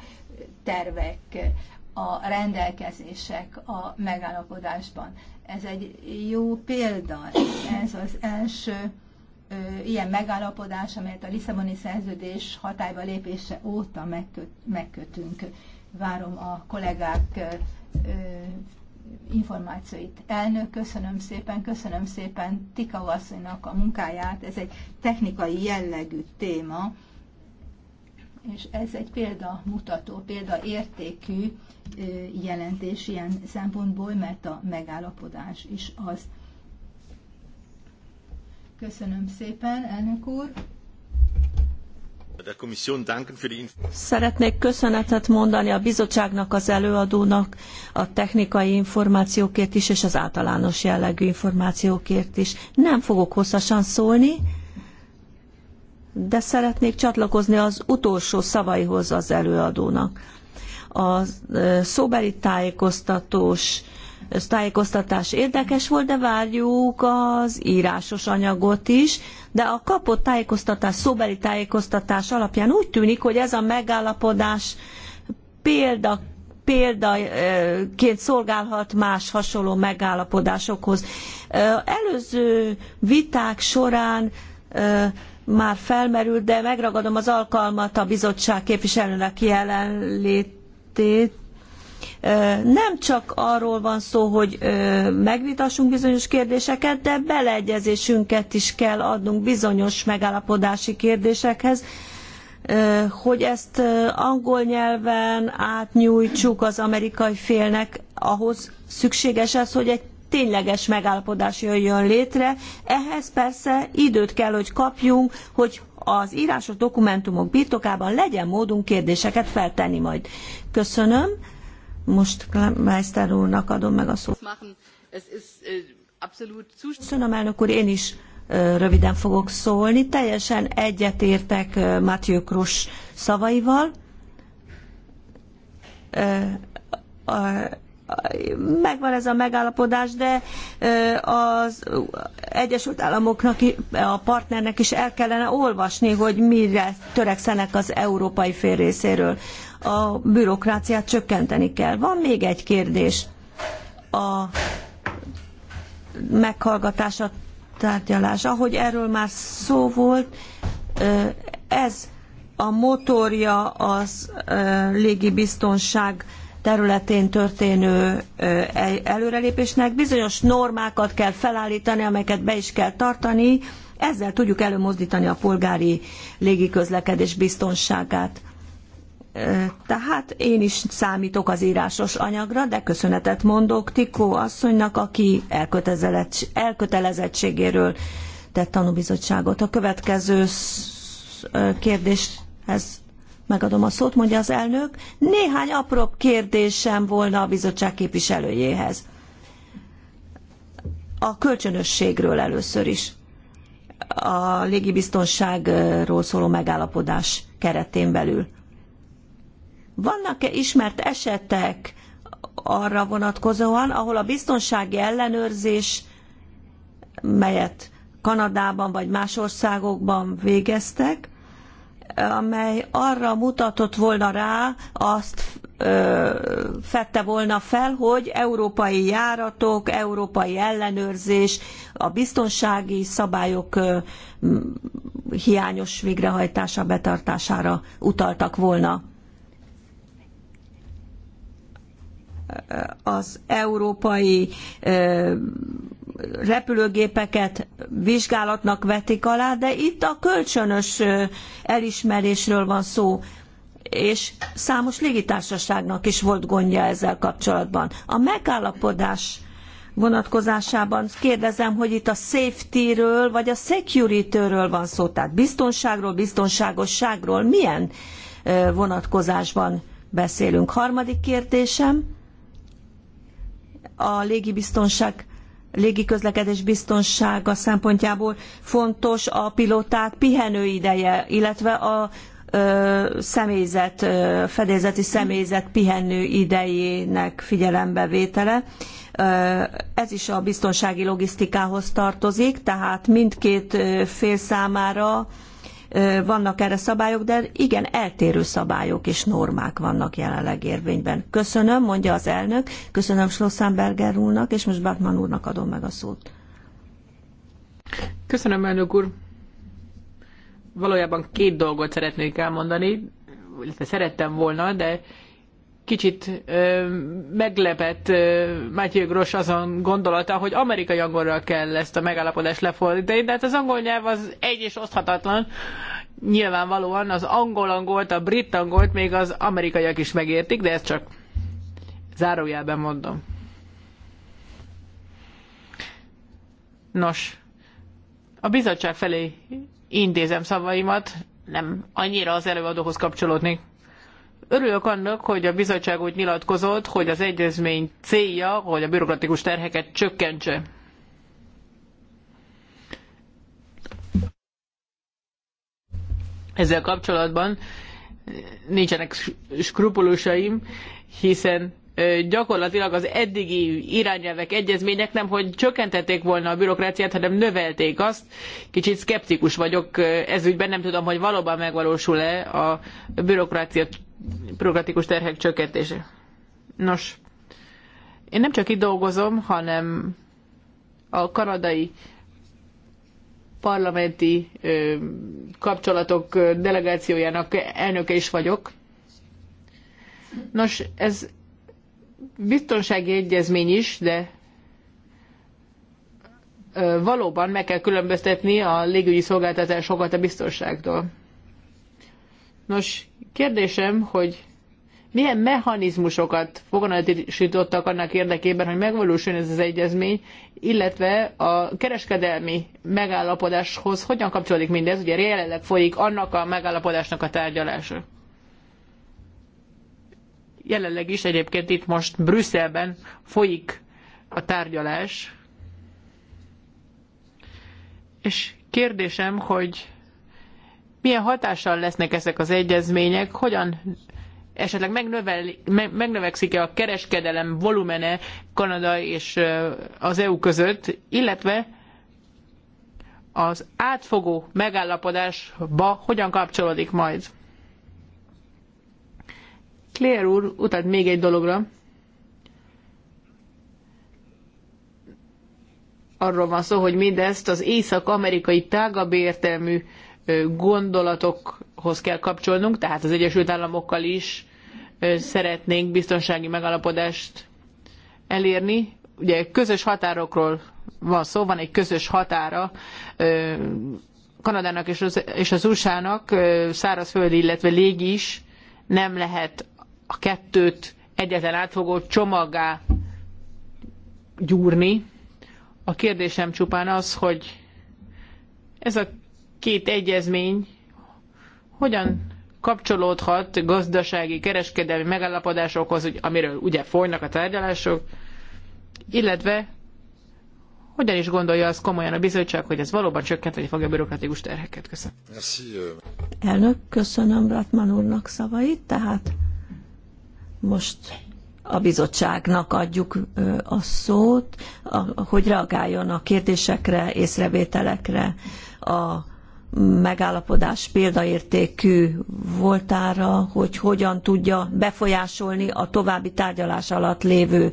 tervek, a rendelkezések a megállapodásban. Ez egy jó példa, ez az első ilyen megállapodás, amelyet a Lisszaboni szerződés hatályba lépése óta megkötünk. Várom a kollégák információit. Elnök, köszönöm szépen, köszönöm szépen Tika Vasszonynak a munkáját. Ez egy technikai jellegű téma, és ez egy példamutató, példaértékű jelentés ilyen szempontból, mert a megállapodás is az. Köszönöm szépen, elnök úr. Szeretnék köszönetet mondani a bizottságnak, az előadónak a technikai információkért is, és az általános jellegű információkért is. Nem fogok hosszasan szólni, de szeretnék csatlakozni az utolsó szavaihoz az előadónak. A szóbeli tájékoztatós tájékoztatás érdekes volt, de várjuk az írásos anyagot is, de a kapott tájékoztatás, szóbeli tájékoztatás alapján úgy tűnik, hogy ez a megállapodás példa példaként szolgálhat más hasonló megállapodásokhoz. Előző viták során már felmerült, de megragadom az alkalmat a bizottság képviselőnek jelenlétét, nem csak arról van szó, hogy megvitassunk bizonyos kérdéseket, de beleegyezésünket is kell adnunk bizonyos megállapodási kérdésekhez, hogy ezt angol nyelven átnyújtsuk az amerikai félnek, ahhoz szükséges ez, hogy egy tényleges megállapodás jöjjön létre. Ehhez persze időt kell, hogy kapjunk, hogy az írásos dokumentumok birtokában legyen módunk kérdéseket feltenni majd. Köszönöm. Most Meister úrnak adom meg a szót. Äh, Köszönöm, elnök úr, én is röviden fogok szólni. Teljesen egyetértek Mathieu Kroos szavaival. Megvan ez a megállapodás, de az Egyesült Államoknak, a partnernek is el kellene olvasni, hogy mire törekszenek az európai fél részéről a bürokráciát csökkenteni kell. Van még egy kérdés. A meghallgatása tárgyalás. Ahogy erről már szó volt, ez a motorja az légibiztonság területén történő előrelépésnek. Bizonyos normákat kell felállítani, amelyeket be is kell tartani. Ezzel tudjuk előmozdítani a polgári légiközlekedés biztonságát. Tehát én is számítok az írásos anyagra, de köszönetet mondok Tikó asszonynak, aki elkötelezettségéről tett tanúbizottságot. A következő kérdéshez megadom a szót, mondja az elnök. Néhány apróbb kérdésem volna a bizottság képviselőjéhez. A kölcsönösségről először is. A légibiztonságról szóló megállapodás keretén belül vannak-e ismert esetek arra vonatkozóan, ahol a biztonsági ellenőrzés, melyet Kanadában vagy más országokban végeztek, amely arra mutatott volna rá, azt ö, fette volna fel, hogy európai járatok, európai ellenőrzés, a biztonsági szabályok ö, hiányos végrehajtása, betartására utaltak volna. az európai repülőgépeket vizsgálatnak vetik alá, de itt a kölcsönös elismerésről van szó és számos légitársaságnak is volt gondja ezzel kapcsolatban. A megállapodás vonatkozásában kérdezem, hogy itt a safety-ről vagy a security-ről van szó, tehát biztonságról, biztonságosságról milyen vonatkozásban beszélünk. Harmadik kérdésem, a légibiztonság légiközlekedés biztonsága szempontjából fontos a pilóták pihenőideje, illetve a ö, személyzet, ö, fedélzeti személyzet pihenő idejének figyelembevétele. Ez is a biztonsági logisztikához tartozik, tehát mindkét fél számára vannak erre szabályok, de igen, eltérő szabályok és normák vannak jelenleg érvényben. Köszönöm, mondja az elnök, köszönöm Schlossenberger úrnak, és most Bartman úrnak adom meg a szót. Köszönöm, elnök úr. Valójában két dolgot szeretnék elmondani, illetve szerettem volna, de kicsit ö, meglepett ö, Matthew Gross azon gondolata, hogy amerikai angolra kell ezt a megállapodást lefordítani, de hát az angol nyelv az egy és oszthatatlan. Nyilvánvalóan az angol angolt, a brit angolt még az amerikaiak is megértik, de ezt csak zárójelben mondom. Nos, a bizottság felé intézem szavaimat, nem annyira az előadóhoz kapcsolódnék. Örülök annak, hogy a bizottság úgy nyilatkozott, hogy az egyezmény célja, hogy a bürokratikus terheket csökkentse. Ezzel kapcsolatban nincsenek skrupulusaim, hiszen gyakorlatilag az eddigi irányelvek, egyezmények nem, hogy csökkentették volna a bürokráciát, hanem növelték azt. Kicsit szkeptikus vagyok ezügyben, nem tudom, hogy valóban megvalósul-e a bürokrácia bürokratikus terhek csökkentése. Nos, én nem csak itt dolgozom, hanem a kanadai parlamenti ö, kapcsolatok delegációjának elnöke is vagyok. Nos, ez biztonsági egyezmény is, de ö, valóban meg kell különböztetni a légügyi szolgáltatásokat a biztonságtól. Nos, Kérdésem, hogy milyen mechanizmusokat foganatosítottak annak érdekében, hogy megvalósuljon ez az egyezmény, illetve a kereskedelmi megállapodáshoz hogyan kapcsolódik mindez, ugye jelenleg folyik annak a megállapodásnak a tárgyalása. Jelenleg is egyébként itt most Brüsszelben folyik a tárgyalás, és kérdésem, hogy milyen hatással lesznek ezek az egyezmények, hogyan esetleg megnöveli, megnövekszik-e a kereskedelem volumene Kanada és az EU között, illetve az átfogó megállapodásba hogyan kapcsolódik majd. Claire úr utalt még egy dologra. Arról van szó, hogy mindezt az észak-amerikai tágabb értelmű gondolatokhoz kell kapcsolnunk, tehát az Egyesült Államokkal is szeretnénk biztonsági megalapodást elérni. Ugye közös határokról van szó, van egy közös határa Kanadának és az, USA-nak, szárazföldi, illetve légi is, nem lehet a kettőt egyetlen átfogó csomagá gyúrni. A kérdésem csupán az, hogy ez a két egyezmény hogyan kapcsolódhat gazdasági, kereskedelmi megállapodásokhoz, amiről ugye folynak a tárgyalások, illetve hogyan is gondolja az komolyan a bizottság, hogy ez valóban csökkenteni fogja a bürokratikus terheket? Köszönöm. Merci. Elnök, köszönöm Ratman úrnak szavait, tehát most a bizottságnak adjuk a szót, hogy reagáljon a kérdésekre, észrevételekre, a megállapodás példaértékű voltára, hogy hogyan tudja befolyásolni a további tárgyalás alatt lévő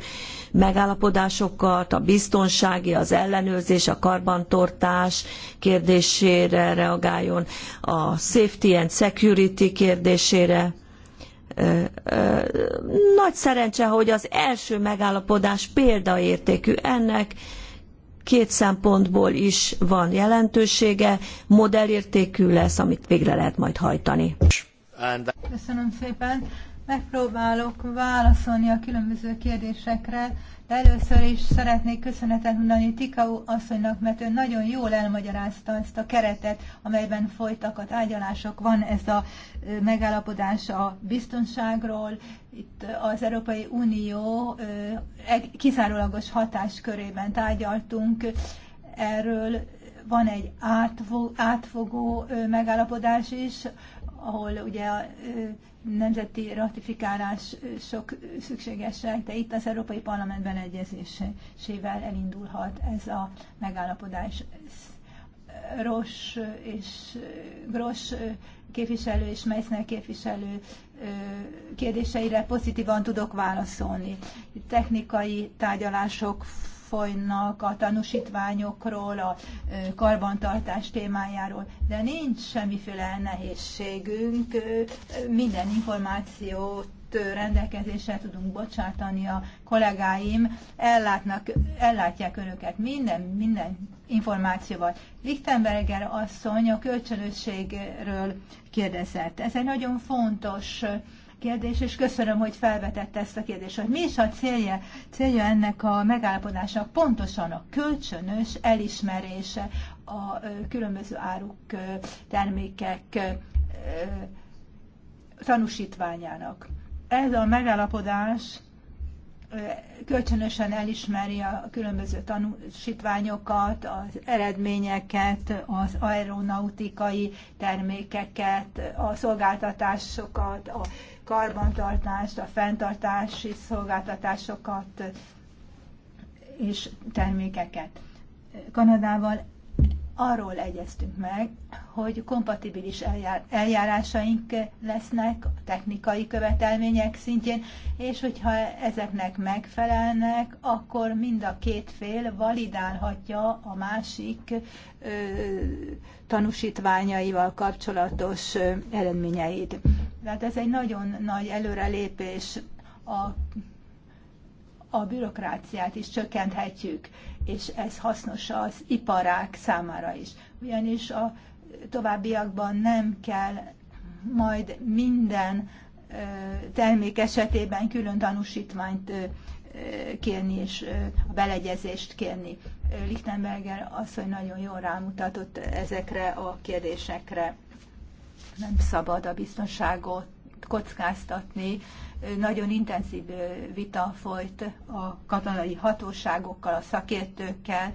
megállapodásokat, a biztonsági, az ellenőrzés, a karbantartás kérdésére reagáljon, a safety and security kérdésére. Nagy szerencse, hogy az első megállapodás példaértékű ennek, két szempontból is van jelentősége, modellértékű lesz, amit végre lehet majd hajtani. Köszönöm szépen. Megpróbálok válaszolni a különböző kérdésekre. Először is szeretnék köszönetet mondani Tikau asszonynak, mert ő nagyon jól elmagyarázta ezt a keretet, amelyben folytak a tárgyalások. Van ez a megállapodás a biztonságról, itt az Európai Unió kizárólagos hatáskörében tárgyaltunk erről, van egy átfogó megállapodás is ahol ugye a nemzeti ratifikálás sok szükségesek, de itt az Európai parlamentben egyezésével elindulhat ez a megállapodás. Ross és Gross képviselő és Meissner képviselő kérdéseire pozitívan tudok válaszolni. Technikai tárgyalások folynak a tanúsítványokról, a karbantartás témájáról, de nincs semmiféle nehézségünk, minden információt rendelkezésre tudunk bocsátani a kollégáim, ellátnak, ellátják önöket minden, minden információval. Lichtenberger asszony a kölcsönösségről kérdezett. Ez egy nagyon fontos kérdés, és köszönöm, hogy felvetette ezt a kérdést, hogy mi is a célja, célja ennek a megállapodásnak, pontosan a kölcsönös elismerése a különböző áruk, termékek tanúsítványának. Ez a megállapodás kölcsönösen elismeri a különböző tanúsítványokat, az eredményeket, az aeronautikai termékeket, a szolgáltatásokat, a karbantartást, a fenntartási szolgáltatásokat és termékeket. Kanadával arról egyeztünk meg, hogy kompatibilis eljár, eljárásaink lesznek a technikai követelmények szintjén, és hogyha ezeknek megfelelnek, akkor mind a két fél validálhatja a másik ö, tanúsítványaival kapcsolatos ö, eredményeit. Tehát ez egy nagyon nagy előrelépés a a bürokráciát is csökkenthetjük, és ez hasznos az iparák számára is. Ugyanis a továbbiakban nem kell majd minden termék esetében külön tanúsítványt kérni és a belegyezést kérni. Lichtenberger asszony nagyon jól rámutatott ezekre a kérdésekre nem szabad a biztonságot kockáztatni. Nagyon intenzív vita folyt a katonai hatóságokkal, a szakértőkkel,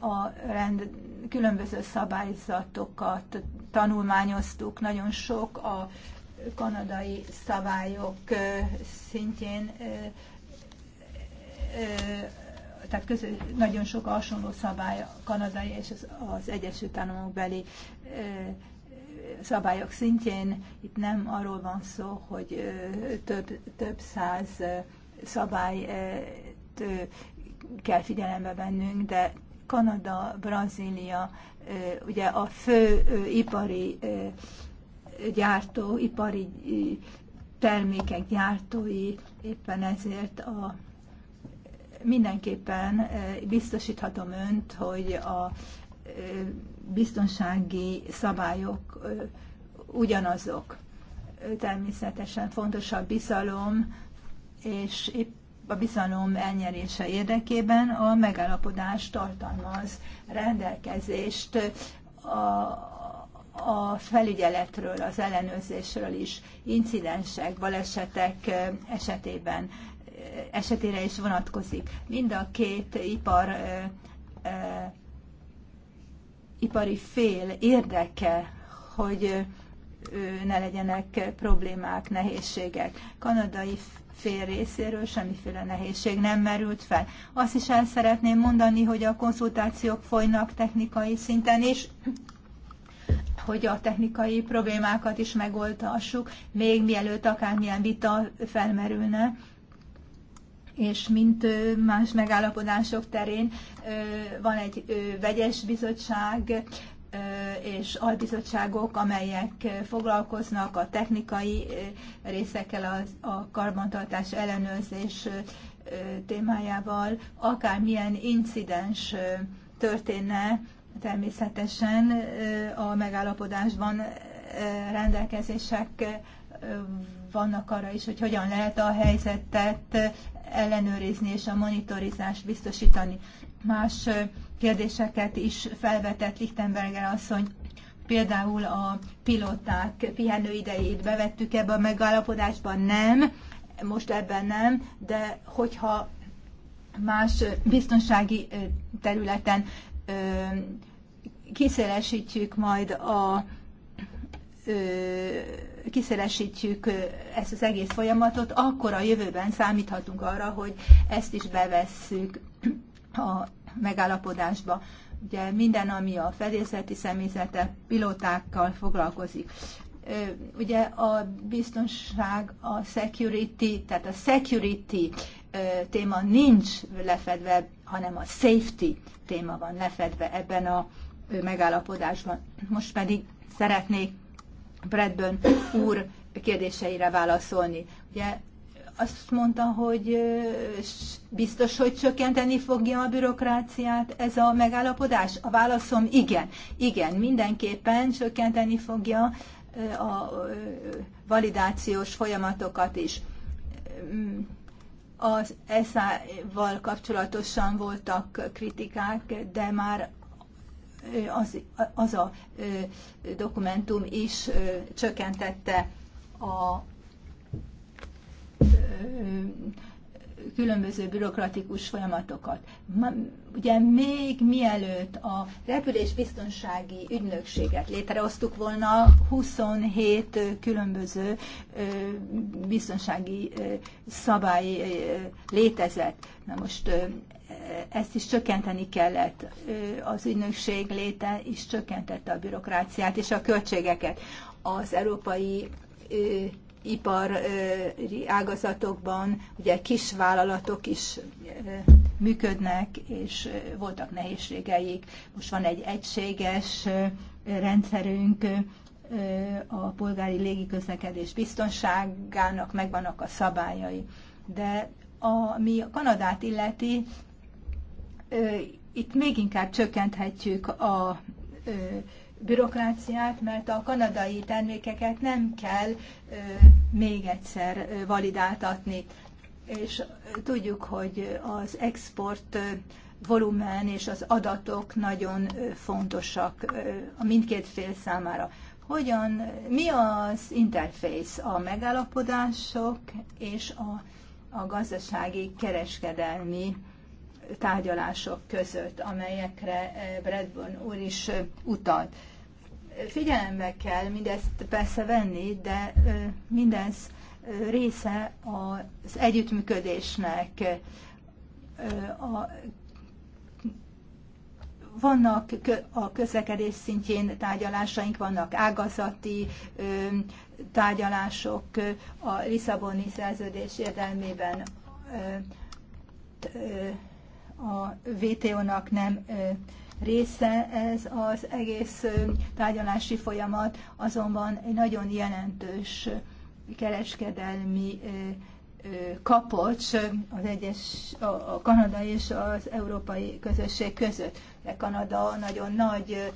a rend, különböző szabályzatokat tanulmányoztuk, nagyon sok a kanadai szabályok szintjén, tehát közül nagyon sok hasonló szabály a kanadai és az, az Egyesült Államok beli szabályok szintjén itt nem arról van szó, hogy több, több száz szabályt kell figyelembe vennünk, de Kanada, Brazília, ugye a fő ipari gyártó, ipari termékek gyártói, éppen ezért a, mindenképpen biztosíthatom önt, hogy a biztonsági szabályok ugyanazok. Természetesen fontos a bizalom, és épp a bizalom elnyerése érdekében a megállapodás tartalmaz rendelkezést a, a felügyeletről, az ellenőrzésről is, incidensek, balesetek esetében esetére is vonatkozik. Mind a két ipar ipari fél érdeke, hogy ne legyenek problémák, nehézségek. Kanadai fél részéről semmiféle nehézség nem merült fel. Azt is el szeretném mondani, hogy a konzultációk folynak technikai szinten is, hogy a technikai problémákat is megoldhassuk, még mielőtt akármilyen vita felmerülne és mint más megállapodások terén van egy vegyes bizottság, és albizottságok, amelyek foglalkoznak a technikai részekkel, a karbantartás ellenőrzés témájával, akármilyen incidens történne, természetesen a megállapodásban rendelkezések vannak arra is, hogy hogyan lehet a helyzetet ellenőrizni és a monitorizást biztosítani. Más kérdéseket is felvetett Lichtenberger asszony, például a pilóták pihenőidejét bevettük ebbe a megállapodásba, nem, most ebben nem, de hogyha más biztonsági területen kiszélesítjük majd a kiszélesítjük ezt az egész folyamatot, akkor a jövőben számíthatunk arra, hogy ezt is bevesszük a megállapodásba. Ugye minden, ami a fedélzeti személyzete, pilótákkal foglalkozik. Ugye a biztonság, a security, tehát a security téma nincs lefedve, hanem a safety téma van lefedve ebben a megállapodásban. Most pedig szeretnék Bradburn úr kérdéseire válaszolni. Ugye azt mondta, hogy biztos, hogy csökkenteni fogja a bürokráciát ez a megállapodás? A válaszom igen. Igen, mindenképpen csökkenteni fogja a validációs folyamatokat is. Az ESA-val kapcsolatosan voltak kritikák, de már az, az a dokumentum is csökkentette a különböző bürokratikus folyamatokat. Ugye még mielőtt a repülésbiztonsági ügynökséget létrehoztuk volna, 27 különböző biztonsági szabály létezett. Na most ezt is csökkenteni kellett. Az ügynökség léte is csökkentette a bürokráciát és a költségeket. Az európai ipari ágazatokban ugye kis vállalatok is működnek, és voltak nehézségeik. Most van egy egységes rendszerünk, a polgári légiközlekedés biztonságának megvannak a szabályai. De ami Kanadát illeti, itt még inkább csökkenthetjük a bürokráciát, mert a kanadai termékeket nem kell még egyszer validáltatni. És tudjuk, hogy az export volumen és az adatok nagyon fontosak a mindkét fél számára. Hogyan, mi az interfész a megállapodások és a, a gazdasági kereskedelmi tárgyalások között, amelyekre eh, Bradburn úr is eh, utalt. Figyelembe kell mindezt persze venni, de eh, mindez része az együttműködésnek. A, vannak a közlekedés szintjén tárgyalásaink, vannak ágazati tárgyalások a Lisszaboni szerződés értelmében a VTO-nak nem része ez az egész tárgyalási folyamat, azonban egy nagyon jelentős kereskedelmi kapocs az egyes, a Kanada és az európai közösség között. De Kanada nagyon nagy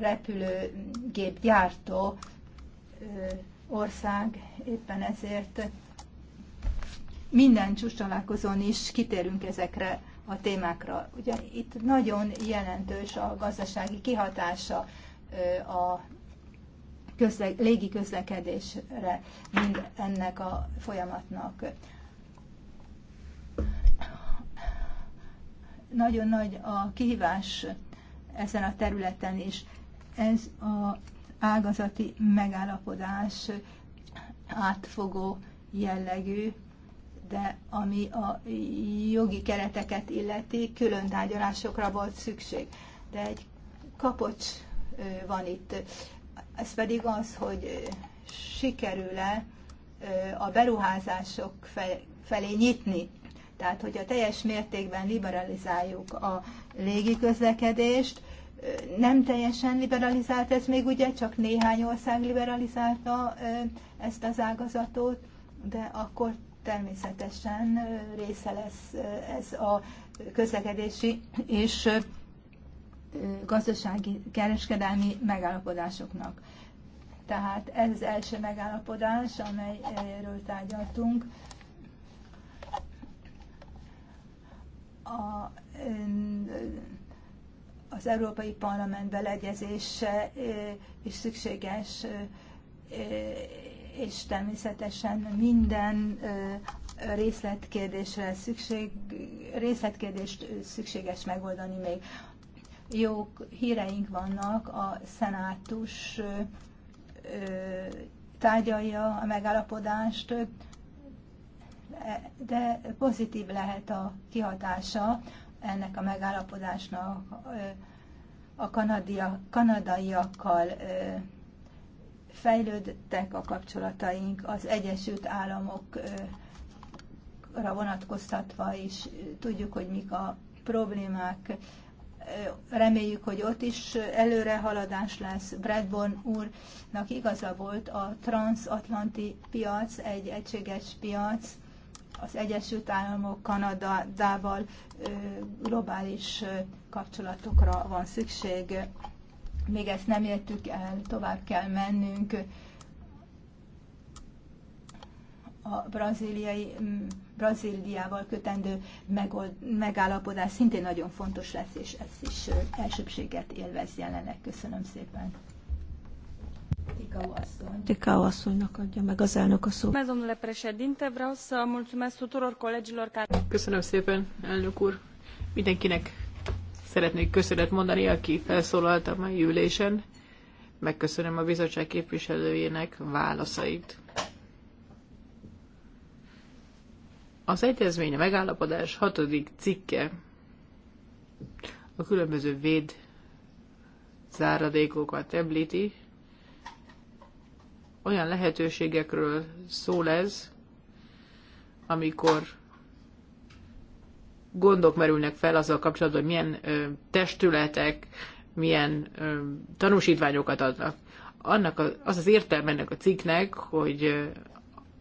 repülőgépgyártó ország, éppen ezért minden csúcs találkozón is kitérünk ezekre a témákra. Ugye itt nagyon jelentős a gazdasági kihatása a közle- légi közlekedésre mind ennek a folyamatnak. Nagyon nagy a kihívás ezen a területen is. Ez az ágazati megállapodás átfogó jellegű, de ami a jogi kereteket illeti, külön tárgyalásokra volt szükség. De egy kapocs van itt. Ez pedig az, hogy sikerül-e a beruházások felé nyitni. Tehát, hogyha teljes mértékben liberalizáljuk a légiközlekedést, nem teljesen liberalizált ez még ugye, csak néhány ország liberalizálta ezt az ágazatot, de akkor természetesen része lesz ez a közlekedési és gazdasági kereskedelmi megállapodásoknak. Tehát ez az első megállapodás, amelyről tárgyaltunk. A, az Európai Parlament beleegyezése is szükséges és természetesen minden részletkérdésre szükség, részletkérdést szükséges megoldani még. Jó híreink vannak, a szenátus tárgyalja a megállapodást, de pozitív lehet a kihatása ennek a megállapodásnak a kanadia, kanadaiakkal fejlődtek a kapcsolataink az Egyesült Államokra vonatkoztatva is. Tudjuk, hogy mik a problémák. Reméljük, hogy ott is előre haladás lesz. Bradborn úrnak igaza volt, a transatlanti piac egy egységes piac, az Egyesült Államok Kanadával globális kapcsolatokra van szükség még ezt nem értük el, tovább kell mennünk. A braziliai, Brazíliával kötendő megold, megállapodás szintén nagyon fontos lesz, és ez is elsőbséget élvez jelenleg. Köszönöm szépen. Ticau asszonynak adja meg az elnök a szót. Köszönöm szépen, elnök úr. Mindenkinek szeretnék köszönet mondani, aki felszólalt a mai ülésen. Megköszönöm a bizottság képviselőjének válaszait. Az egyezmény, a megállapodás hatodik cikke a különböző véd záradékokat említi. Olyan lehetőségekről szól ez, amikor gondok merülnek fel azzal kapcsolatban, hogy milyen ö, testületek, milyen ö, tanúsítványokat adnak. Annak a, az az értelme ennek a cikknek, hogy ö,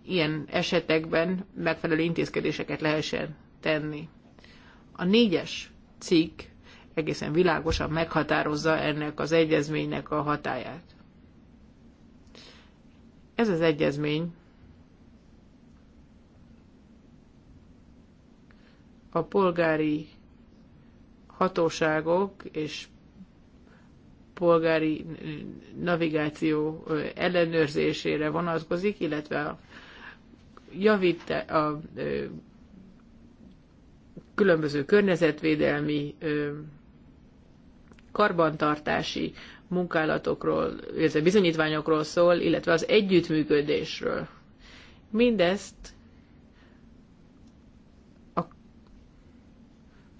ilyen esetekben megfelelő intézkedéseket lehessen tenni. A négyes cikk egészen világosan meghatározza ennek az egyezménynek a hatáját. Ez az egyezmény a polgári hatóságok és polgári navigáció ellenőrzésére vonatkozik, illetve a, javít, a különböző környezetvédelmi karbantartási munkálatokról, illetve bizonyítványokról szól, illetve az együttműködésről. Mindezt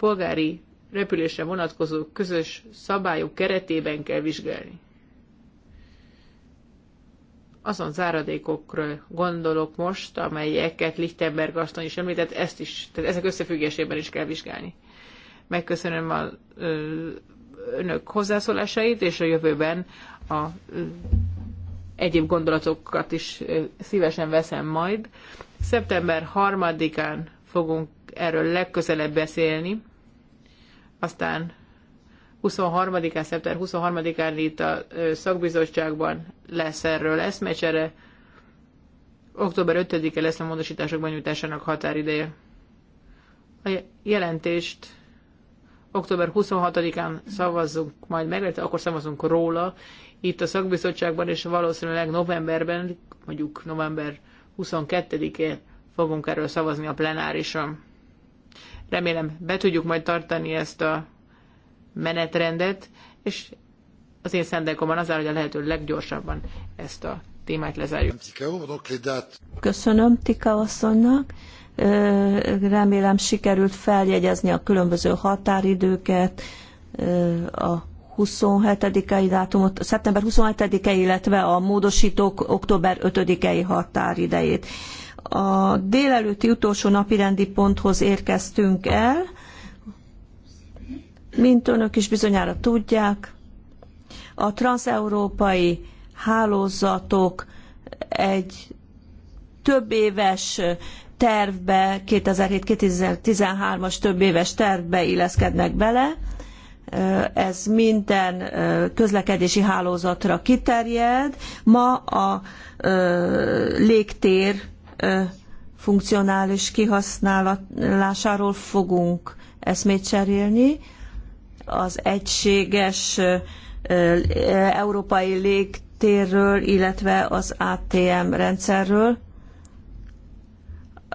polgári repülésre vonatkozó közös szabályok keretében kell vizsgálni. Azon záradékokra gondolok most, amelyeket Lichtenberg Gaston is említett, ezt is, tehát ezek összefüggésében is kell vizsgálni. Megköszönöm a ö, önök hozzászólásait, és a jövőben a ö, egyéb gondolatokat is ö, szívesen veszem majd. Szeptember harmadikán fogunk erről legközelebb beszélni aztán 23-án, szeptember 23-án itt a szakbizottságban lesz erről eszmecsere. Október 5-e lesz a módosítások benyújtásának határideje. A jelentést október 26-án szavazzunk majd meg, akkor szavazunk róla itt a szakbizottságban, és valószínűleg novemberben, mondjuk november 22-én fogunk erről szavazni a plenárison. Remélem be tudjuk majd tartani ezt a menetrendet, és az én szándékomban az áll, hogy a lehető leggyorsabban ezt a témát lezárjuk. Köszönöm Tika asszonynak. Remélem sikerült feljegyezni a különböző határidőket, a 27-i dátumot, szeptember 27-e, illetve a módosítók október 5-i határidejét a délelőtti utolsó napirendi ponthoz érkeztünk el. Mint önök is bizonyára tudják, a transeurópai hálózatok egy több éves tervbe, 2007-2013-as több éves tervbe illeszkednek bele. Ez minden közlekedési hálózatra kiterjed. Ma a légtér funkcionális kihasználásáról fogunk eszmét cserélni. Az egységes európai légtérről, illetve az ATM rendszerről.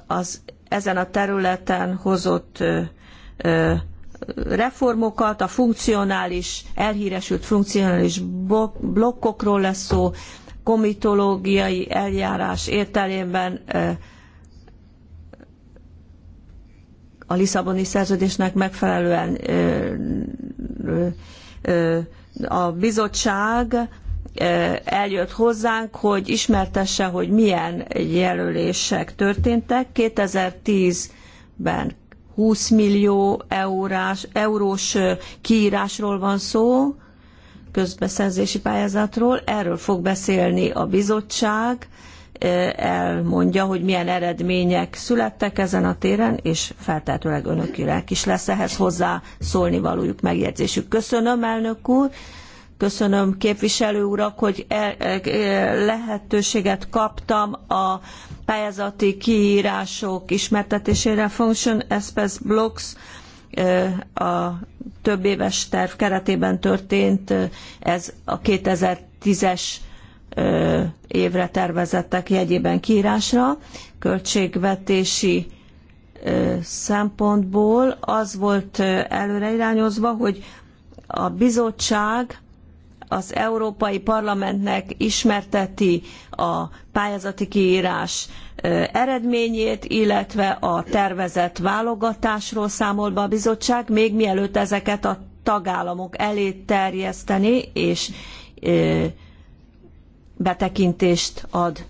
Az ezen a területen hozott reformokat, a funkcionális, elhíresült funkcionális blokkokról lesz szó, komitológiai eljárás értelmében a Lisszaboni szerződésnek megfelelően a bizottság eljött hozzánk, hogy ismertesse, hogy milyen jelölések történtek. 2010-ben 20 millió eurás, eurós kiírásról van szó, közbeszerzési pályázatról. Erről fog beszélni a bizottság, eh, elmondja, hogy milyen eredmények születtek ezen a téren, és feltehetőleg önökinek is lesz ehhez hozzá szólni valójuk megjegyzésük. Köszönöm, elnök úr! Köszönöm képviselő urak, hogy e, e, lehetőséget kaptam a pályázati kiírások ismertetésére. Function Espes Blocks a több éves terv keretében történt, ez a 2010-es évre tervezettek jegyében kiírásra, költségvetési szempontból az volt előreirányozva, hogy a bizottság az Európai Parlamentnek ismerteti a pályázati kiírás eredményét, illetve a tervezett válogatásról számol be a bizottság, még mielőtt ezeket a tagállamok elé terjeszteni és betekintést ad.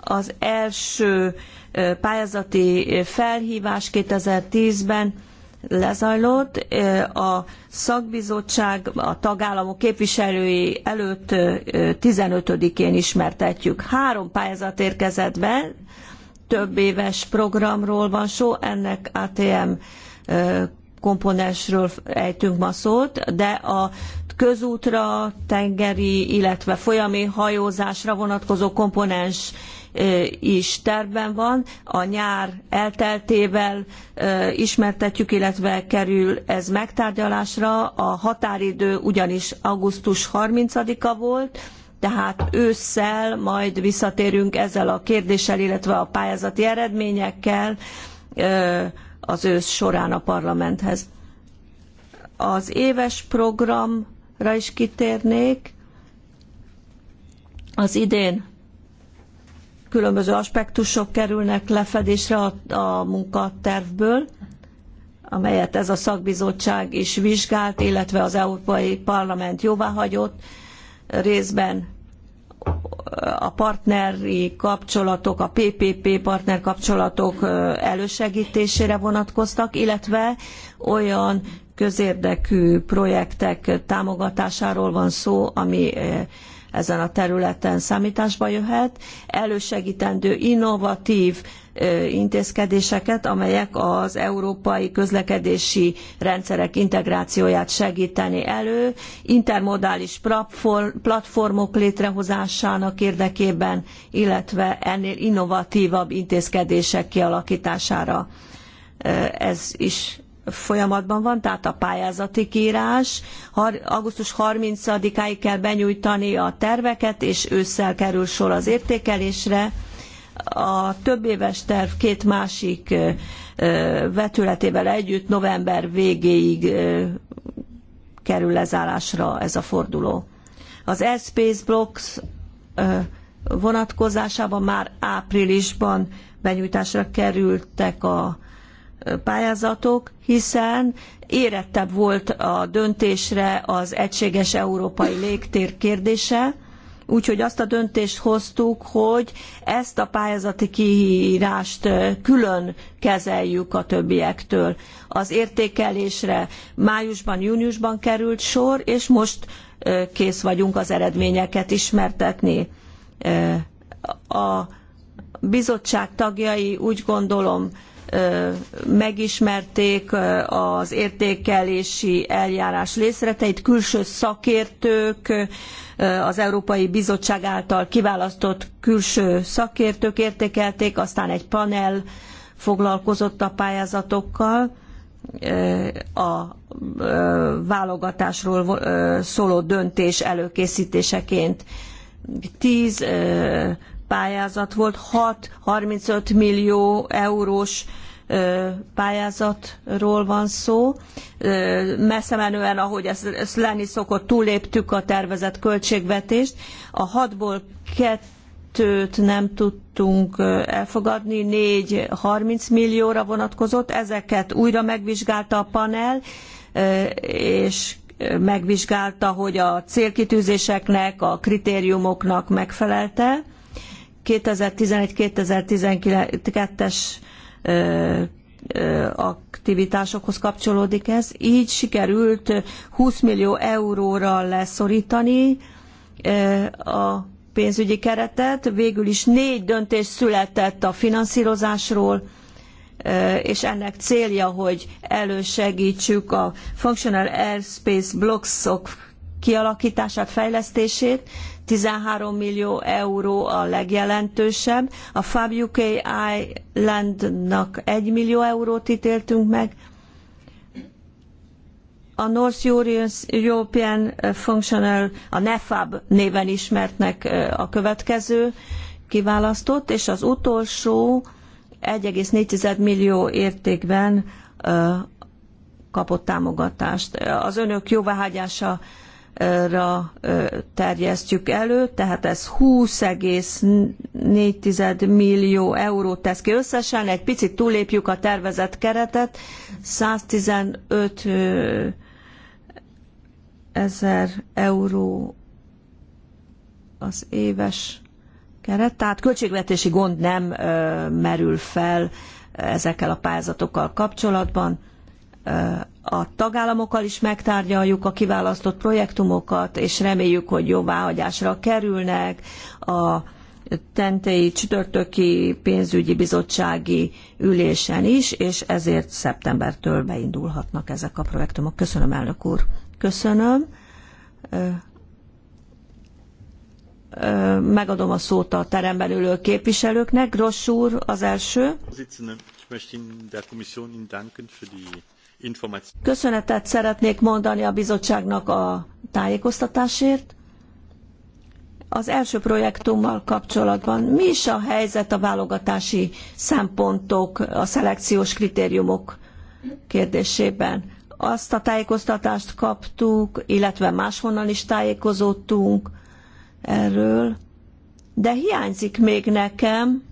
Az első pályázati felhívás 2010-ben lezajlott. A szakbizottság a tagállamok képviselői előtt 15-én ismertetjük. Három pályázat érkezett be, több éves programról van szó, ennek ATM komponensről ejtünk ma szót, de a közútra, tengeri, illetve folyami hajózásra vonatkozó komponens is terben van. A nyár elteltével ismertetjük, illetve kerül ez megtárgyalásra. A határidő ugyanis augusztus 30-a volt, tehát ősszel majd visszatérünk ezzel a kérdéssel, illetve a pályázati eredményekkel az ősz során a parlamenthez. Az éves programra is kitérnék. Az idén különböző aspektusok kerülnek lefedésre a, a munkatervből, amelyet ez a szakbizottság is vizsgált, illetve az Európai Parlament jóváhagyott részben a partneri kapcsolatok, a PPP partner kapcsolatok elősegítésére vonatkoztak, illetve olyan közérdekű projektek támogatásáról van szó, ami ezen a területen számításba jöhet, elősegítendő innovatív intézkedéseket, amelyek az európai közlekedési rendszerek integrációját segíteni elő, intermodális platformok létrehozásának érdekében, illetve ennél innovatívabb intézkedések kialakítására. Ez is folyamatban van, tehát a pályázati kírás. Augusztus 30-áig kell benyújtani a terveket, és ősszel kerül sor az értékelésre. A többéves terv két másik vetületével együtt november végéig kerül lezárásra ez a forduló. Az Airspace Blocks vonatkozásában már áprilisban benyújtásra kerültek a pályázatok, hiszen érettebb volt a döntésre az egységes európai légtér kérdése, úgyhogy azt a döntést hoztuk, hogy ezt a pályázati kiírást külön kezeljük a többiektől. Az értékelésre májusban, júniusban került sor, és most kész vagyunk az eredményeket ismertetni. A bizottság tagjai úgy gondolom, megismerték az értékelési eljárás részleteit, külső szakértők, az Európai Bizottság által kiválasztott külső szakértők értékelték, aztán egy panel foglalkozott a pályázatokkal, a válogatásról szóló döntés előkészítéseként. Tíz pályázat volt, 6-35 millió eurós pályázatról van szó. Messze menően, ahogy ezt lenni szokott, túléptük a tervezett költségvetést. A hatból kettőt nem tudtunk elfogadni, négy 30 millióra vonatkozott, ezeket újra megvizsgálta a panel, és megvizsgálta, hogy a célkitűzéseknek, a kritériumoknak megfelelte 2011-2012-es aktivitásokhoz kapcsolódik ez. Így sikerült 20 millió euróra leszorítani a pénzügyi keretet. Végül is négy döntés született a finanszírozásról, és ennek célja, hogy elősegítsük a Functional Airspace Blocks-ok kialakítását, fejlesztését, 13 millió euró a legjelentősebb, a Fab UK Islandnak 1 millió eurót ítéltünk meg, a North European Functional, a NEFAB néven ismertnek a következő kiválasztott, és az utolsó 1,4 millió értékben kapott támogatást. Az önök jóváhagyása ra terjesztjük elő, tehát ez 20,4 millió eurót tesz ki összesen, egy picit túllépjük a tervezett keretet, 115 ezer euró az éves keret, tehát költségvetési gond nem merül fel ezekkel a pályázatokkal kapcsolatban a tagállamokkal is megtárgyaljuk a kiválasztott projektumokat, és reméljük, hogy jóváhagyásra kerülnek a tentei csütörtöki pénzügyi bizottsági ülésen is, és ezért szeptembertől beindulhatnak ezek a projektumok. Köszönöm, elnök úr. Köszönöm. Megadom a szót a teremben ülő képviselőknek. Gross úr az első. Köszönetet szeretnék mondani a bizottságnak a tájékoztatásért. Az első projektummal kapcsolatban mi is a helyzet a válogatási szempontok, a szelekciós kritériumok kérdésében? Azt a tájékoztatást kaptuk, illetve máshonnan is tájékozódtunk erről, de hiányzik még nekem,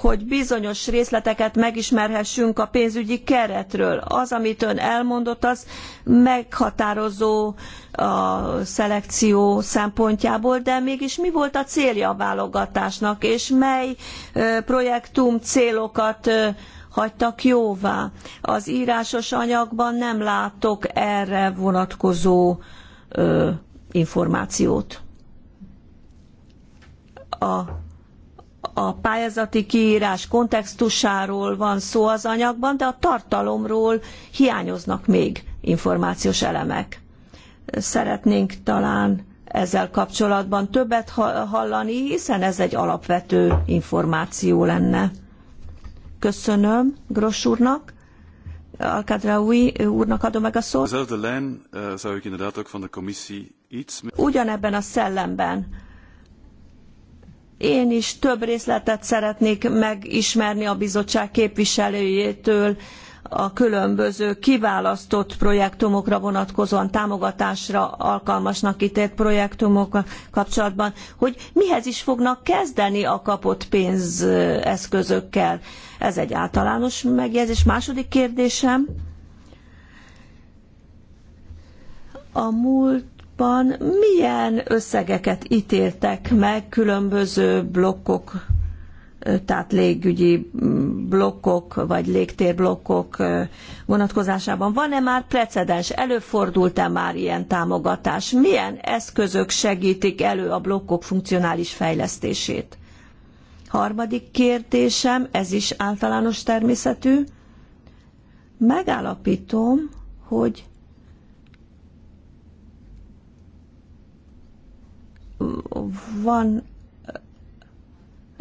hogy bizonyos részleteket megismerhessünk a pénzügyi keretről. Az, amit ön elmondott, az meghatározó a szelekció szempontjából, de mégis mi volt a célja a válogatásnak, és mely projektum célokat hagytak jóvá. Az írásos anyagban nem látok erre vonatkozó információt. A a pályázati kiírás kontextusáról van szó az anyagban, de a tartalomról hiányoznak még információs elemek. Szeretnénk talán ezzel kapcsolatban többet hallani, hiszen ez egy alapvető információ lenne. Köszönöm Gross úrnak. Alkadraui úrnak adom meg a szót. Eh, Ugyanebben a szellemben én is több részletet szeretnék megismerni a bizottság képviselőjétől a különböző kiválasztott projektumokra vonatkozóan támogatásra alkalmasnak ítélt projektumok kapcsolatban, hogy mihez is fognak kezdeni a kapott pénzeszközökkel. Ez egy általános megjegyzés. Második kérdésem. A múlt korábban milyen összegeket ítéltek meg különböző blokkok, tehát légügyi blokkok vagy légtérblokkok vonatkozásában? Van-e már precedens? Előfordult-e már ilyen támogatás? Milyen eszközök segítik elő a blokkok funkcionális fejlesztését? Harmadik kérdésem, ez is általános természetű. Megállapítom, hogy van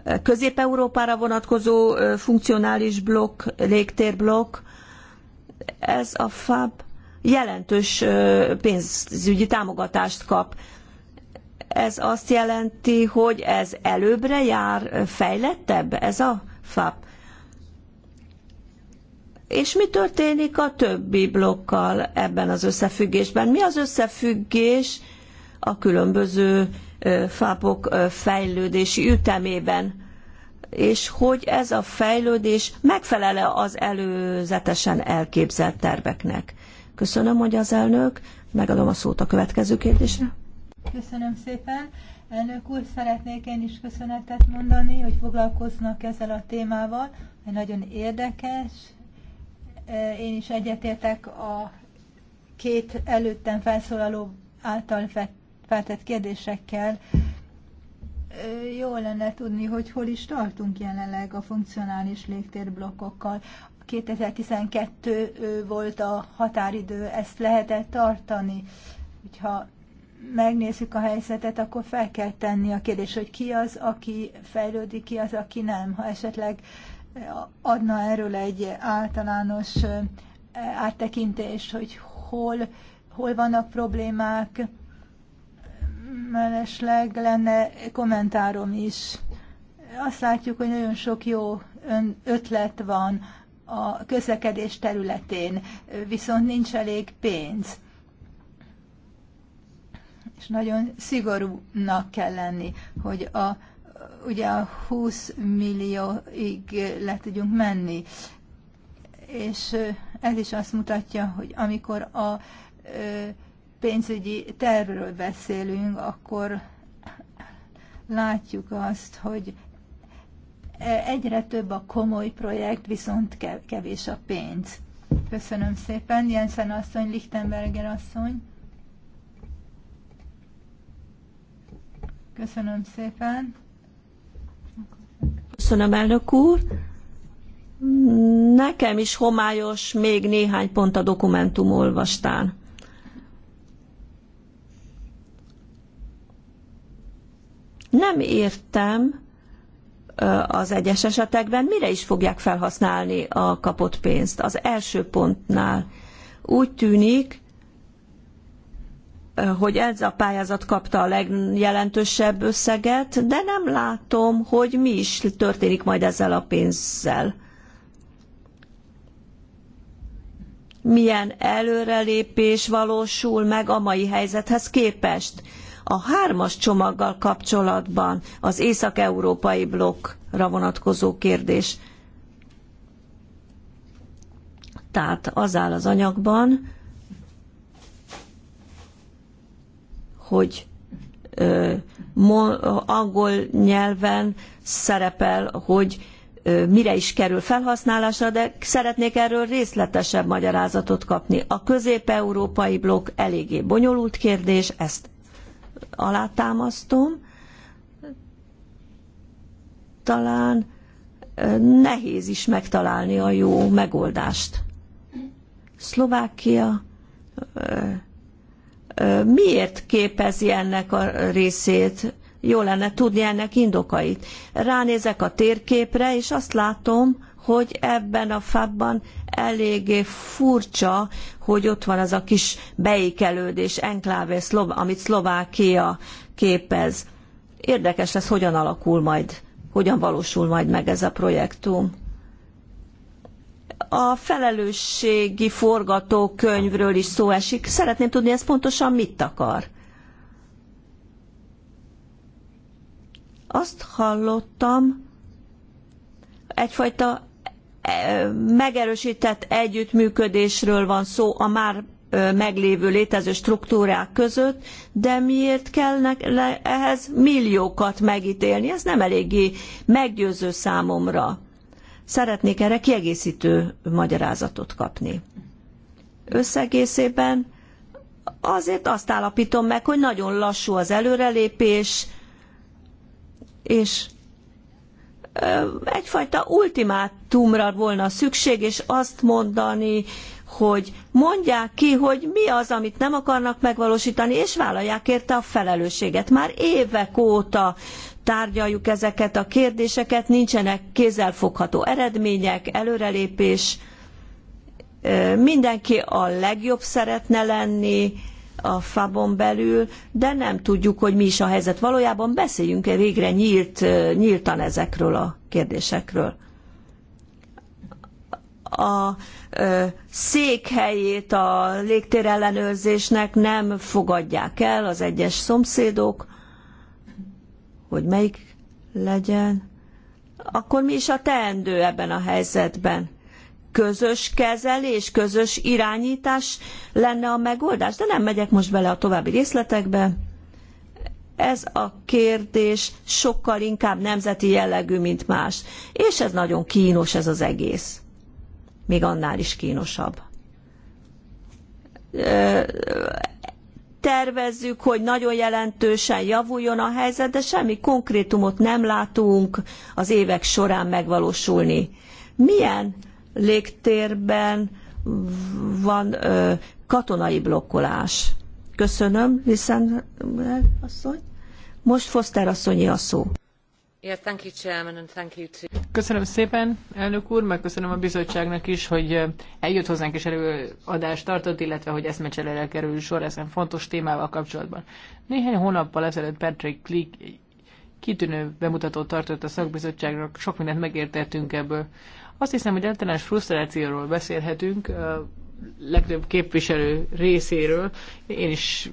eh, Közép-Európára vonatkozó eh, funkcionális blokk, légtérblokk, ez a FAB jelentős eh, pénzügyi támogatást kap. Ez azt jelenti, hogy ez előbbre jár, fejlettebb ez a FAB. És mi történik a többi blokkal ebben az összefüggésben? Mi az összefüggés a különböző fábok fejlődési ütemében, és hogy ez a fejlődés megfelele az előzetesen elképzelt terveknek. Köszönöm, hogy az elnök. Megadom a szót a következő kérdésre. Köszönöm szépen. Elnök úr, szeretnék én is köszönetet mondani, hogy foglalkoznak ezzel a témával, mert nagyon érdekes. Én is egyetértek a két előttem felszólaló által vett feltett kérdésekkel. Jó lenne tudni, hogy hol is tartunk jelenleg a funkcionális légtérblokkokkal. 2012 volt a határidő, ezt lehetett tartani. Hogyha megnézzük a helyzetet, akkor fel kell tenni a kérdés, hogy ki az, aki fejlődik, ki az, aki nem. Ha esetleg adna erről egy általános áttekintést, hogy hol, hol vannak problémák, mellesleg lenne kommentárom is. Azt látjuk, hogy nagyon sok jó ötlet van a közlekedés területén, viszont nincs elég pénz. És nagyon szigorúnak kell lenni, hogy a, ugye a 20 millióig le tudjunk menni. És ez is azt mutatja, hogy amikor a ö, pénzügyi tervről beszélünk, akkor látjuk azt, hogy e, egyre több a komoly projekt, viszont kevés a pénz. Köszönöm szépen, Jensen asszony, Lichtenberger asszony. Köszönöm szépen. Köszönöm, elnök úr. Nekem is homályos még néhány pont a dokumentum olvastán. Nem értem az egyes esetekben, mire is fogják felhasználni a kapott pénzt. Az első pontnál úgy tűnik, hogy ez a pályázat kapta a legjelentősebb összeget, de nem látom, hogy mi is történik majd ezzel a pénzzel. Milyen előrelépés valósul meg a mai helyzethez képest? a hármas csomaggal kapcsolatban az észak-európai blokkra vonatkozó kérdés. Tehát az áll az anyagban, hogy ö, angol nyelven szerepel, hogy ö, mire is kerül felhasználásra, de szeretnék erről részletesebb magyarázatot kapni. A közép-európai blokk eléggé bonyolult kérdés, ezt alátámasztom. Talán nehéz is megtalálni a jó megoldást. Szlovákia miért képezi ennek a részét? Jó lenne tudni ennek indokait. Ránézek a térképre, és azt látom, hogy ebben a fabban eléggé furcsa, hogy ott van az a kis beékelődés, enklávé, amit Szlovákia képez. Érdekes lesz, hogyan alakul majd, hogyan valósul majd meg ez a projektum a felelősségi forgatókönyvről is szó esik. Szeretném tudni, ez pontosan mit akar. Azt hallottam, egyfajta megerősített együttműködésről van szó a már meglévő létező struktúrák között, de miért kellene ehhez milliókat megítélni? Ez nem eléggé meggyőző számomra. Szeretnék erre kiegészítő magyarázatot kapni. Összegészében azért azt állapítom meg, hogy nagyon lassú az előrelépés, és egyfajta ultimátumra volna szükség, és azt mondani, hogy mondják ki, hogy mi az, amit nem akarnak megvalósítani, és vállalják érte a felelősséget. Már évek óta tárgyaljuk ezeket a kérdéseket, nincsenek kézzelfogható eredmények, előrelépés, mindenki a legjobb szeretne lenni, a fabon belül, de nem tudjuk, hogy mi is a helyzet. Valójában beszéljünk-e végre nyílt, nyíltan ezekről a kérdésekről? a székhelyét a légtérellenőrzésnek nem fogadják el az egyes szomszédok, hogy melyik legyen, akkor mi is a teendő ebben a helyzetben? közös kezelés, közös irányítás lenne a megoldás, de nem megyek most bele a további részletekbe. Ez a kérdés sokkal inkább nemzeti jellegű, mint más. És ez nagyon kínos ez az egész. Még annál is kínosabb tervezzük, hogy nagyon jelentősen javuljon a helyzet, de semmi konkrétumot nem látunk az évek során megvalósulni. Milyen légtérben van katonai blokkolás. Köszönöm, Liszen asszony. Most Foster asszonyi a szó. Köszönöm szépen, elnök úr, meg köszönöm a bizottságnak is, hogy eljött hozzánk és előadást tartott, illetve hogy eszmecserére kerül sor ezen fontos témával kapcsolatban. Néhány hónappal ezelőtt Patrick Click kitűnő bemutatót tartott a szakbizottságnak, sok mindent megértettünk ebből. Azt hiszem, hogy általános frusztrációról beszélhetünk, a legtöbb képviselő részéről. Én is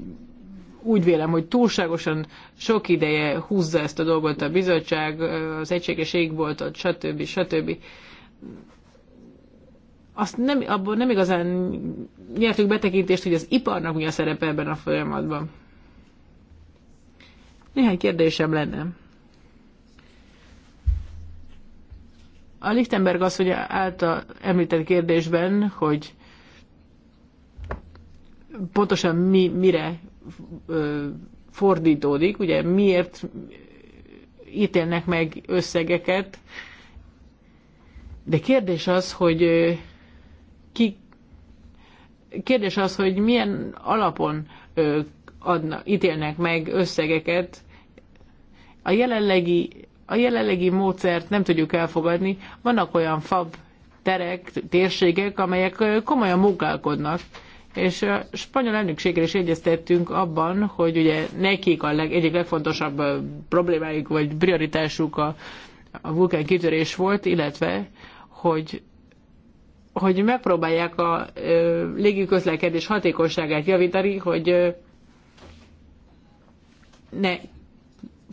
úgy vélem, hogy túlságosan sok ideje húzza ezt a dolgot a bizottság, az egységes égboltot, stb. stb. Azt nem, abból nem igazán nyertük betekintést, hogy az iparnak mi a szerepe ebben a folyamatban. Néhány kérdésem lenne. A Lichtenberg az, hogy által említett kérdésben, hogy pontosan mi, mire ö, fordítódik, ugye miért ítélnek meg összegeket, de kérdés az, hogy ö, ki, kérdés az, hogy milyen alapon ö, adna, ítélnek meg összegeket. A jelenlegi a jelenlegi módszert nem tudjuk elfogadni. Vannak olyan fab terek, térségek, amelyek komolyan munkálkodnak, és a spanyol elnökségre is egyeztettünk abban, hogy ugye nekik a leg, egyik legfontosabb problémájuk vagy prioritásuk a, a vulkán kitörés volt, illetve hogy hogy megpróbálják a légiközlekedés hatékonyságát javítani, hogy ö, ne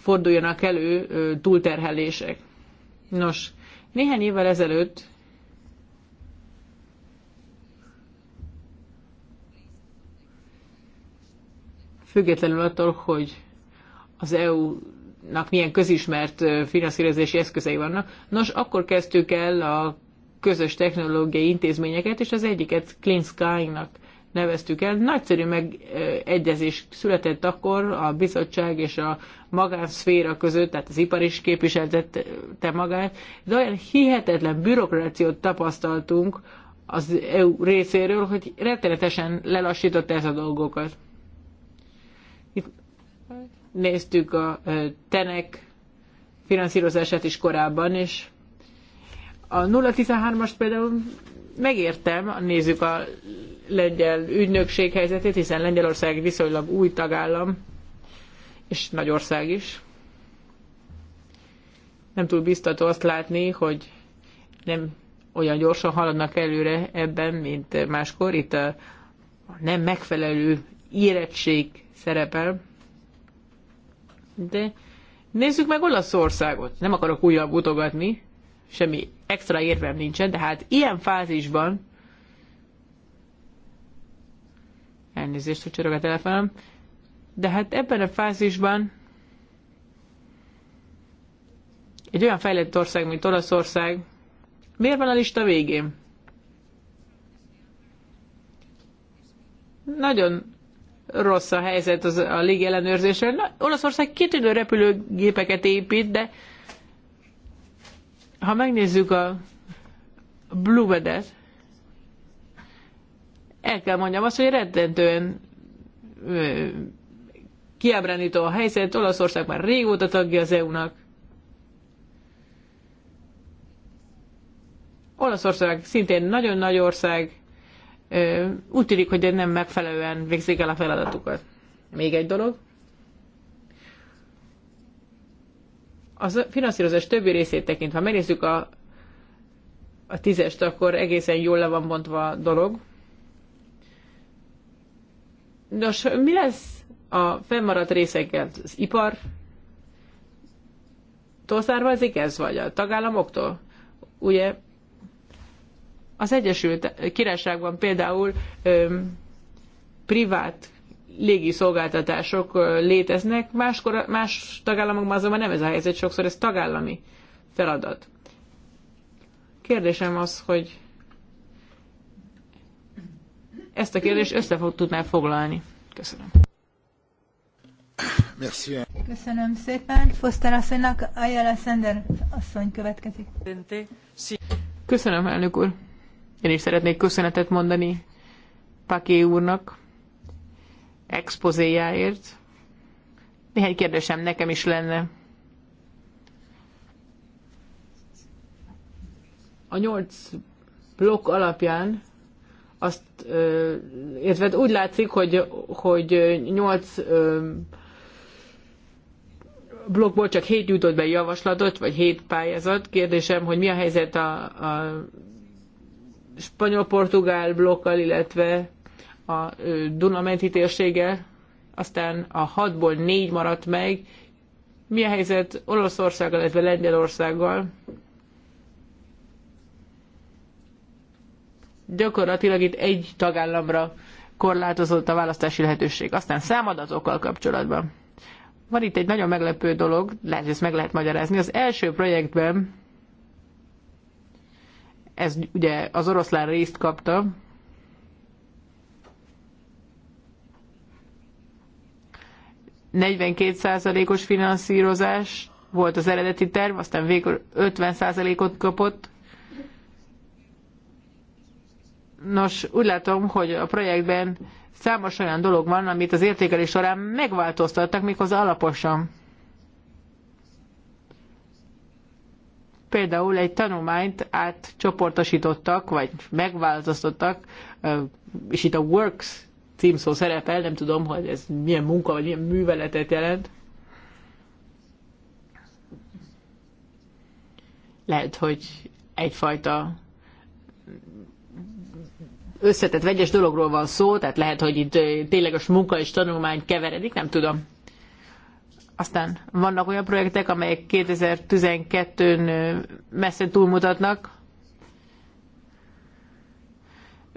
forduljanak elő túlterhelések. Nos, néhány évvel ezelőtt függetlenül attól, hogy az EU nak milyen közismert finanszírozási eszközei vannak. Nos, akkor kezdtük el a közös technológiai intézményeket, és az egyiket Clean Sky-nak neveztük el. Nagyszerű megegyezés született akkor a bizottság és a magánszféra között, tehát az ipar is képviseltette magát, de olyan hihetetlen bürokrációt tapasztaltunk az EU részéről, hogy rettenetesen lelassította ez a dolgokat. Itt néztük a tenek finanszírozását is korábban, és a 013-as például megértem, nézzük a lengyel ügynökség helyzetét, hiszen Lengyelország viszonylag új tagállam, és nagy ország is. Nem túl biztató azt látni, hogy nem olyan gyorsan haladnak előre ebben, mint máskor. Itt a nem megfelelő érettség szerepel. De nézzük meg Olaszországot. Nem akarok újabb utogatni, semmi extra érvem nincsen, de hát ilyen fázisban Elnézést, hogy csörög a telefonom. De hát ebben a fázisban egy olyan fejlett ország, mint Olaszország, miért van a lista végén? Nagyon rossz a helyzet az a légellenőrzésre. Na, Olaszország kitűnő repülőgépeket épít, de ha megnézzük a Blue Vedet, el kell mondjam azt, hogy rettentően kiábránító a helyzet, Olaszország már régóta tagja az EU-nak. Olaszország szintén nagyon nagy ország, úgy tűnik, hogy nem megfelelően végzik el a feladatukat. Még egy dolog. A finanszírozás többi részét tekintve, ha megnézzük a, a tízest, akkor egészen jól le van bontva a dolog. Nos, mi lesz a fennmaradt részekkel? Az ipar származik ez, vagy a tagállamoktól? Ugye az Egyesült Királyságban például öm, privát légiszolgáltatások léteznek, máskor, más tagállamokban azonban nem ez a helyzet, sokszor ez tagállami feladat. Kérdésem az, hogy ezt a kérdést össze fog tudná foglalni. Köszönöm. Merci. Köszönöm szépen. Foster asszonynak Ayala Sender asszony következik. Köszönöm, elnök úr. Én is szeretnék köszönetet mondani Paké úrnak expozéjáért. Néhány kérdésem nekem is lenne. A nyolc blokk alapján azt, illetve úgy látszik, hogy, hogy 8 blogból csak 7 jutott be javaslatot, vagy 7 pályázat. Kérdésem, hogy mi a helyzet a, a spanyol-portugál blokkal, illetve a Dunamenti térséggel, aztán a 6-ból 4 maradt meg. Mi a helyzet Olaszországgal, illetve Lengyelországgal? gyakorlatilag itt egy tagállamra korlátozott a választási lehetőség. Aztán számadatokkal kapcsolatban. Van itt egy nagyon meglepő dolog, lehet, hogy ezt meg lehet magyarázni. Az első projektben, ez ugye az oroszlán részt kapta, os finanszírozás volt az eredeti terv, aztán végül 50%-ot kapott, Nos, úgy látom, hogy a projektben számos olyan dolog van, amit az értékelés során megváltoztattak, méghozzá alaposan. Például egy tanulmányt átcsoportosítottak, vagy megváltoztattak, és itt a Works címszó szerepel, nem tudom, hogy ez milyen munka, vagy milyen műveletet jelent. Lehet, hogy egyfajta összetett vegyes dologról van szó, tehát lehet, hogy itt tényleges munka és tanulmány keveredik, nem tudom. Aztán vannak olyan projektek, amelyek 2012-n messze túlmutatnak.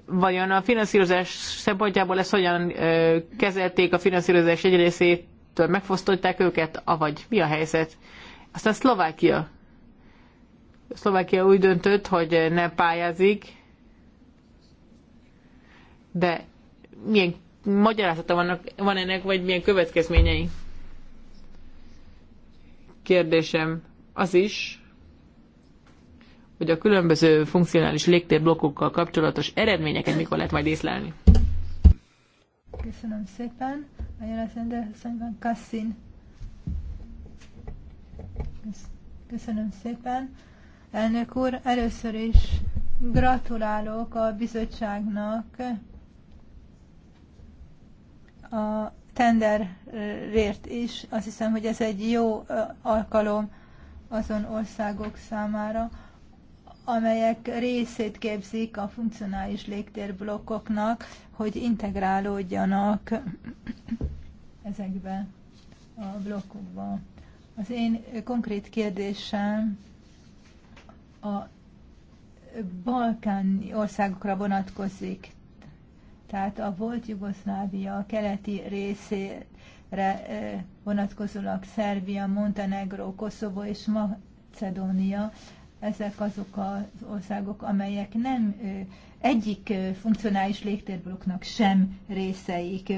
Vajon a finanszírozás szempontjából ezt hogyan kezelték a finanszírozás egy részétől, megfosztották őket, avagy mi a helyzet? Aztán Szlovákia. Szlovákia úgy döntött, hogy nem pályázik, de milyen magyarázata vannak, van ennek, vagy milyen következményei? Kérdésem az is, hogy a különböző funkcionális légtérblokkokkal kapcsolatos eredményeket mikor lehet majd észlelni. Köszönöm szépen. A jelenszendő szemben Kassin. Köszönöm szépen. Elnök úr, először is gratulálok a bizottságnak a tenderért is. Azt hiszem, hogy ez egy jó alkalom azon országok számára, amelyek részét képzik a funkcionális légtérblokkoknak, hogy integrálódjanak ezekbe a blokkokba. Az én konkrét kérdésem a balkáni országokra vonatkozik tehát a volt Jugoszlávia keleti részére vonatkozólag Szerbia, Montenegro, Koszovó és Macedónia, ezek azok az országok, amelyek nem egyik funkcionális légtérblokknak sem részeik.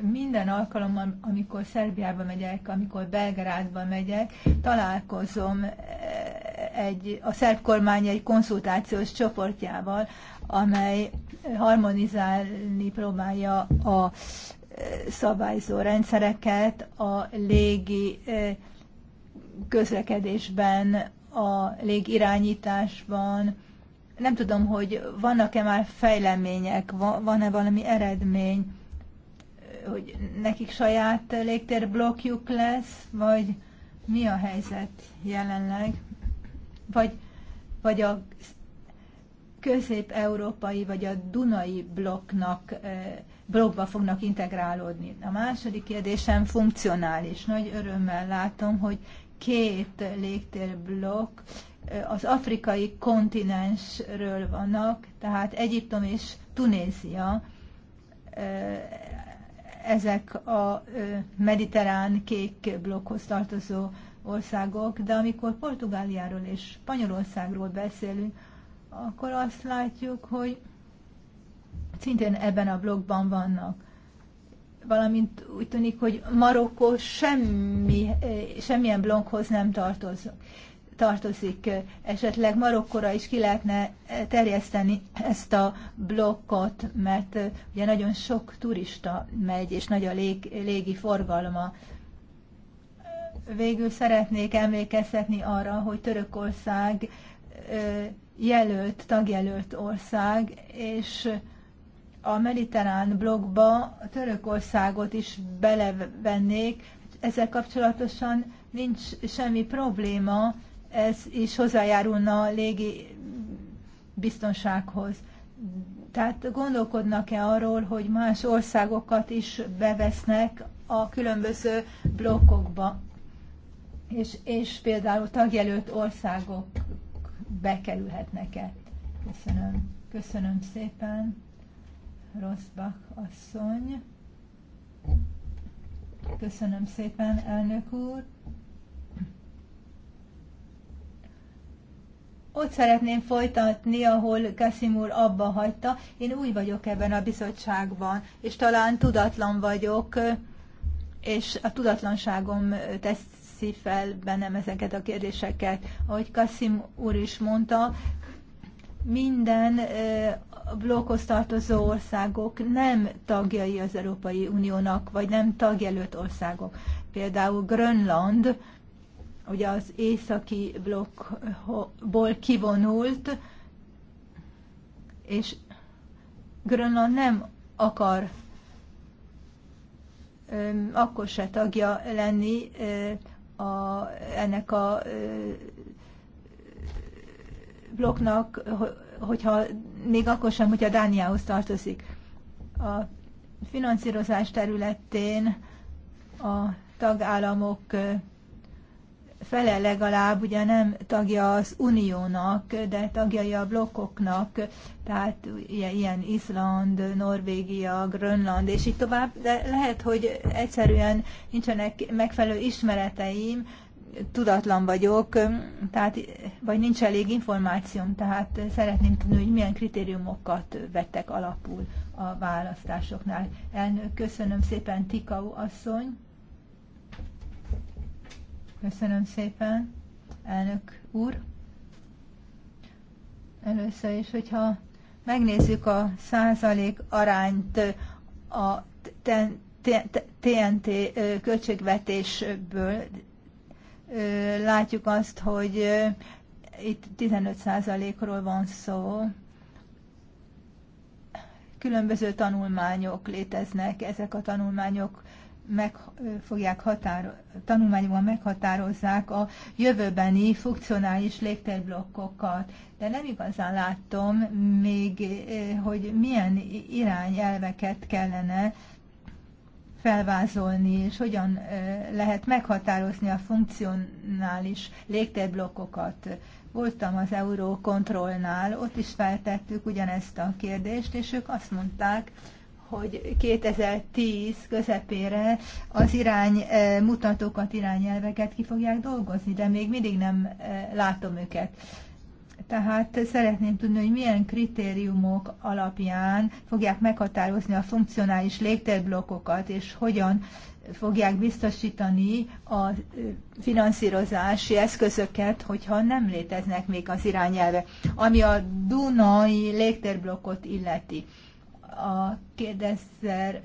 Minden alkalommal, amikor Szerbiába megyek, amikor Belgrádba megyek, találkozom egy, a szerb kormány egy konzultációs csoportjával, amely harmonizálni próbálja a e, szabályzó rendszereket a légi e, közlekedésben, a légirányításban. Nem tudom, hogy vannak-e már fejlemények, van-e valami eredmény, e, hogy nekik saját légtérblokjuk lesz, vagy mi a helyzet jelenleg? Vagy, vagy a közép-európai vagy a Dunai blokknak, blokkba fognak integrálódni. A második kérdésem funkcionális. Nagy örömmel látom, hogy két légtérblokk az afrikai kontinensről vannak, tehát Egyiptom és Tunézia, ezek a mediterrán kék blokkhoz tartozó országok, de amikor Portugáliáról és Spanyolországról beszélünk, akkor azt látjuk, hogy szintén ebben a blogban vannak. Valamint úgy tűnik, hogy Marokkó semmi, semmilyen bloghoz nem tartozik. tartozik. Esetleg Marokkora is ki lehetne terjeszteni ezt a blokkot, mert ugye nagyon sok turista megy, és nagy a lég, légi forgalma. Végül szeretnék emlékeztetni arra, hogy Törökország jelölt, tagjelölt ország, és a mediterrán blogba Törökországot is belevennék. Ezzel kapcsolatosan nincs semmi probléma, ez is hozzájárulna a légi biztonsághoz. Tehát gondolkodnak-e arról, hogy más országokat is bevesznek a különböző blokkokba, és, és például tagjelölt országok bekerülhetnek-e. Köszönöm. Köszönöm szépen, Rosszbak asszony. Köszönöm szépen, elnök úr. Ott szeretném folytatni, ahol Kasim úr abba hagyta. Én úgy vagyok ebben a bizottságban, és talán tudatlan vagyok, és a tudatlanságom tesz teszi fel bennem ezeket a kérdéseket. Ahogy Kasszim úr is mondta, minden blokkhoz tartozó országok nem tagjai az Európai Uniónak, vagy nem tagjelölt országok. Például Grönland, ugye az északi blokkból kivonult, és Grönland nem akar akkor se tagja lenni a, ennek a blokknak, hogyha még akkor sem, hogyha Dániához tartozik. A finanszírozás területén a tagállamok fele legalább ugye nem tagja az uniónak, de tagjai a blokkoknak, tehát ilyen Izland, Norvégia, Grönland és így tovább, de lehet, hogy egyszerűen nincsenek megfelelő ismereteim, tudatlan vagyok, tehát, vagy nincs elég információm, tehát szeretném tudni, hogy milyen kritériumokat vettek alapul a választásoknál. Elnök, köszönöm szépen, Tikau asszony! Köszönöm szépen, elnök úr. Először is, hogyha megnézzük a százalék arányt a TNT költségvetésből, látjuk azt, hogy itt 15 százalékról van szó. Különböző tanulmányok léteznek, ezek a tanulmányok meg fogják határo- tanulmányban meghatározzák a jövőbeni funkcionális légtérblokkokat. De nem igazán látom még, hogy milyen irányelveket kellene felvázolni, és hogyan lehet meghatározni a funkcionális légtérblokkokat. Voltam az Eurókontrollnál, ott is feltettük ugyanezt a kérdést, és ők azt mondták, hogy 2010 közepére az irány eh, mutatókat, irányelveket ki fogják dolgozni, de még mindig nem eh, látom őket. Tehát szeretném tudni, hogy milyen kritériumok alapján fogják meghatározni a funkcionális légtérblokkokat, és hogyan fogják biztosítani a eh, finanszírozási eszközöket, hogyha nem léteznek még az irányelve, ami a Dunai légtérblokkot illeti a 2000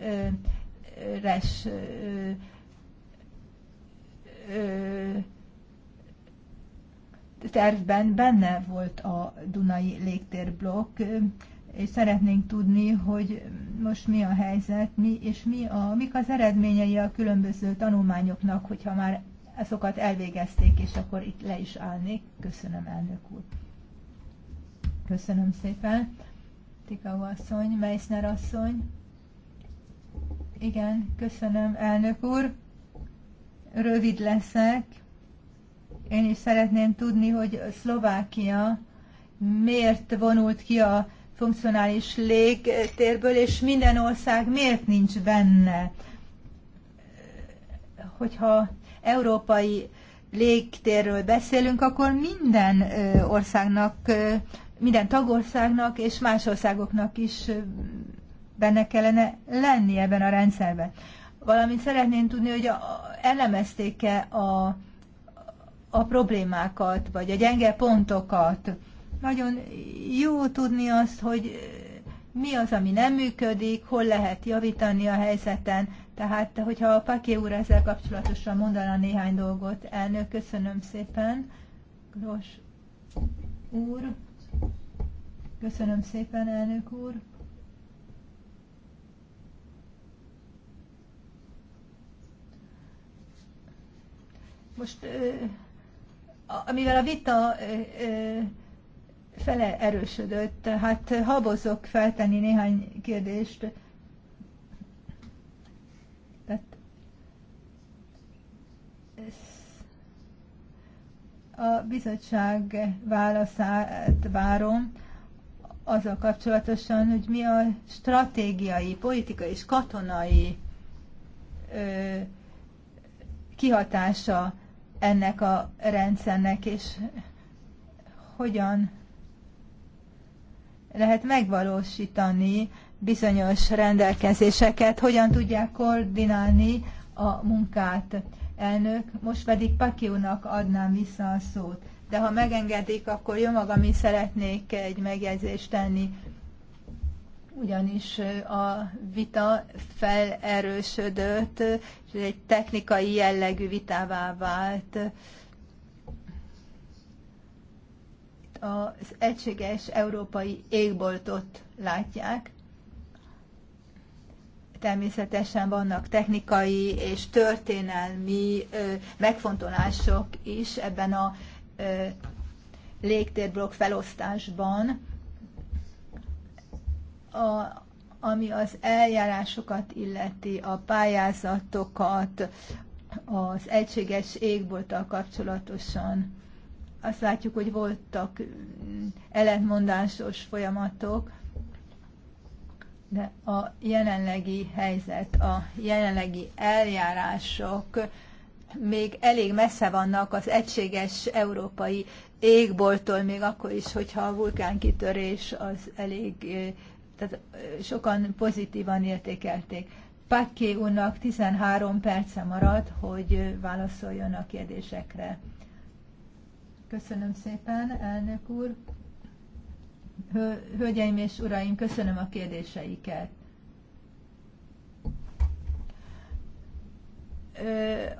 tervben benne volt a Dunai légtérblokk, és szeretnénk tudni, hogy most mi a helyzet, mi, és mi a, mik az eredményei a különböző tanulmányoknak, hogyha már azokat elvégezték, és akkor itt le is állnék. Köszönöm, elnök úr. Köszönöm szépen. Tikau asszony, Meissner asszony. Igen, köszönöm, elnök úr. Rövid leszek. Én is szeretném tudni, hogy Szlovákia miért vonult ki a funkcionális légtérből, és minden ország miért nincs benne. Hogyha európai légtérről beszélünk, akkor minden országnak minden tagországnak és más országoknak is benne kellene lenni ebben a rendszerben. Valamint szeretném tudni, hogy a, elemezték-e a, a problémákat, vagy a gyenge pontokat. Nagyon jó tudni azt, hogy mi az, ami nem működik, hol lehet javítani a helyzeten. Tehát, hogyha a Paké úr ezzel kapcsolatosan mondaná néhány dolgot, elnök, köszönöm szépen. Gros úr. Köszönöm szépen, elnök úr. Most, amivel a vita fele erősödött, hát habozok feltenni néhány kérdést A bizottság válaszát várom azzal kapcsolatosan, hogy mi a stratégiai, politikai és katonai ö, kihatása ennek a rendszernek, és hogyan lehet megvalósítani bizonyos rendelkezéseket, hogyan tudják koordinálni a munkát elnök, most pedig Pakiónak adnám vissza a szót. De ha megengedik, akkor jó magam is szeretnék egy megjegyzést tenni. Ugyanis a vita felerősödött, és egy technikai jellegű vitává vált. Az egységes európai égboltot látják, Természetesen vannak technikai és történelmi megfontolások is ebben a légtérblokk felosztásban, a, ami az eljárásokat illeti, a pályázatokat, az egységes égbolttal kapcsolatosan. Azt látjuk, hogy voltak ellentmondásos folyamatok, de a jelenlegi helyzet, a jelenlegi eljárások még elég messze vannak az egységes európai égboltól, még akkor is, hogyha a vulkánkitörés az elég, tehát sokan pozitívan értékelték. Pátké úrnak 13 perce maradt, hogy válaszoljon a kérdésekre. Köszönöm szépen, elnök úr. Hölgyeim és uraim, köszönöm a kérdéseiket.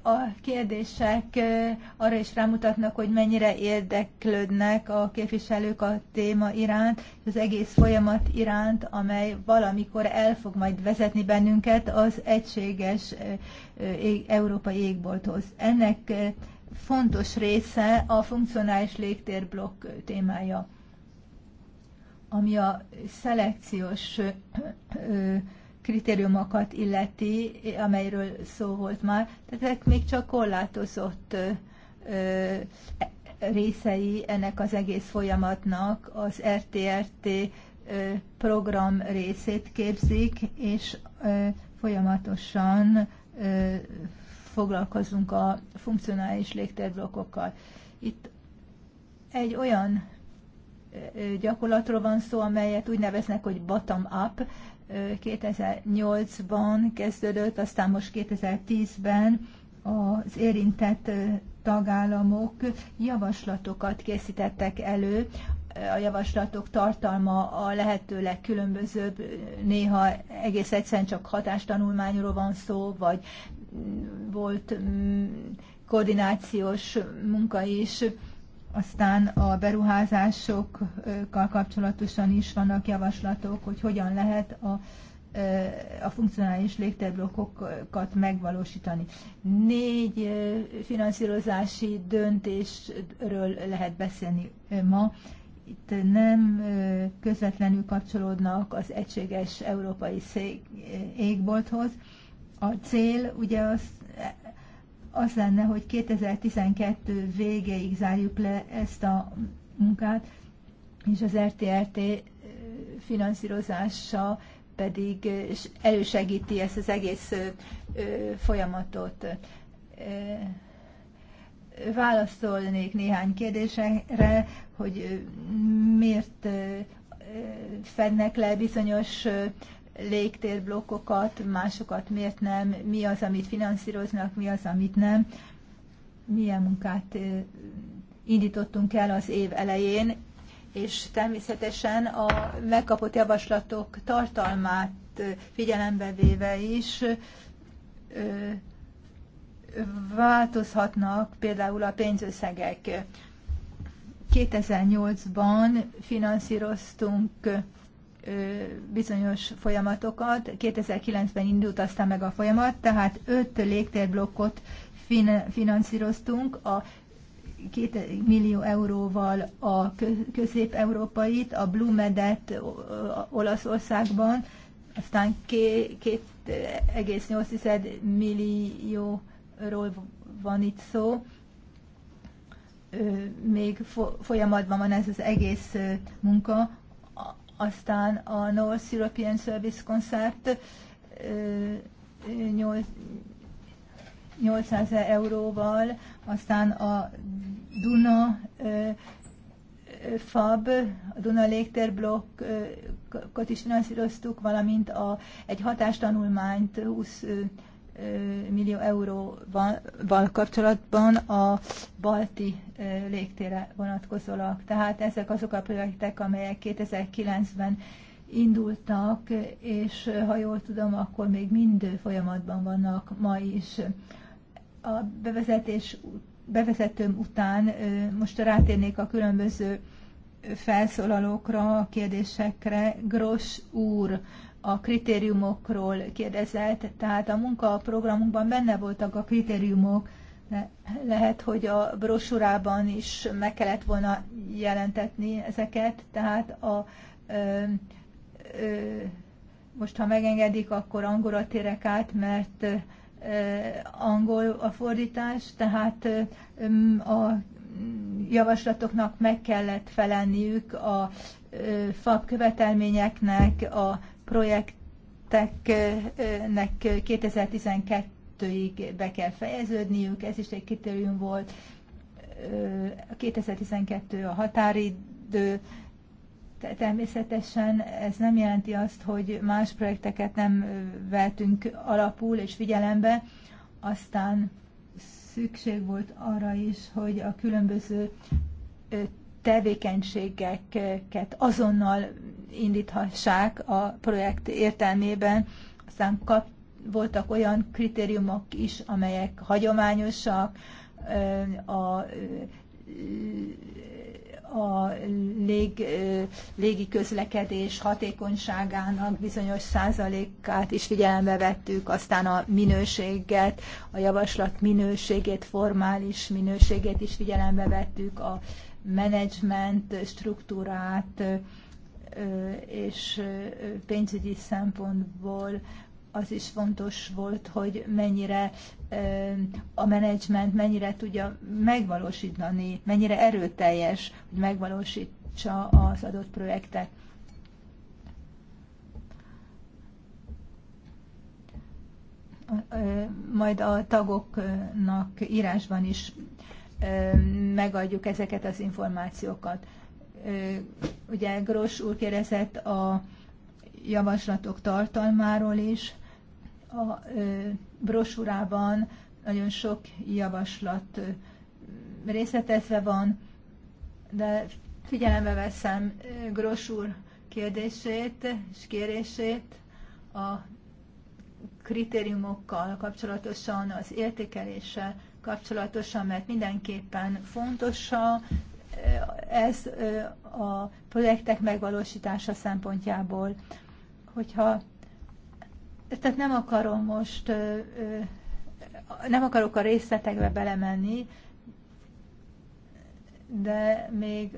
A kérdések arra is rámutatnak, hogy mennyire érdeklődnek a képviselők a téma iránt, az egész folyamat iránt, amely valamikor el fog majd vezetni bennünket az egységes európai égbolthoz. Ennek fontos része a funkcionális légtérblokk témája ami a szelekciós kritériumokat illeti, amelyről szó volt már, tehát ezek még csak korlátozott részei ennek az egész folyamatnak az RTRT program részét képzik, és folyamatosan foglalkozunk a funkcionális légtérblokkokkal. Itt egy olyan gyakorlatról van szó, amelyet úgy neveznek, hogy bottom-up. 2008-ban kezdődött, aztán most 2010-ben az érintett tagállamok javaslatokat készítettek elő. A javaslatok tartalma a lehető legkülönbözőbb, néha egész egyszerűen csak hatástanulmányról van szó, vagy volt mm, koordinációs munka is aztán a beruházásokkal kapcsolatosan is vannak javaslatok, hogy hogyan lehet a, a funkcionális légterblokkokat megvalósítani. Négy finanszírozási döntésről lehet beszélni ma. Itt nem közvetlenül kapcsolódnak az egységes európai szék égbolthoz. A cél ugye az az lenne, hogy 2012 végéig zárjuk le ezt a munkát, és az RTRT finanszírozása pedig elősegíti ezt az egész folyamatot. Válaszolnék néhány kérdésre, hogy miért fednek le bizonyos légtérblokkokat, másokat miért nem, mi az, amit finanszíroznak, mi az, amit nem. Milyen munkát indítottunk el az év elején, és természetesen a megkapott javaslatok tartalmát figyelembe véve is változhatnak például a pénzösszegek. 2008-ban finanszíroztunk bizonyos folyamatokat. 2009-ben indult aztán meg a folyamat, tehát öt légtérblokkot fin- finanszíroztunk, a két millió euróval a közép-európait, a Medet Olaszországban, aztán 2,8 millióról van itt szó. Még folyamatban van ez az egész munka aztán a North European Service Concert 800 euróval, aztán a Duna FAB, a Duna légtérblokkot is finanszíroztuk, valamint a, egy hatástanulmányt 20 millió euróval kapcsolatban a balti légtére vonatkozólag. Tehát ezek azok a projektek, amelyek 2009-ben indultak, és ha jól tudom, akkor még mind folyamatban vannak ma is. A bevezetés, bevezetőm után most rátérnék a különböző felszólalókra, a kérdésekre. Gross úr a kritériumokról kérdezett, tehát a munkaprogramunkban benne voltak a kritériumok, de lehet, hogy a brosúrában is meg kellett volna jelentetni ezeket, tehát a ö, ö, most, ha megengedik, akkor angolra térek át, mert ö, angol a fordítás, tehát ö, a javaslatoknak meg kellett felelniük a FAB követelményeknek, a projekteknek 2012-ig be kell fejeződniük, ez is egy kritérium volt. 2012 a határidő, természetesen ez nem jelenti azt, hogy más projekteket nem vettünk alapul és figyelembe, aztán szükség volt arra is, hogy a különböző tevékenységeket azonnal indíthassák a projekt értelmében. Aztán kap, voltak olyan kritériumok is, amelyek hagyományosak, a a lég, légi közlekedés hatékonyságának bizonyos százalékát is figyelembe vettük, aztán a minőséget, a javaslat minőségét, formális minőségét is figyelembe vettük, a menedzsment struktúrát, és pénzügyi szempontból az is fontos volt, hogy mennyire a menedzsment mennyire tudja megvalósítani, mennyire erőteljes, hogy megvalósítsa az adott projektet. Majd a tagoknak írásban is megadjuk ezeket az információkat. Ugye Gross úr kérdezett a javaslatok tartalmáról is. A brosúrában nagyon sok javaslat részletezve van, de figyelembe veszem Gross úr kérdését és kérését a kritériumokkal kapcsolatosan, az értékeléssel kapcsolatosan, mert mindenképpen fontos a, ez a projektek megvalósítása szempontjából. Hogyha, tehát nem akarom most, nem akarok a részletekbe belemenni, de még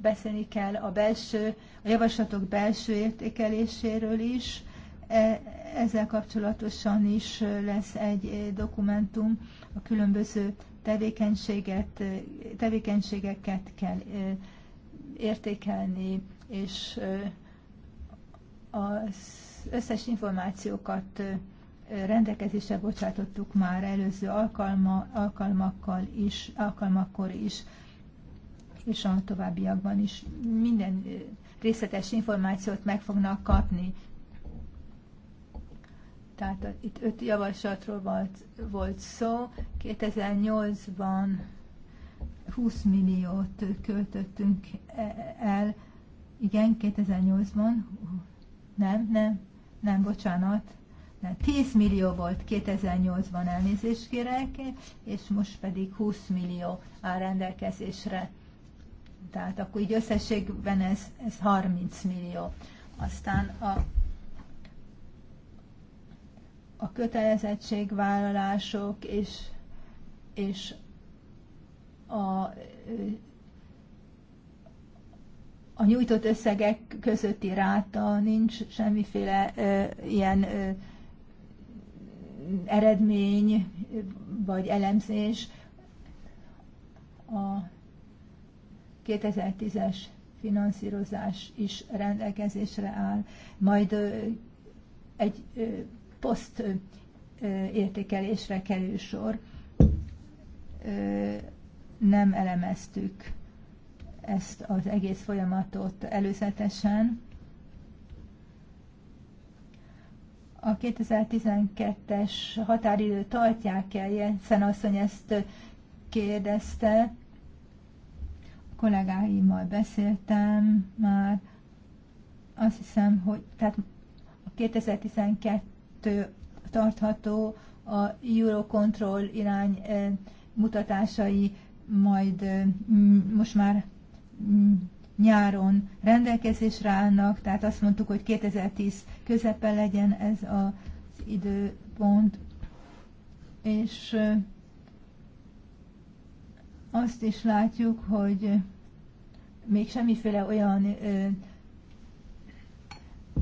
beszélni kell a belső, a javaslatok belső értékeléséről is. E, ezzel kapcsolatosan is lesz egy eh, dokumentum, a különböző tevékenységet, eh, tevékenységeket kell eh, értékelni, és az összes információkat rendelkezésre bocsátottuk már előző alkalma, alkalmakkal is, alkalmakkor is, és a továbbiakban is minden részletes információt meg fognak kapni. Tehát itt öt javaslatról volt, volt szó. 2008-ban 20 milliót költöttünk e-, el. Igen, 2008-ban. Nem, nem, nem, bocsánat. Nem, 10 millió volt 2008-ban elnézést kérek, és most pedig 20 millió áll rendelkezésre. Tehát akkor így összességben ez, ez 30 millió. Aztán a a kötelezettségvállalások és, és a, a nyújtott összegek közötti ráta, nincs semmiféle ö, ilyen ö, eredmény vagy elemzés. A 2010-es finanszírozás is rendelkezésre áll, majd egy poszt értékelésre kerül sor. Nem elemeztük ezt az egész folyamatot előzetesen. A 2012-es határidő tartják el, Jensen asszony ezt kérdezte, a kollégáimmal beszéltem már, azt hiszem, hogy tehát a tartható a Eurocontrol irány mutatásai majd most már nyáron rendelkezésre állnak, tehát azt mondtuk, hogy 2010 közepe legyen ez az időpont, és azt is látjuk, hogy még semmiféle olyan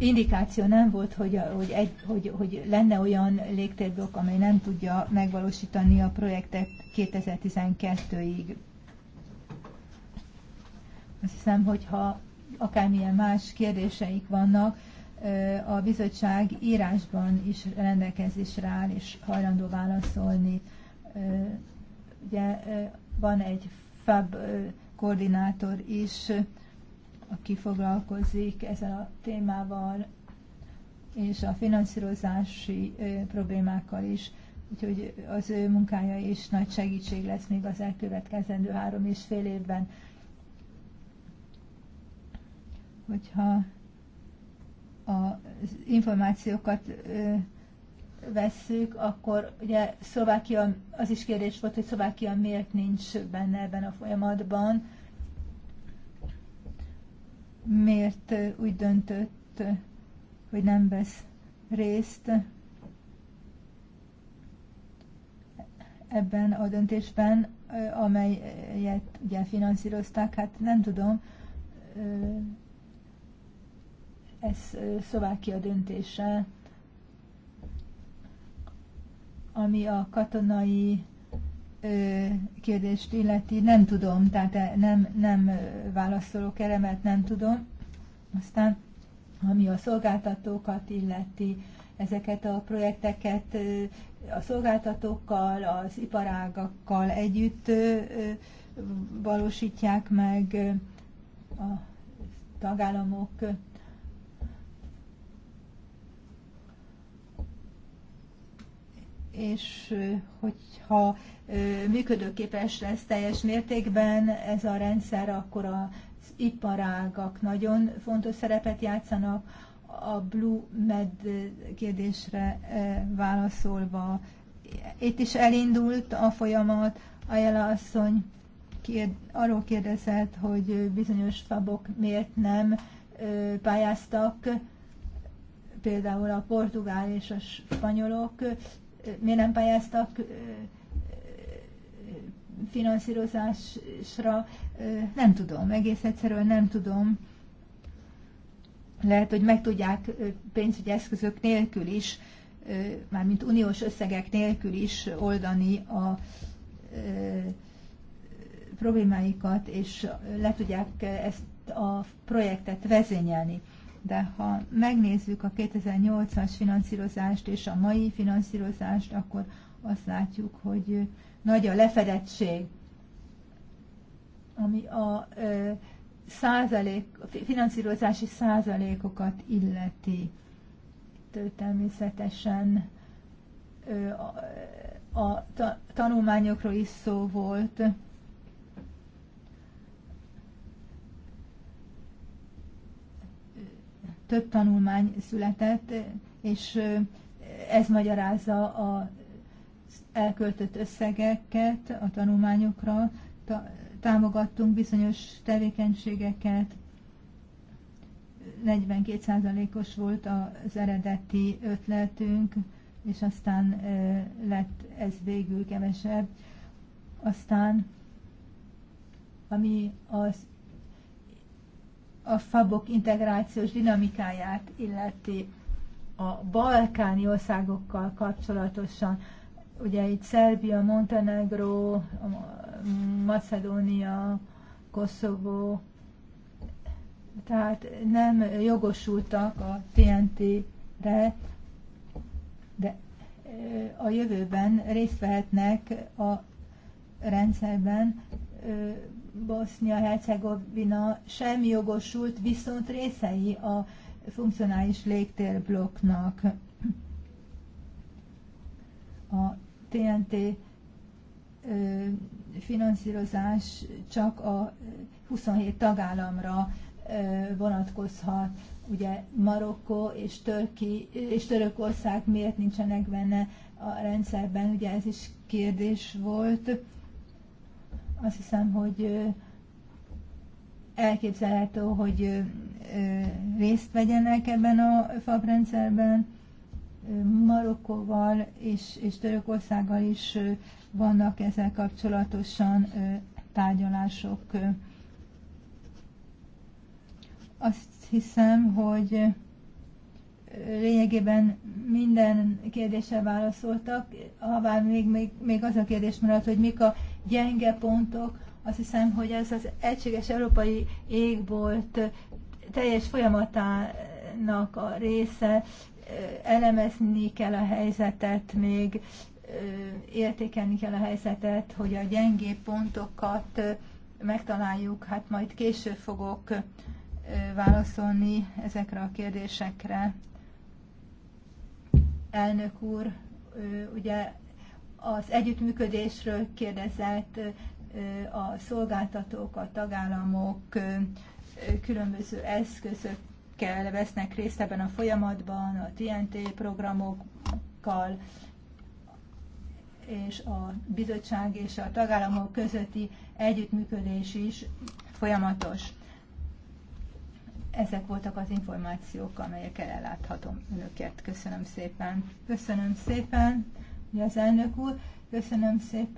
indikáció nem volt, hogy, hogy, egy, hogy, hogy lenne olyan légtérblokk, amely nem tudja megvalósítani a projektet 2012-ig. Azt hiszem, hogyha akármilyen más kérdéseik vannak, a bizottság írásban is rendelkezésre áll, és hajlandó válaszolni. Ugye van egy FAB koordinátor is, aki foglalkozik ezzel a témával, és a finanszírozási problémákkal is. Úgyhogy az ő munkája is nagy segítség lesz még az elkövetkezendő három és fél évben. Hogyha az információkat vesszük, akkor ugye Szlovákia, az is kérdés volt, hogy Szlovákia miért nincs benne ebben a folyamatban, miért úgy döntött, hogy nem vesz részt ebben a döntésben, amelyet ugye finanszírozták, hát nem tudom, ez Szlovákia döntése, ami a katonai kérdést illeti, nem tudom, tehát nem, nem válaszolok erre, mert nem tudom. Aztán, ami a szolgáltatókat illeti, ezeket a projekteket a szolgáltatókkal, az iparágakkal együtt valósítják meg a tagállamok és hogyha működőképes lesz teljes mértékben ez a rendszer, akkor az iparágak nagyon fontos szerepet játszanak. A Blue Med kérdésre válaszolva, itt is elindult a folyamat, Ajela asszony kérd, arról kérdezett, hogy bizonyos fabok miért nem pályáztak, például a portugál és a spanyolok miért nem pályáztak finanszírozásra, nem tudom, egész egyszerűen nem tudom. Lehet, hogy meg tudják pénzügyi eszközök nélkül is, mármint uniós összegek nélkül is oldani a problémáikat, és le tudják ezt a projektet vezényelni de ha megnézzük a 2008-as finanszírozást és a mai finanszírozást, akkor azt látjuk, hogy nagy a lefedettség, ami a ö, százalék, finanszírozási százalékokat illeti. Itt természetesen ö, a, a tanulmányokról is szó volt, több tanulmány született, és ez magyarázza az elköltött összegeket a tanulmányokra, támogattunk bizonyos tevékenységeket, 42%-os volt az eredeti ötletünk, és aztán lett ez végül kevesebb. Aztán, ami az a fabok integrációs dinamikáját illeti a balkáni országokkal kapcsolatosan. Ugye itt Szerbia, Montenegro, Macedónia, Koszovó, tehát nem jogosultak a TNT-re, de a jövőben részt vehetnek a rendszerben Bosznia-Hercegovina sem jogosult, viszont részei a funkcionális légtérblokknak. A TNT finanszírozás csak a 27 tagállamra vonatkozhat. Ugye Marokkó és, Törki, és Törökország miért nincsenek benne a rendszerben, ugye ez is kérdés volt. Azt hiszem, hogy elképzelhető, hogy részt vegyenek ebben a fabrendszerben. Marokkóval és, és Törökországgal is vannak ezzel kapcsolatosan tárgyalások. Azt hiszem, hogy lényegében minden kérdésre válaszoltak, ha bár még, még, még az a kérdés maradt, hogy mik a gyenge pontok. Azt hiszem, hogy ez az egységes európai égbolt teljes folyamatának a része, elemezni kell a helyzetet még, értékelni kell a helyzetet, hogy a gyengébb pontokat megtaláljuk, hát majd később fogok válaszolni ezekre a kérdésekre. Elnök úr, ugye az együttműködésről kérdezett a szolgáltatók, a tagállamok különböző eszközökkel vesznek részt ebben a folyamatban, a TNT programokkal, és a bizottság és a tagállamok közötti együttműködés is folyamatos. Ezek voltak az információk, amelyekkel elláthatom önöket. Köszönöm szépen. Köszönöm szépen az elnök úr. Köszönöm szépen.